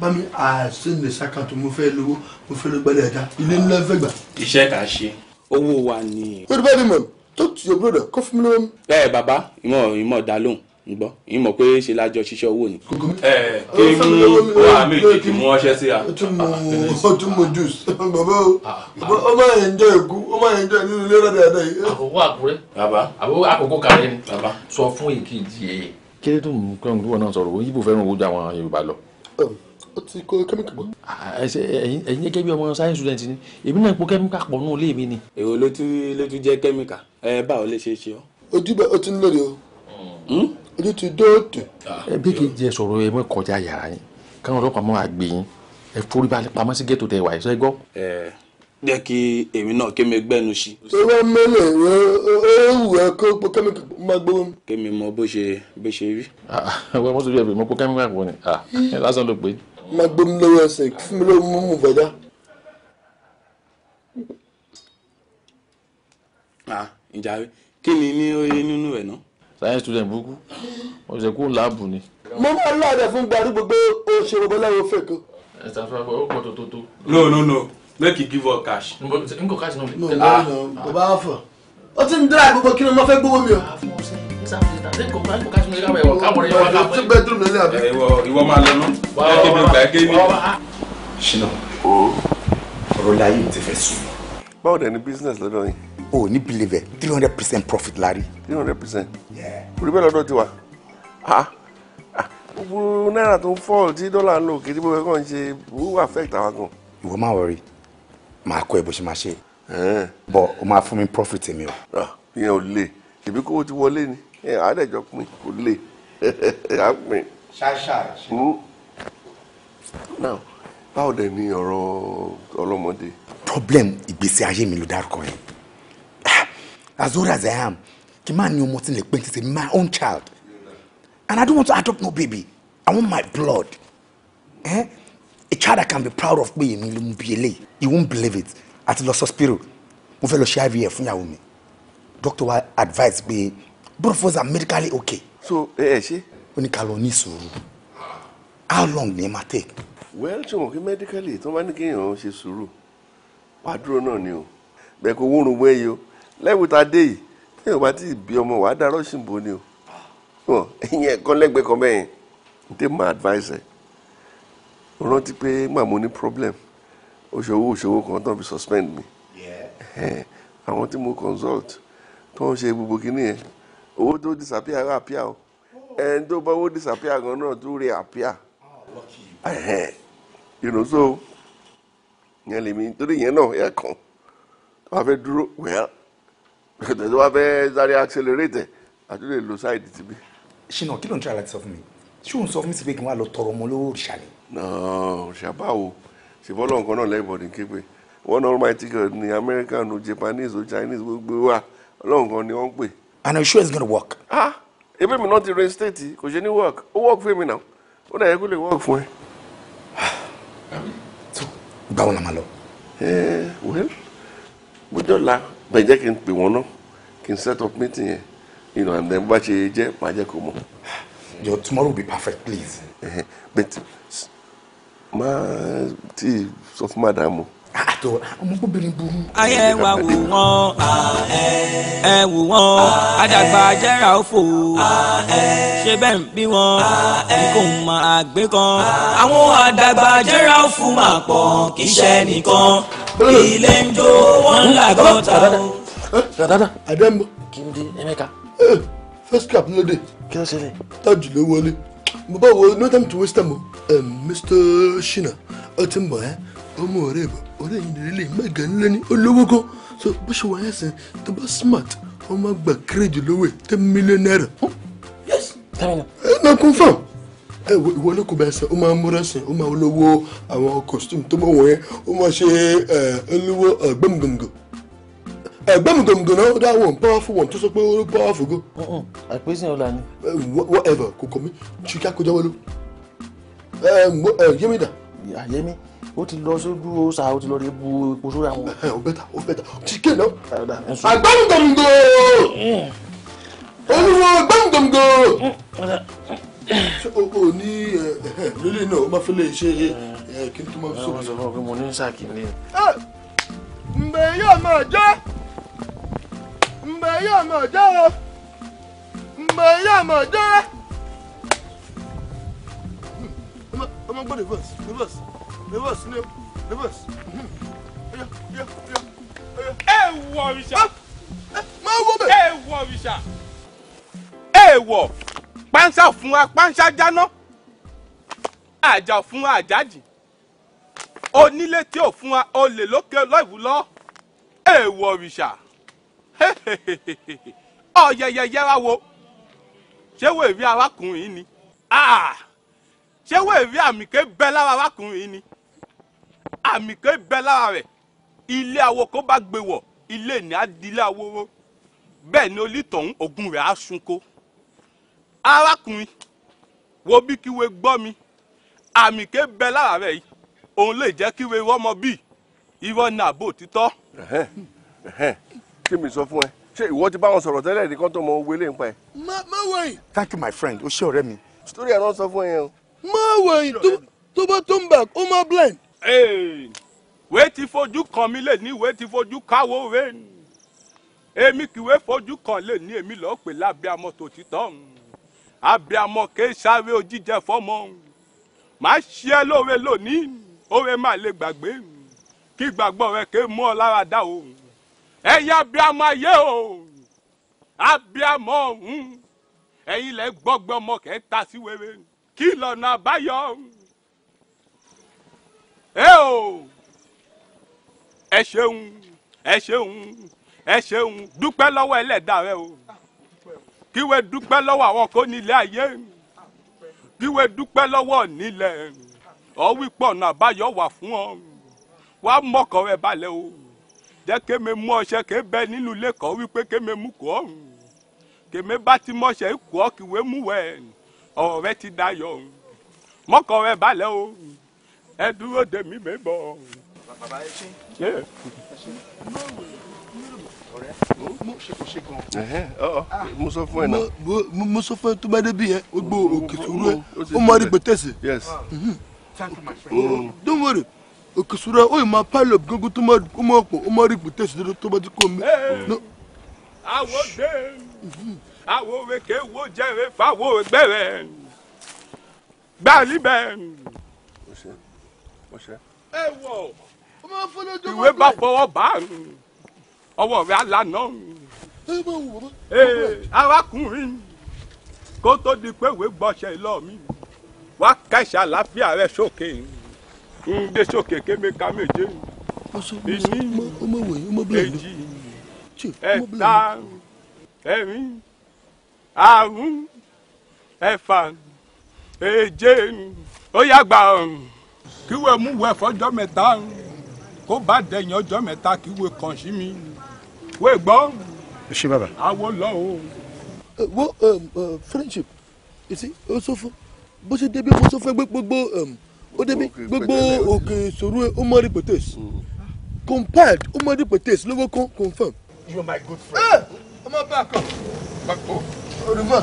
bami àṣẹ nìsa kan tó mo fẹ́ lówó mo fẹ́ ló gbẹ́lẹ̀ ẹ̀dá ilé ńlá fẹ́ gbà.
iṣẹ́ kà ṣe owó wa ni. wíwú bá mi mọ̀ tó ti yọ búrọ̀dà kó fún mi lọ́wọ́. ẹ bàbá ìmọ̀ ìmọ̀ dá lóhùn ń gbọ́ ìmọ̀ pé ṣe lájọ ṣiṣẹ́ owó ni. ẹ kí mú wà méjì kí mú ọṣẹ sí a. ó tún mú
ah, ah, juice bàbá o ah, ó máa ń jẹ èkú ó máa ń jẹ nínú ilé rẹ̀ dáadáa yìí.
àkókò àkúrẹ́ àkókò kàrẹ́ ni sọ fún èkejì ẹ̀. kí ló dùn kí wọn náà sọ̀rọ̀ òyìnbó fẹ́ràn owó ju àwọn Yorùbá lọ. Oh ó ti kó kẹ́míkà gbọ́. ẹ̀yin gẹ́gẹ́ bí ọmọ science student ni èmi náà po kẹ́míkà pọ̀ nù ilé mi ni. èrò ló tún ló tún jẹ́ kẹ́míkà ẹ bá ò lè ṣe é ṣe ọ. ojú bẹ o ti ń lórí o hmm? ojú ti dóòtù. Ah. bí kì í jẹ sọ̀rọ̀ ẹ mọ̀ kọjá yàrá yín káwọn ọlọ́pàá mọ́ àgbè yín ẹ forí balẹ̀ pamọ́ sí gẹ́tò tẹ̀ wà ẹ̀ sọ ẹ gbọ́. ẹ jẹ́ kí èmi náà kémi gbẹ́nu sí. owó mélòó ó wù ẹ kó po kẹ́míkà má gbówó mi. kémi mọ bó ṣe bó ṣe rí. àwọn ọmọ sọ bí ẹ bẹ mọ po kẹ́míkà pọ̀ ni ah, hmm. lásán ló pè é máa gbé mi lọ́wọ́ ẹsẹ̀ fún mi lórí mímú ìjà rẹ kí ni ní oyè nínú rẹ náà. science student burúkú wọn ṣe kó láàbù ni. mo máa ń láàdà fún gbàdúgbò pé o ṣe rògbò láwọn kan. ẹ ṣàtúnṣe ó pọ̀ tó tó tó. no no no make you give her cash. n kò cash náà. no no no
ah. bàbá àfọ̀ ó ti ń dra gbogbo kí ni mo fẹ́ gbowó mi o two
bedroom nílé àbí. ìwọ máa lọ náà ẹ kí mi gbà gé mi.
ṣìnà ọ̀rọ̀ láyé ti fẹ́ sùn. báwo dẹ̀ ni business lọ́dọ̀ yín. o ní believe ẹ three hundred percent profit lárí. three hundred percent.
orí bẹ́ẹ̀ lọ́dọ̀ tiwa gbogbo náírà tó ń fall tí dọ́là ń lò kiri bó kàn ń ṣe who affect àwọn kan.
ìwọ máa wọrí màá kọ ẹ bó ṣe máa ṣe bọ o máa fún mi profit mi o.
ìyẹn ò le ìbí kówó ti wọlé ni
àádẹ́jọ pin
kò lè á pin. ṣáṣá ṣe.
now báwo dẹ̀ ni ọ̀rọ̀ ọlọ́mọdé. problem ìgbésí ayé mi ló dárúkọ yẹn ah, as old as i am kí n máa ní ọmọ tí n lè pín títí my own child and i don't want to adopt no baby i want my blood eh? a child i can be proud of pé èmi ló mú bí eléyìí you won't believe it àti lọ sọ spiro mo fẹ́ lọ ṣe ivf fún ìyàwó mi doctor wa advice pé brothers are medically okay. so eh, she. When you ní ká lọ how long ni ẹ take.
well ṣùgbọ́n kí medically tó bá ní kéèyàn ṣe sùúrù wàá dúró náà ni o bẹ́ẹ̀ kó wúrun wẹ́ yìí o lẹ́wùtà dé yìí téèyàn bá ti bí ọmọ wàá dá rọ́ṣìnbó ni o ìyẹn kan lẹ́gbẹ̀ẹ́ kan bẹ́yẹn n tẹ́ mọ advice ẹ̀ mo rántí pé mà mo ní problem oṣòwò oṣòwò kan tó fi suspend mi want to mo consult tó ń ṣe gbogbo kínní yẹn owó tó disappear rà appear o ẹni tó bá owó disappear gan náà tó re appear ìrùnsó yẹn lèmi torí yẹn náà yẹ kàn tó bá fẹ́ dúró wẹ́ẹ́ tó bá fẹ́ sáré accelerate
àti lè lo side ti bí. ṣìnà kí ló ń tẹ́ ara ti sọ fún mi ṣé òun sọ fún mi sí pé kí n wá lọ tọrọ ọmọ lówó òrìṣà ni. òrìṣà báwo ṣèbọ́lọ̀
nǹkan náà lẹ́yìn bọ̀dì képe one all my ticket ni american o japanese o chinese gbogbo wa
ọlọ́run kan ni wọ́n ń pè and I'm sure it's gonna work.
ah even me not ti reinstate kò you need work Who work for me now? ó dà yẹ kó work for ẹ. so ìgbà wo la máa eh, well we don't jẹ́ kí n can be one, kí n set up meeting yẹn you know and then watch a jẹ́ màá jẹ́ kó mọ̀. your tomorrow will be perfect please. Uh, but my, tí sọ fún àtọ ọmọkùnrin
burú. ayé wa wò wọ́n ẹ wò wọ́n àdàgbà jẹ́ra ó fò ṣe bẹ́ẹ̀ ń bí wọn kò máa gbé kan. àwọn àdàgbà jẹ́ra ó fò máa pọ̀ kì í ṣe nìkan ilé ń jó wọn làgọ́ta o. dàdàdà
kí n Emeka. first cap ló dé. kí ló ṣẹlẹ̀. tájù ló wọlé mo bá wo no time to waste time o. Mr. Shina ọtí ń bọ̀ ẹ́ ọmọ rẹ̀ bọ̀ ọ̀rẹ́ yìí nílé mẹ́gà ńlá ní olówó gan so bó ṣe wà yẹn tó bá smart wọ́n máa gba kírèjì lówó ẹ̀ ten million naira. yes tẹ́lẹ̀ ẹ náà kún fún ẹ ìwọ ló kò bá ẹsẹ ó máa múra sìn ó máa olówó àwọn costume tó bá wọ̀ yẹn ó máa ṣe olówó gbẹmùgbẹmùgbẹ gbẹmùgbẹmùgbẹ náà dá wọn powerful wọn tó sọ pé ó powerful go. àpèsè ọ̀la ni. whatever kò kọ́ mi ṣìkà kọjá wọlé yémi dà. yémi ó ti lọ sójú ọ̀sà ó ti lọ rí bu epo sórí àwọn. ẹ ò bẹ́tà ó bẹ́tà ti ké lọ. àgbàǹdàmdò olúwo
àgbàǹdàmdò.
o ní lórí náà ó máa fi lè ṣe kí n tó máa sọ. ọ̀sán fún mo ní sáàkì ní. Ah! ǹbẹ̀ yóò máa jẹ́ ǹbẹ̀ yóò máa jẹ́ o ǹbẹ̀ yóò máa jẹ́. ọmọ gbọ́dọ̀ reverse reverse reverse ní o
reverse. ẹ wọ òrìṣà. Ah, eh, máa wọ bẹ. ẹ wọ òrìṣà. ẹ wọ pánsá fún wa pánsá jáná àjà fún wa àjájì onílé tí ò fún wa olè lókè lọ́ìwúlọ́ ẹ wọ òrìṣà ọ̀yẹ̀yẹ̀yẹ̀ wa wo ṣé wèé rí we yìí ni ah, ṣé wèé rí àmì ké bẹ́ lára arákùnrin yìí ni àmì kan bẹ lára rẹ̀ ilé awo kó bá gbé wọ̀ ilé ní adilé aworo bẹ́ẹ̀ ni olítọ̀hún ogun rẹ̀ á sunko arákùnrin wo bí kíwe gbọ́ mi àmì kan bẹ lára rẹ̀ yìí òun lè jẹ́ kíwe rọ́mọ
bíi irọ́ ní àbò títọ́. kí mi sọ fún ẹ ṣé ìwọ ti bá wọn sọ̀rọ̀ tẹ́lẹ̀ nìkan tó mọ owó ilé ń pa ẹ.
má má wọ̀nyí.
thank you my friend o ṣé ọ̀rẹ́ mi.
sítórí
ẹ̀ náà sọ fún ẹ yẹn o.
má wọ̀nyí tó bá tó ń bà ó má blend wèé ti fojú kan mi lè ní wèé ti fojú káwó wèé èmi kìwé fojú kan lè ní èmi lọ́ọ́ pè lábíamọ tòtítọ́ abíamọ kìí sáré ojíjẹ fọmọ màá ṣe é lóore lónìí òwe má lè gbàgbé kí gbàgbọ́ rẹ kìí mú ọ lára dá o ẹ̀yin abíamọ ayé o abíamọ ọ̀hún ẹ̀yin lẹ gbọ́gbẹ́ ọmọ kẹ́ẹ́ sí wẹ́rẹ́ kí lọ́nà àbáyọ ẹ o ẹ ṣeun ẹ ṣeun ẹ ṣeun dúpẹ́ lọ́wọ́ ẹlẹ́dàá rẹ o kíwé dúpẹ́ lọ́wọ́ àwọn kò nílé ayé kíwé dúpẹ́ lọ́wọ́ nílẹ̀ ọ wípé ọ̀nà àbáyọ wà fún ọ wàá mọ̀kọ́ rẹ balẹ̀ o jẹ́ kéme mú ọṣẹ ké bẹ nínú ilé kọ́ wípé kéme mú kọ́ kéme bá ti mọ̀ṣẹ́ kọ́ kíwé mú wẹ̀ ọ̀rọ̀ rẹ ti dayọ̀ mọ̀kọ́ rẹ balẹ̀ o ẹ dúró dè mí mi bọ̀. bàbá
ẹ ṣe. ọ̀rẹ́ mo ṣe kò ṣe gan. Ah. mo sọ fún ẹ náà.
mo sọ fún ẹ tó bá débi yẹn o gbọ́ oh, òkè oh, ẹ o oh, máa rí gbẹtẹsì. yes. Ah. Mm-hmm. thank you my friend. don't worry òkè sùúrù ẹ o yìí máa pile up gángan tó máa pọ̀ o máa rí gbẹtẹsì tó bá ti kó mi. àwọn
dé mm-hmm. àwọn òwe kéwò jẹrẹ fáwọn òwe gbẹrẹ ẹ wọ
ọ máa fọlọ́jọ́ ìwé bá
fọwọ́ bá ọwọ́ rẹ̀ alànà arákùnrin kó tó di pé ìwé gbọ́sẹ̀ lọ mi wá kẹsà láfíà rẹ̀ sókè ń dé sókè kémeka méje ìní èjì ẹ̀ta ẹ̀rin àrún ẹ̀fà èje ó yàgbà ọ̀run kí wọ́n mú wẹ́ fọ́jọ́ mẹ́ta kó bá dẹ̀yìn ọjọ́ mẹ́ta kí wọ́n kàn sí mi wọ́n gbọ́. ẹ
ṣe
bàbá.
àwo lọ o. wo um, uh, friendship ìsí ó sófo
bó ṣe débi mo sófo gbogbo um, ó débi gbogbo òkè ìṣòro ó mọ rí pètès compiled lówó kan confirm. you are my good friend. ọmọ bá a kọ. olùmọ̀.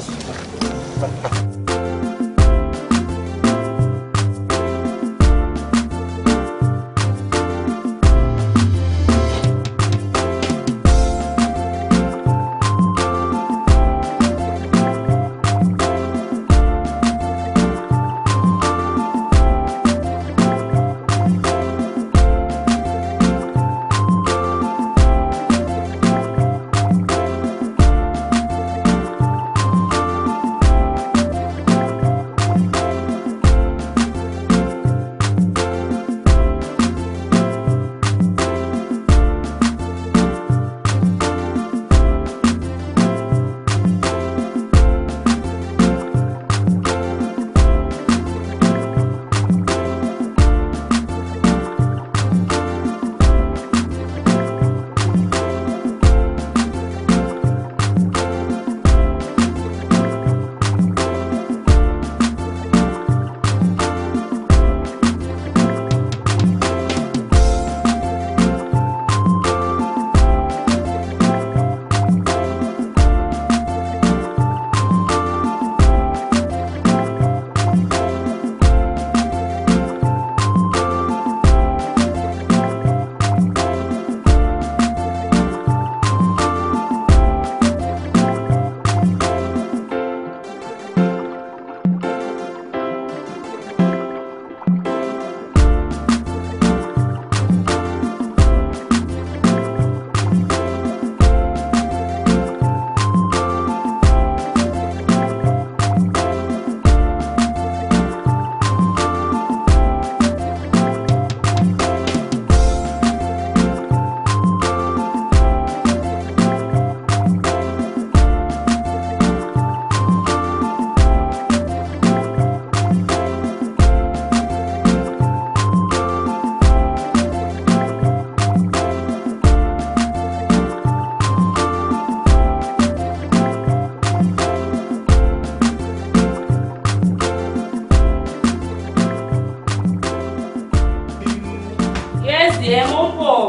Derrubou.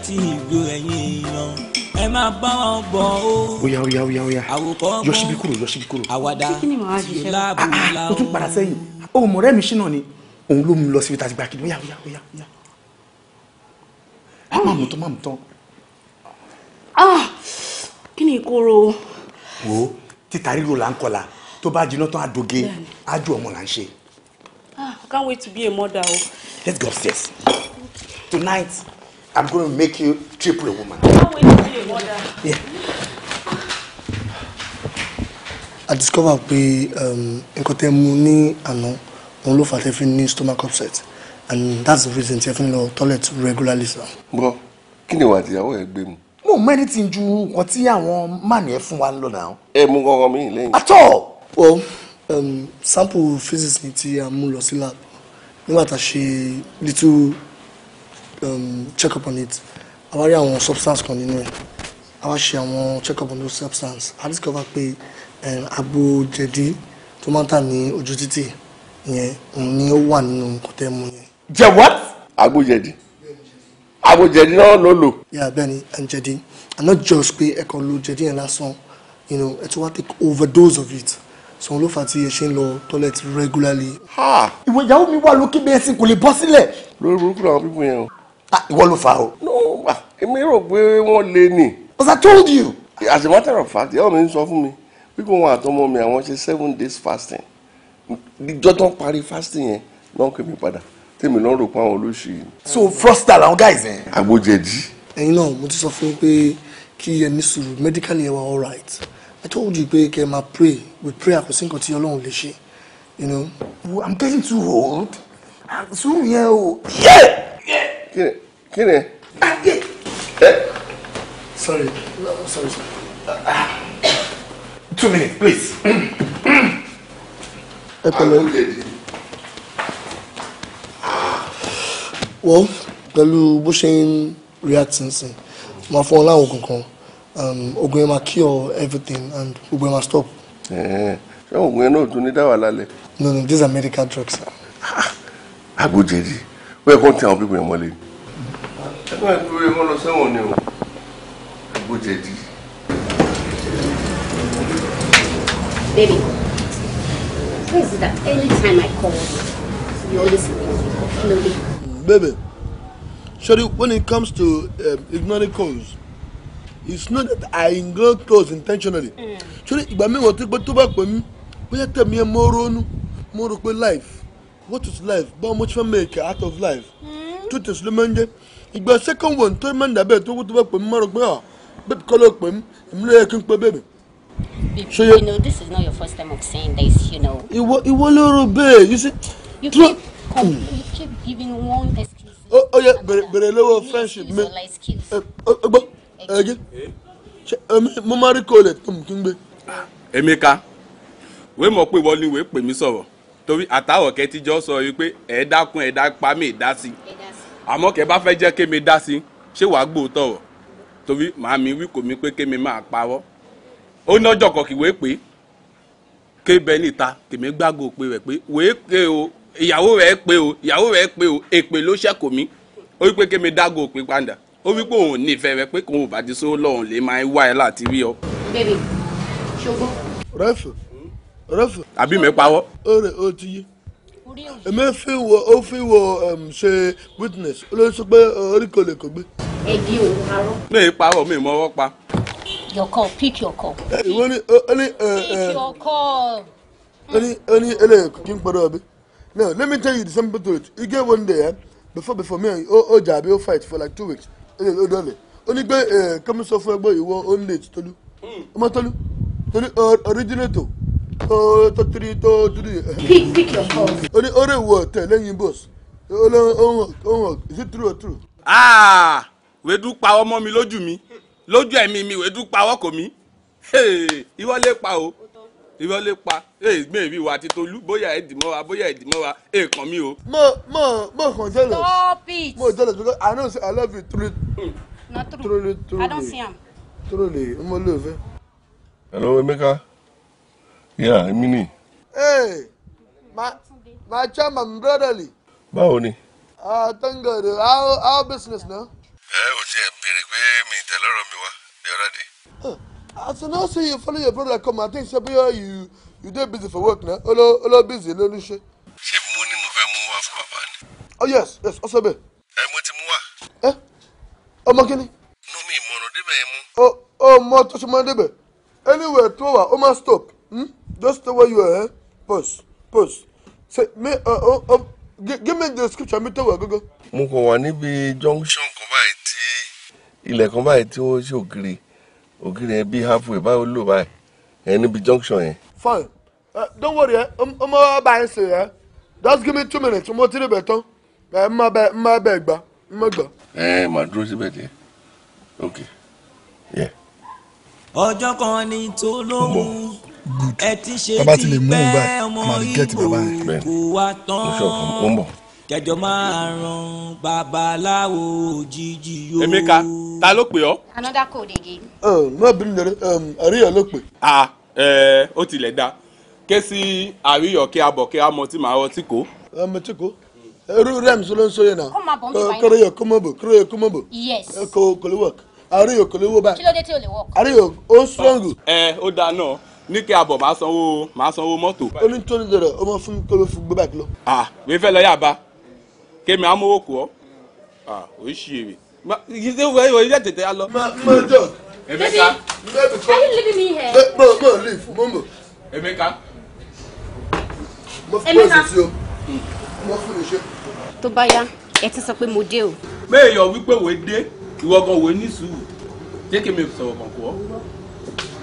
láti ìlú ẹ̀yìn èèyàn ẹ máa bá wọn bọ̀ ó.
oya oya oya oya yọ síbi kúrò yọ síbi kúrò. àwàdà
láàbù ah, la ó. o tún padà sẹ́yìn
o mọ̀rẹ́ mi ṣìnà ni òun ló mú lọ síbi tàbí gbàgede oya oya oya oya. a máa mú tán máa mú tán.
Ah, kí ni ìkorò.
wo títa ríro là ń kọlà tó bá jiná tán àdóge ájú ọmọ là ń ṣe.
Ah, I can't wait to be a mother.
Let's go upstairs. Tonight. I'm going to make you triple a woman. Yeah.
I discover pé um, nǹkan tẹ́ mu ní àná òun ló fà tẹ́ fi ní stomach upset and that's the reason tẹ́ fi ń lọ toilet regularly sir.
bro kí ni ìwà àtìyàwó ẹ gbé mu.
mo mọ ẹni tí ń ju nǹkan tí àwọn mánìí ẹ fún wa ń lọ náà.
ẹ mú mi lẹ́yìn. at all. well um, sample physics ni tí a mú lọ
sí lab nígbà tá a little um, check up on it a wá rí àwọn substance kan nínú ẹ̀ a wá ṣe àwọn check up on those substance a discover pé um, agbo jẹ̀dí tó máa ń tà ní ojú títì yẹn ni ó wà nínú nǹkan tẹ́ mu yẹn.
jẹ what. agbo jẹ̀dí agbo jẹ̀dí
náà ló lò. yà bẹ́ẹ̀ ni jẹ̀dí and not just pé ẹ kàn lo jẹ̀dí yẹn lásán you know ẹ tún wá take overdose of it sọ ló fà tí ẹ ṣe ń lọ toilet regularly.
ìwé ìyàwó mi wà lókè bẹ́ẹ̀ sì kò lè bọ́ sílẹ̀. lórí burúkú làwọn pípọ̀ yẹn o. Ah, ìwọ ló fà o. no ma ah, èmi rò pé wọ́n lé ni. but i told you. as a matter of fact ìyá mi ń sọ fún mi wípé wọn àtọmọ mi àwọn ṣe seven days fasting ìjọ tó ń parí fasting yẹn lọ́n kẹ́mi padà tèmi lọ́n rò pé àwọn olóṣì yìí.
so frostal àwọn guys yẹn.
agbójẹ̀dí.
ẹ̀yin náà mo ti sọ fún yín pé kí ẹ ní sùúrù medical yẹn wà all right i told you pé kẹ́ ẹ máa pray with prayer kò sí nǹkan tí ọlọ́run lè ṣe. you know. i'm getting too
old
ah, sùúrù yẹn o. yeah
kí ni kí sorry no, sorry sorry.
two minutes please. ẹ pẹ̀lẹ́
wọ́n pẹ̀lú bó ṣe ń react nsìn máa fún ọ láwọn kankan um, ogun yẹn máa cure everything and ogun yẹn máa stop.
ṣé oògùn yẹn náà tún ní dá wàhálà lẹ.
no no these are medical drugs.
agbójẹ́rì. Ah, ó yẹ kó ń tẹ àwọn pípọ̀ yẹn mọ́lé ni. ẹgbẹ́ ìpínlẹ̀ èkó lọ sẹ́wọ̀n ni o ẹgbó jẹ̀dí.
Baby, please that anytime I call
you always lonely. Baby, sorry when it comes to um, ignoring calls it's not that I ignore calls intentionally. Mm. Sorry ìgbà mi wọ̀ tí pé tó bá pè mí bóyá tẹ̀mí ẹ mọ́ ronú mo rò pé life what is life bọ́n mo ti fẹ́ make out of life tó tẹ̀sí ló máa ń jẹ́ ìgbà second one tó máa ń dàbẹ̀ tó wú bá pè mí máa rò pé ah bébì kọ́ ló pè mí èmi ló yẹ kí n pe bébì.
so you, know this is not your first time of saying this you know.
ìwọ ìwọ ló rò bẹ́ẹ̀ you see. you keep
you keep giving one excuse.
ó yẹ bèrè bèrè lọ́wọ́ friendship mi ọgbọ́ ẹ̀gẹ́ mo máa rí kọ́ọ̀lẹ̀ tó mú kí n gbé.
Emeka wèé mọ̀ pé ìwọ ni wèé pè mí sọ̀rọ̀ torí àtàwọ̀ kẹ́ tíjọ́ sọ wípé ẹ̀ dákun ẹ̀ dá pa mí dá sí àmọ́ kẹ́ bá fẹ́ jẹ́ kémi dá sí ṣé wàá gbóòótọ́ wọ̀ torí màámi wí kò mí pé kémi máa parọ́ ó ní ọjọ́ kan kìwé pé ké bẹ níta kèmí gbàgbó pé rẹ̀ pé wèé pé o ìyàwó rẹ̀ pé o ìyàwó rẹ̀ pé o èpè ló ṣẹ́kù mí ó wí pé kémi dágò pé padà ó wí pé òun nífẹ̀ẹ́ rẹ̀ pé kòun ò bá ti sówó lọ́hùn lè máa ń wá ẹ láti rí ọ.
bébè
ṣogbó. rẹ́fù rọfù.
àbí mi pawọ́.
ó rè ó ti yé èmi fi wo ó fi wo um, ṣe witness olóyún sọ pé orí kò lè kó gbé. èdè ò parọ́.
mi ì parọ́ mi mọ ọwọ́ pa.
your call pick your call. ìwọ ni ó ní. pick your call. ó ní ó ní eléyìí kí n gbọ́dọ̀ bí. now let me tell you the simple truth you get one day eh? before before me and you ó ó fight for like two weeks ó dọ̀lẹ̀ ó ní pé eh, kẹ́mi sọ fún ẹgbẹ́ ìwọ ó ń lè tolú hmm. ọmọ tolú tolú originator tó tiri tó tiri. pick pick your pulse. ó ní orí ìwọ tẹ lẹ́yìn bọ́s ohun ohun is it true or true.
Ah,
we do power mommy aa wẹ́dú me mọ́ mi lójú mi lójú ẹ̀mí mi wẹ́dú pawọ́ kò mí ìwọ lè pa o ìwọ lè pa gbé ìwí wa titolú bóyá ẹ̀dì mọ́ wa bóyá ẹ̀dì mọ́ wa èèkàn
mi o.
mo mo mo kàn jealous mo jealous because i know say i love you truly truly truly truly truly mo lè fẹ́.
hello Emeka. Yeah, èmi ni.
Ee, my my chairman brotherly. Báwo ni? Ah, thank God. How how business na? Ẹ o ti ẹ béèrè pé mi ì tẹ̀lọ́rọ̀ mi wá the other day. As you know say you follow your brother come, I think say bóyá you you dey busy for work na. Olo olo busy ló ń ṣe. Ṣé mo ní mo fẹ́ mú wá fún bàbá ni? Oh yes, yes, ọsẹ bẹ́ẹ̀. Ẹ mo ti mú wá. Ẹ eh? ọmọ kí ni? Inú mi ìmọ̀ràn débẹ̀ yẹn mú. Ó ó mọ tó ṣe máa débẹ̀. Anywhere tó wà, ó máa stop. Hmm? just the way you are. Eh? Pause, pause. Say, me, uh, uh, uh, give me the scripture, mi tó wà go
Mo kàn wà níbi junction kan báyìí tí ilẹ̀ kan báyìí tí wọ́n ṣe ògiri ògiri yẹn bíi halfway báyìí ó lò báyìí yẹn níbi junction yẹn.
Fine, uh, don't worry ẹ, eh? ọmọ ọba ẹ ṣe ẹ, eh? just give me two minutes, mo ti rí bẹ̀ tán, ẹ má bẹ má bẹ gbà, má gbà.
Ẹ máa dúró síbẹ̀ díẹ̀, okay, yeah.
Ọjọ́ kan ni tó good bàbá ti lè mú un báyìí màá lè
gẹ́tì bàbá yẹn. bẹ́ẹ̀
ló sọ fún kẹjọ máa ran babaláwo òjijì yóò. Emeka ta ló pè ọ.
another code again.
náà bí lóore àríyàn ló pè.
a
ẹ ó tilẹ̀ da ké sí àríyàn kí a bọ̀ kí a mọ tí màá ọtí kó.
ọmọtí kó eru rem solo ń sóye náà kéré kó mọ bò kéré kó mọ bò
kó
kò lè work àríyàn kò lè wọ báyìí àríyàn ó strong. ẹ ó dáa náà ní kí abọ̀ máa sanwó máa sanwó mọ́tò. ó ní tó dọ̀rọ̀ ó máa fún mi ló fún gbé báyìí lọ. à mi fẹ́ lọ yàbá kémi amówó kù ọ́ ò ń ṣe èrè yìí ṣe wọ́n yóò yẹ tètè á lọ. mọ́jọ Emeka
are
you leaving me here.
mo mo mo Emeka. mo fún èsì sí o
mo fún èsì. tó bá yá ẹ ti sọ pé mo dé o.
méèyàn wípé wòé dé ìwọ gan wòé ní sùúrù jẹ́ kí mi sọ̀rọ̀ kàn kú ọ́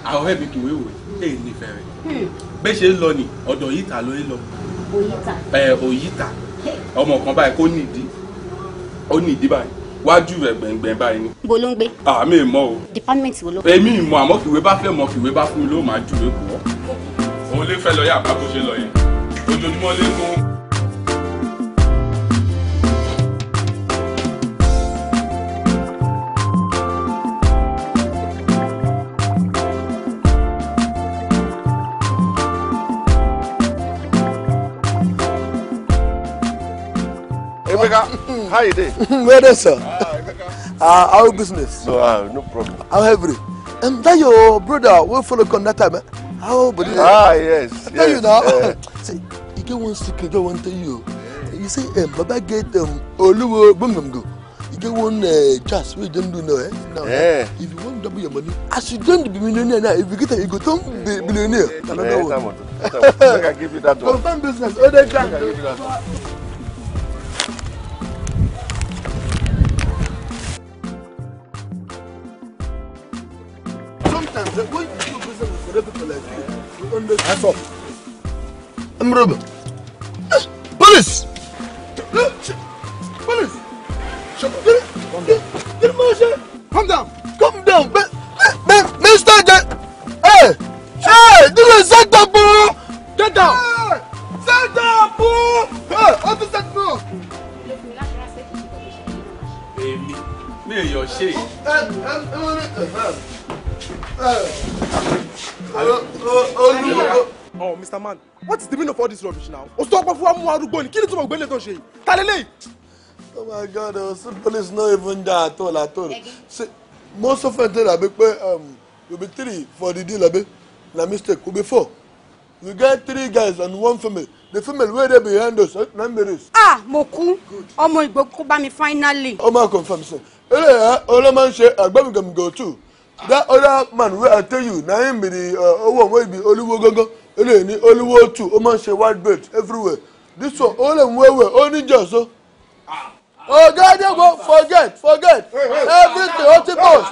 àwọn ẹ̀bí kìwé wòé lè nífẹ̀ẹ́ rẹ̀ hmm. bẹ́ẹ̀ ṣe ń lọ ní ọ̀dọ̀ Oyita ló ń lọ Oyita ọmọ kan báyìí kó nídìí ó nídìí báyìí wájú rẹ̀ gbẹ̀ngbẹ̀ báyìí ni. ibo ló ń gbé. àmì ìmọ̀ o.
department wo ló. èmi
ìmọ̀ àmọ́ fìwé bá fẹ́ mọ fìwé bá fún mi ló máa jù lé kù ọ́. òun lè fẹ́ lọ yá àbá bó ṣe lọ yẹn
ojoojúmọ́ lé kún.
How you doing? Where there, sir? Ah, uh, ah, our business. No,
uh, no problem.
How every? And that your brother will follow come that time. Eh? How
but Ah, yes. I tell yes, you now. Uh,
see, you get one secret I want to you. You say, um, Baba get um, Oluwo go. You get one uh, chance, we don't do now, eh? Now,
eh, yeah. If
you want double your money, as you don't be millionaire now, if you get a, you go to be billionaire. Yeah, I don't know. Make I give you that one. Confirm business. Oh, they can. sometimes when Hands up. I'm robber. Police! Police! Shut
Calm down. Calm down. Calm down. Mr. Jack! Hey! Hey! This is set up, Get down! Hey! Set up, bro! Hey! Officer, bro!
Èmi mi ò yọ ṣe. Oh, Mr. Man, what is the meaning of all this rubbish now? O sọ pé fún wa mú arúgbó ni, kí ni túmọ̀
gbélé tó ń ṣe yìí? Ta Oh my God, oh, see, police not even there at all at all. See, most of them tell me pé um, you be three for the deal abi, na mistake, you be four. We get three guys and one female. The female wey they behind us, na me Ah, mo kú, ọmọ ìgbókú bá mi finally. Ọmọ oh, confam sir. eléyà ọlọ́ máa ń ṣe àgbẹ̀mùgàmùgà tù that other man wey i tell you na him be the uh, owó wey be oluwo gángan eléyà ní olúwo tù ó white belt everywhere this one ó lè mú o ó forget forget everything o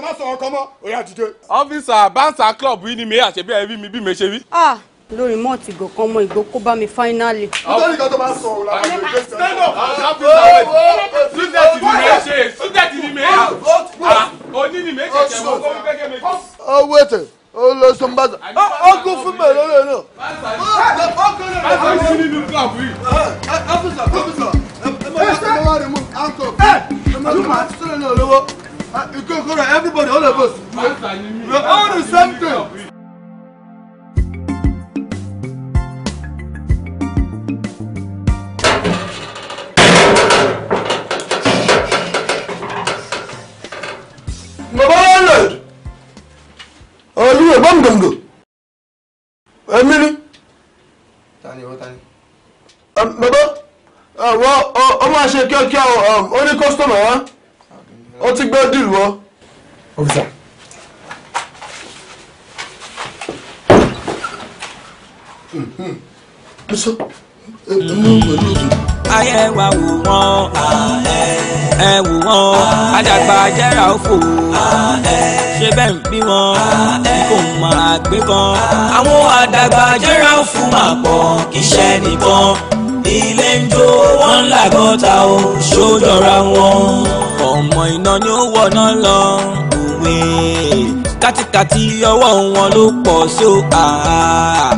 má sọ ọkọ mọ́, ó yà jíjẹ. Bánsà Club yìí ni mi àṣẹ bí ẹ
mi bí mi lórí mọ́ọ̀tì ìgò kan mọ ìgò kó bá mi fáínálì. nítorí kan tó máa
sọ òun làwọn ìgbésẹ̀. stand up káfíń sáwẹ̀ student ni mi ṣe student ni mi ṣe oní ni mi ṣe ṣe wọ́n kó mi gẹ́gẹ́ mi.
ó wẹ̀tẹ̀ lọ sọ ń bàtà ó gún fún mi lórí ẹ̀ náà.
bàtà ìsú nínú club yìí. ọ́fíìsà ọ́fíìsà
ẹ máa rí mú àǹkọ̀ ẹ máa rí mú àtúntò náà lọ́wọ́ ìkókó rẹ̀ everybody all of us.
bàtà ni mi. all the same thing.
èmi ni. tani wọ́n tani. bàbá
wọ́n ọ máa ṣe kíákíá ó ní kọ́sítọ́mù wa ó ti gbé dìlù wọ.
ọ̀fíìsà.
bísọ ẹ mú pẹ̀lú òtún. ayé wa wò wọ́n ẹ wò wọ́n àdàgbà jẹ́ra ó fò ṣe bẹ́ẹ̀ bí wọn bí kò máa gbé kan. àwọn àdàgbà jẹ́ra fún màpọ̀ kíṣẹ́ nìkan ilé ń jó wọn ń làgọ́ta o ṣojọra wọn. ọmọ iná ni ó wọná lọ òwe kátikàti ọwọ́ wọn ló pọ̀ sí o ah,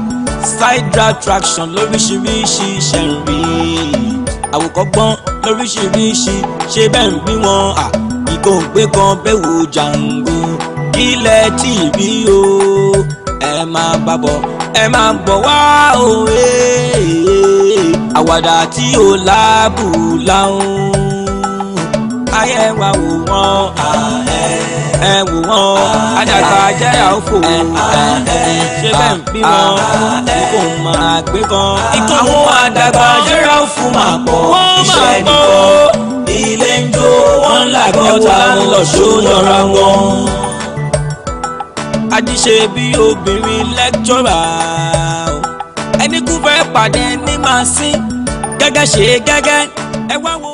side drag traction lóríṣiríṣi ṣẹ̀rí àwòkọ́gbọ́n lóríṣiríṣi ṣe bẹ́ẹ̀ ń bí wọn ah, ìgò ògbé kan bẹ́ẹ̀ wò jàǹgó ilẹ̀ tìbí o ẹ máa bá bọ̀ ẹ máa bọ̀ wá òwe eh. àwàdà tí ò láàbù láhùn ayé wa wò wọ́n eh. ẹ wò wọ́n àdàgbà jẹ́yà ó fò wọ́n eh, ṣé bẹ́ẹ̀ ń bí wọn ah, kò máa gbé kan. ìkànnì àdàgbà jẹ́yà ó máa pọ̀ iṣẹ́ nìkan ilé ń jó wọ́n làgbọ́ta lọ́ṣọ́ lọ́ra wọn ní ṣe bí obìnrin lẹ́kítọ́rà ẹni kú fẹ́ pàdé ní màsín gẹ́gẹ́ ṣe gẹ́gẹ́ ẹ wá wo.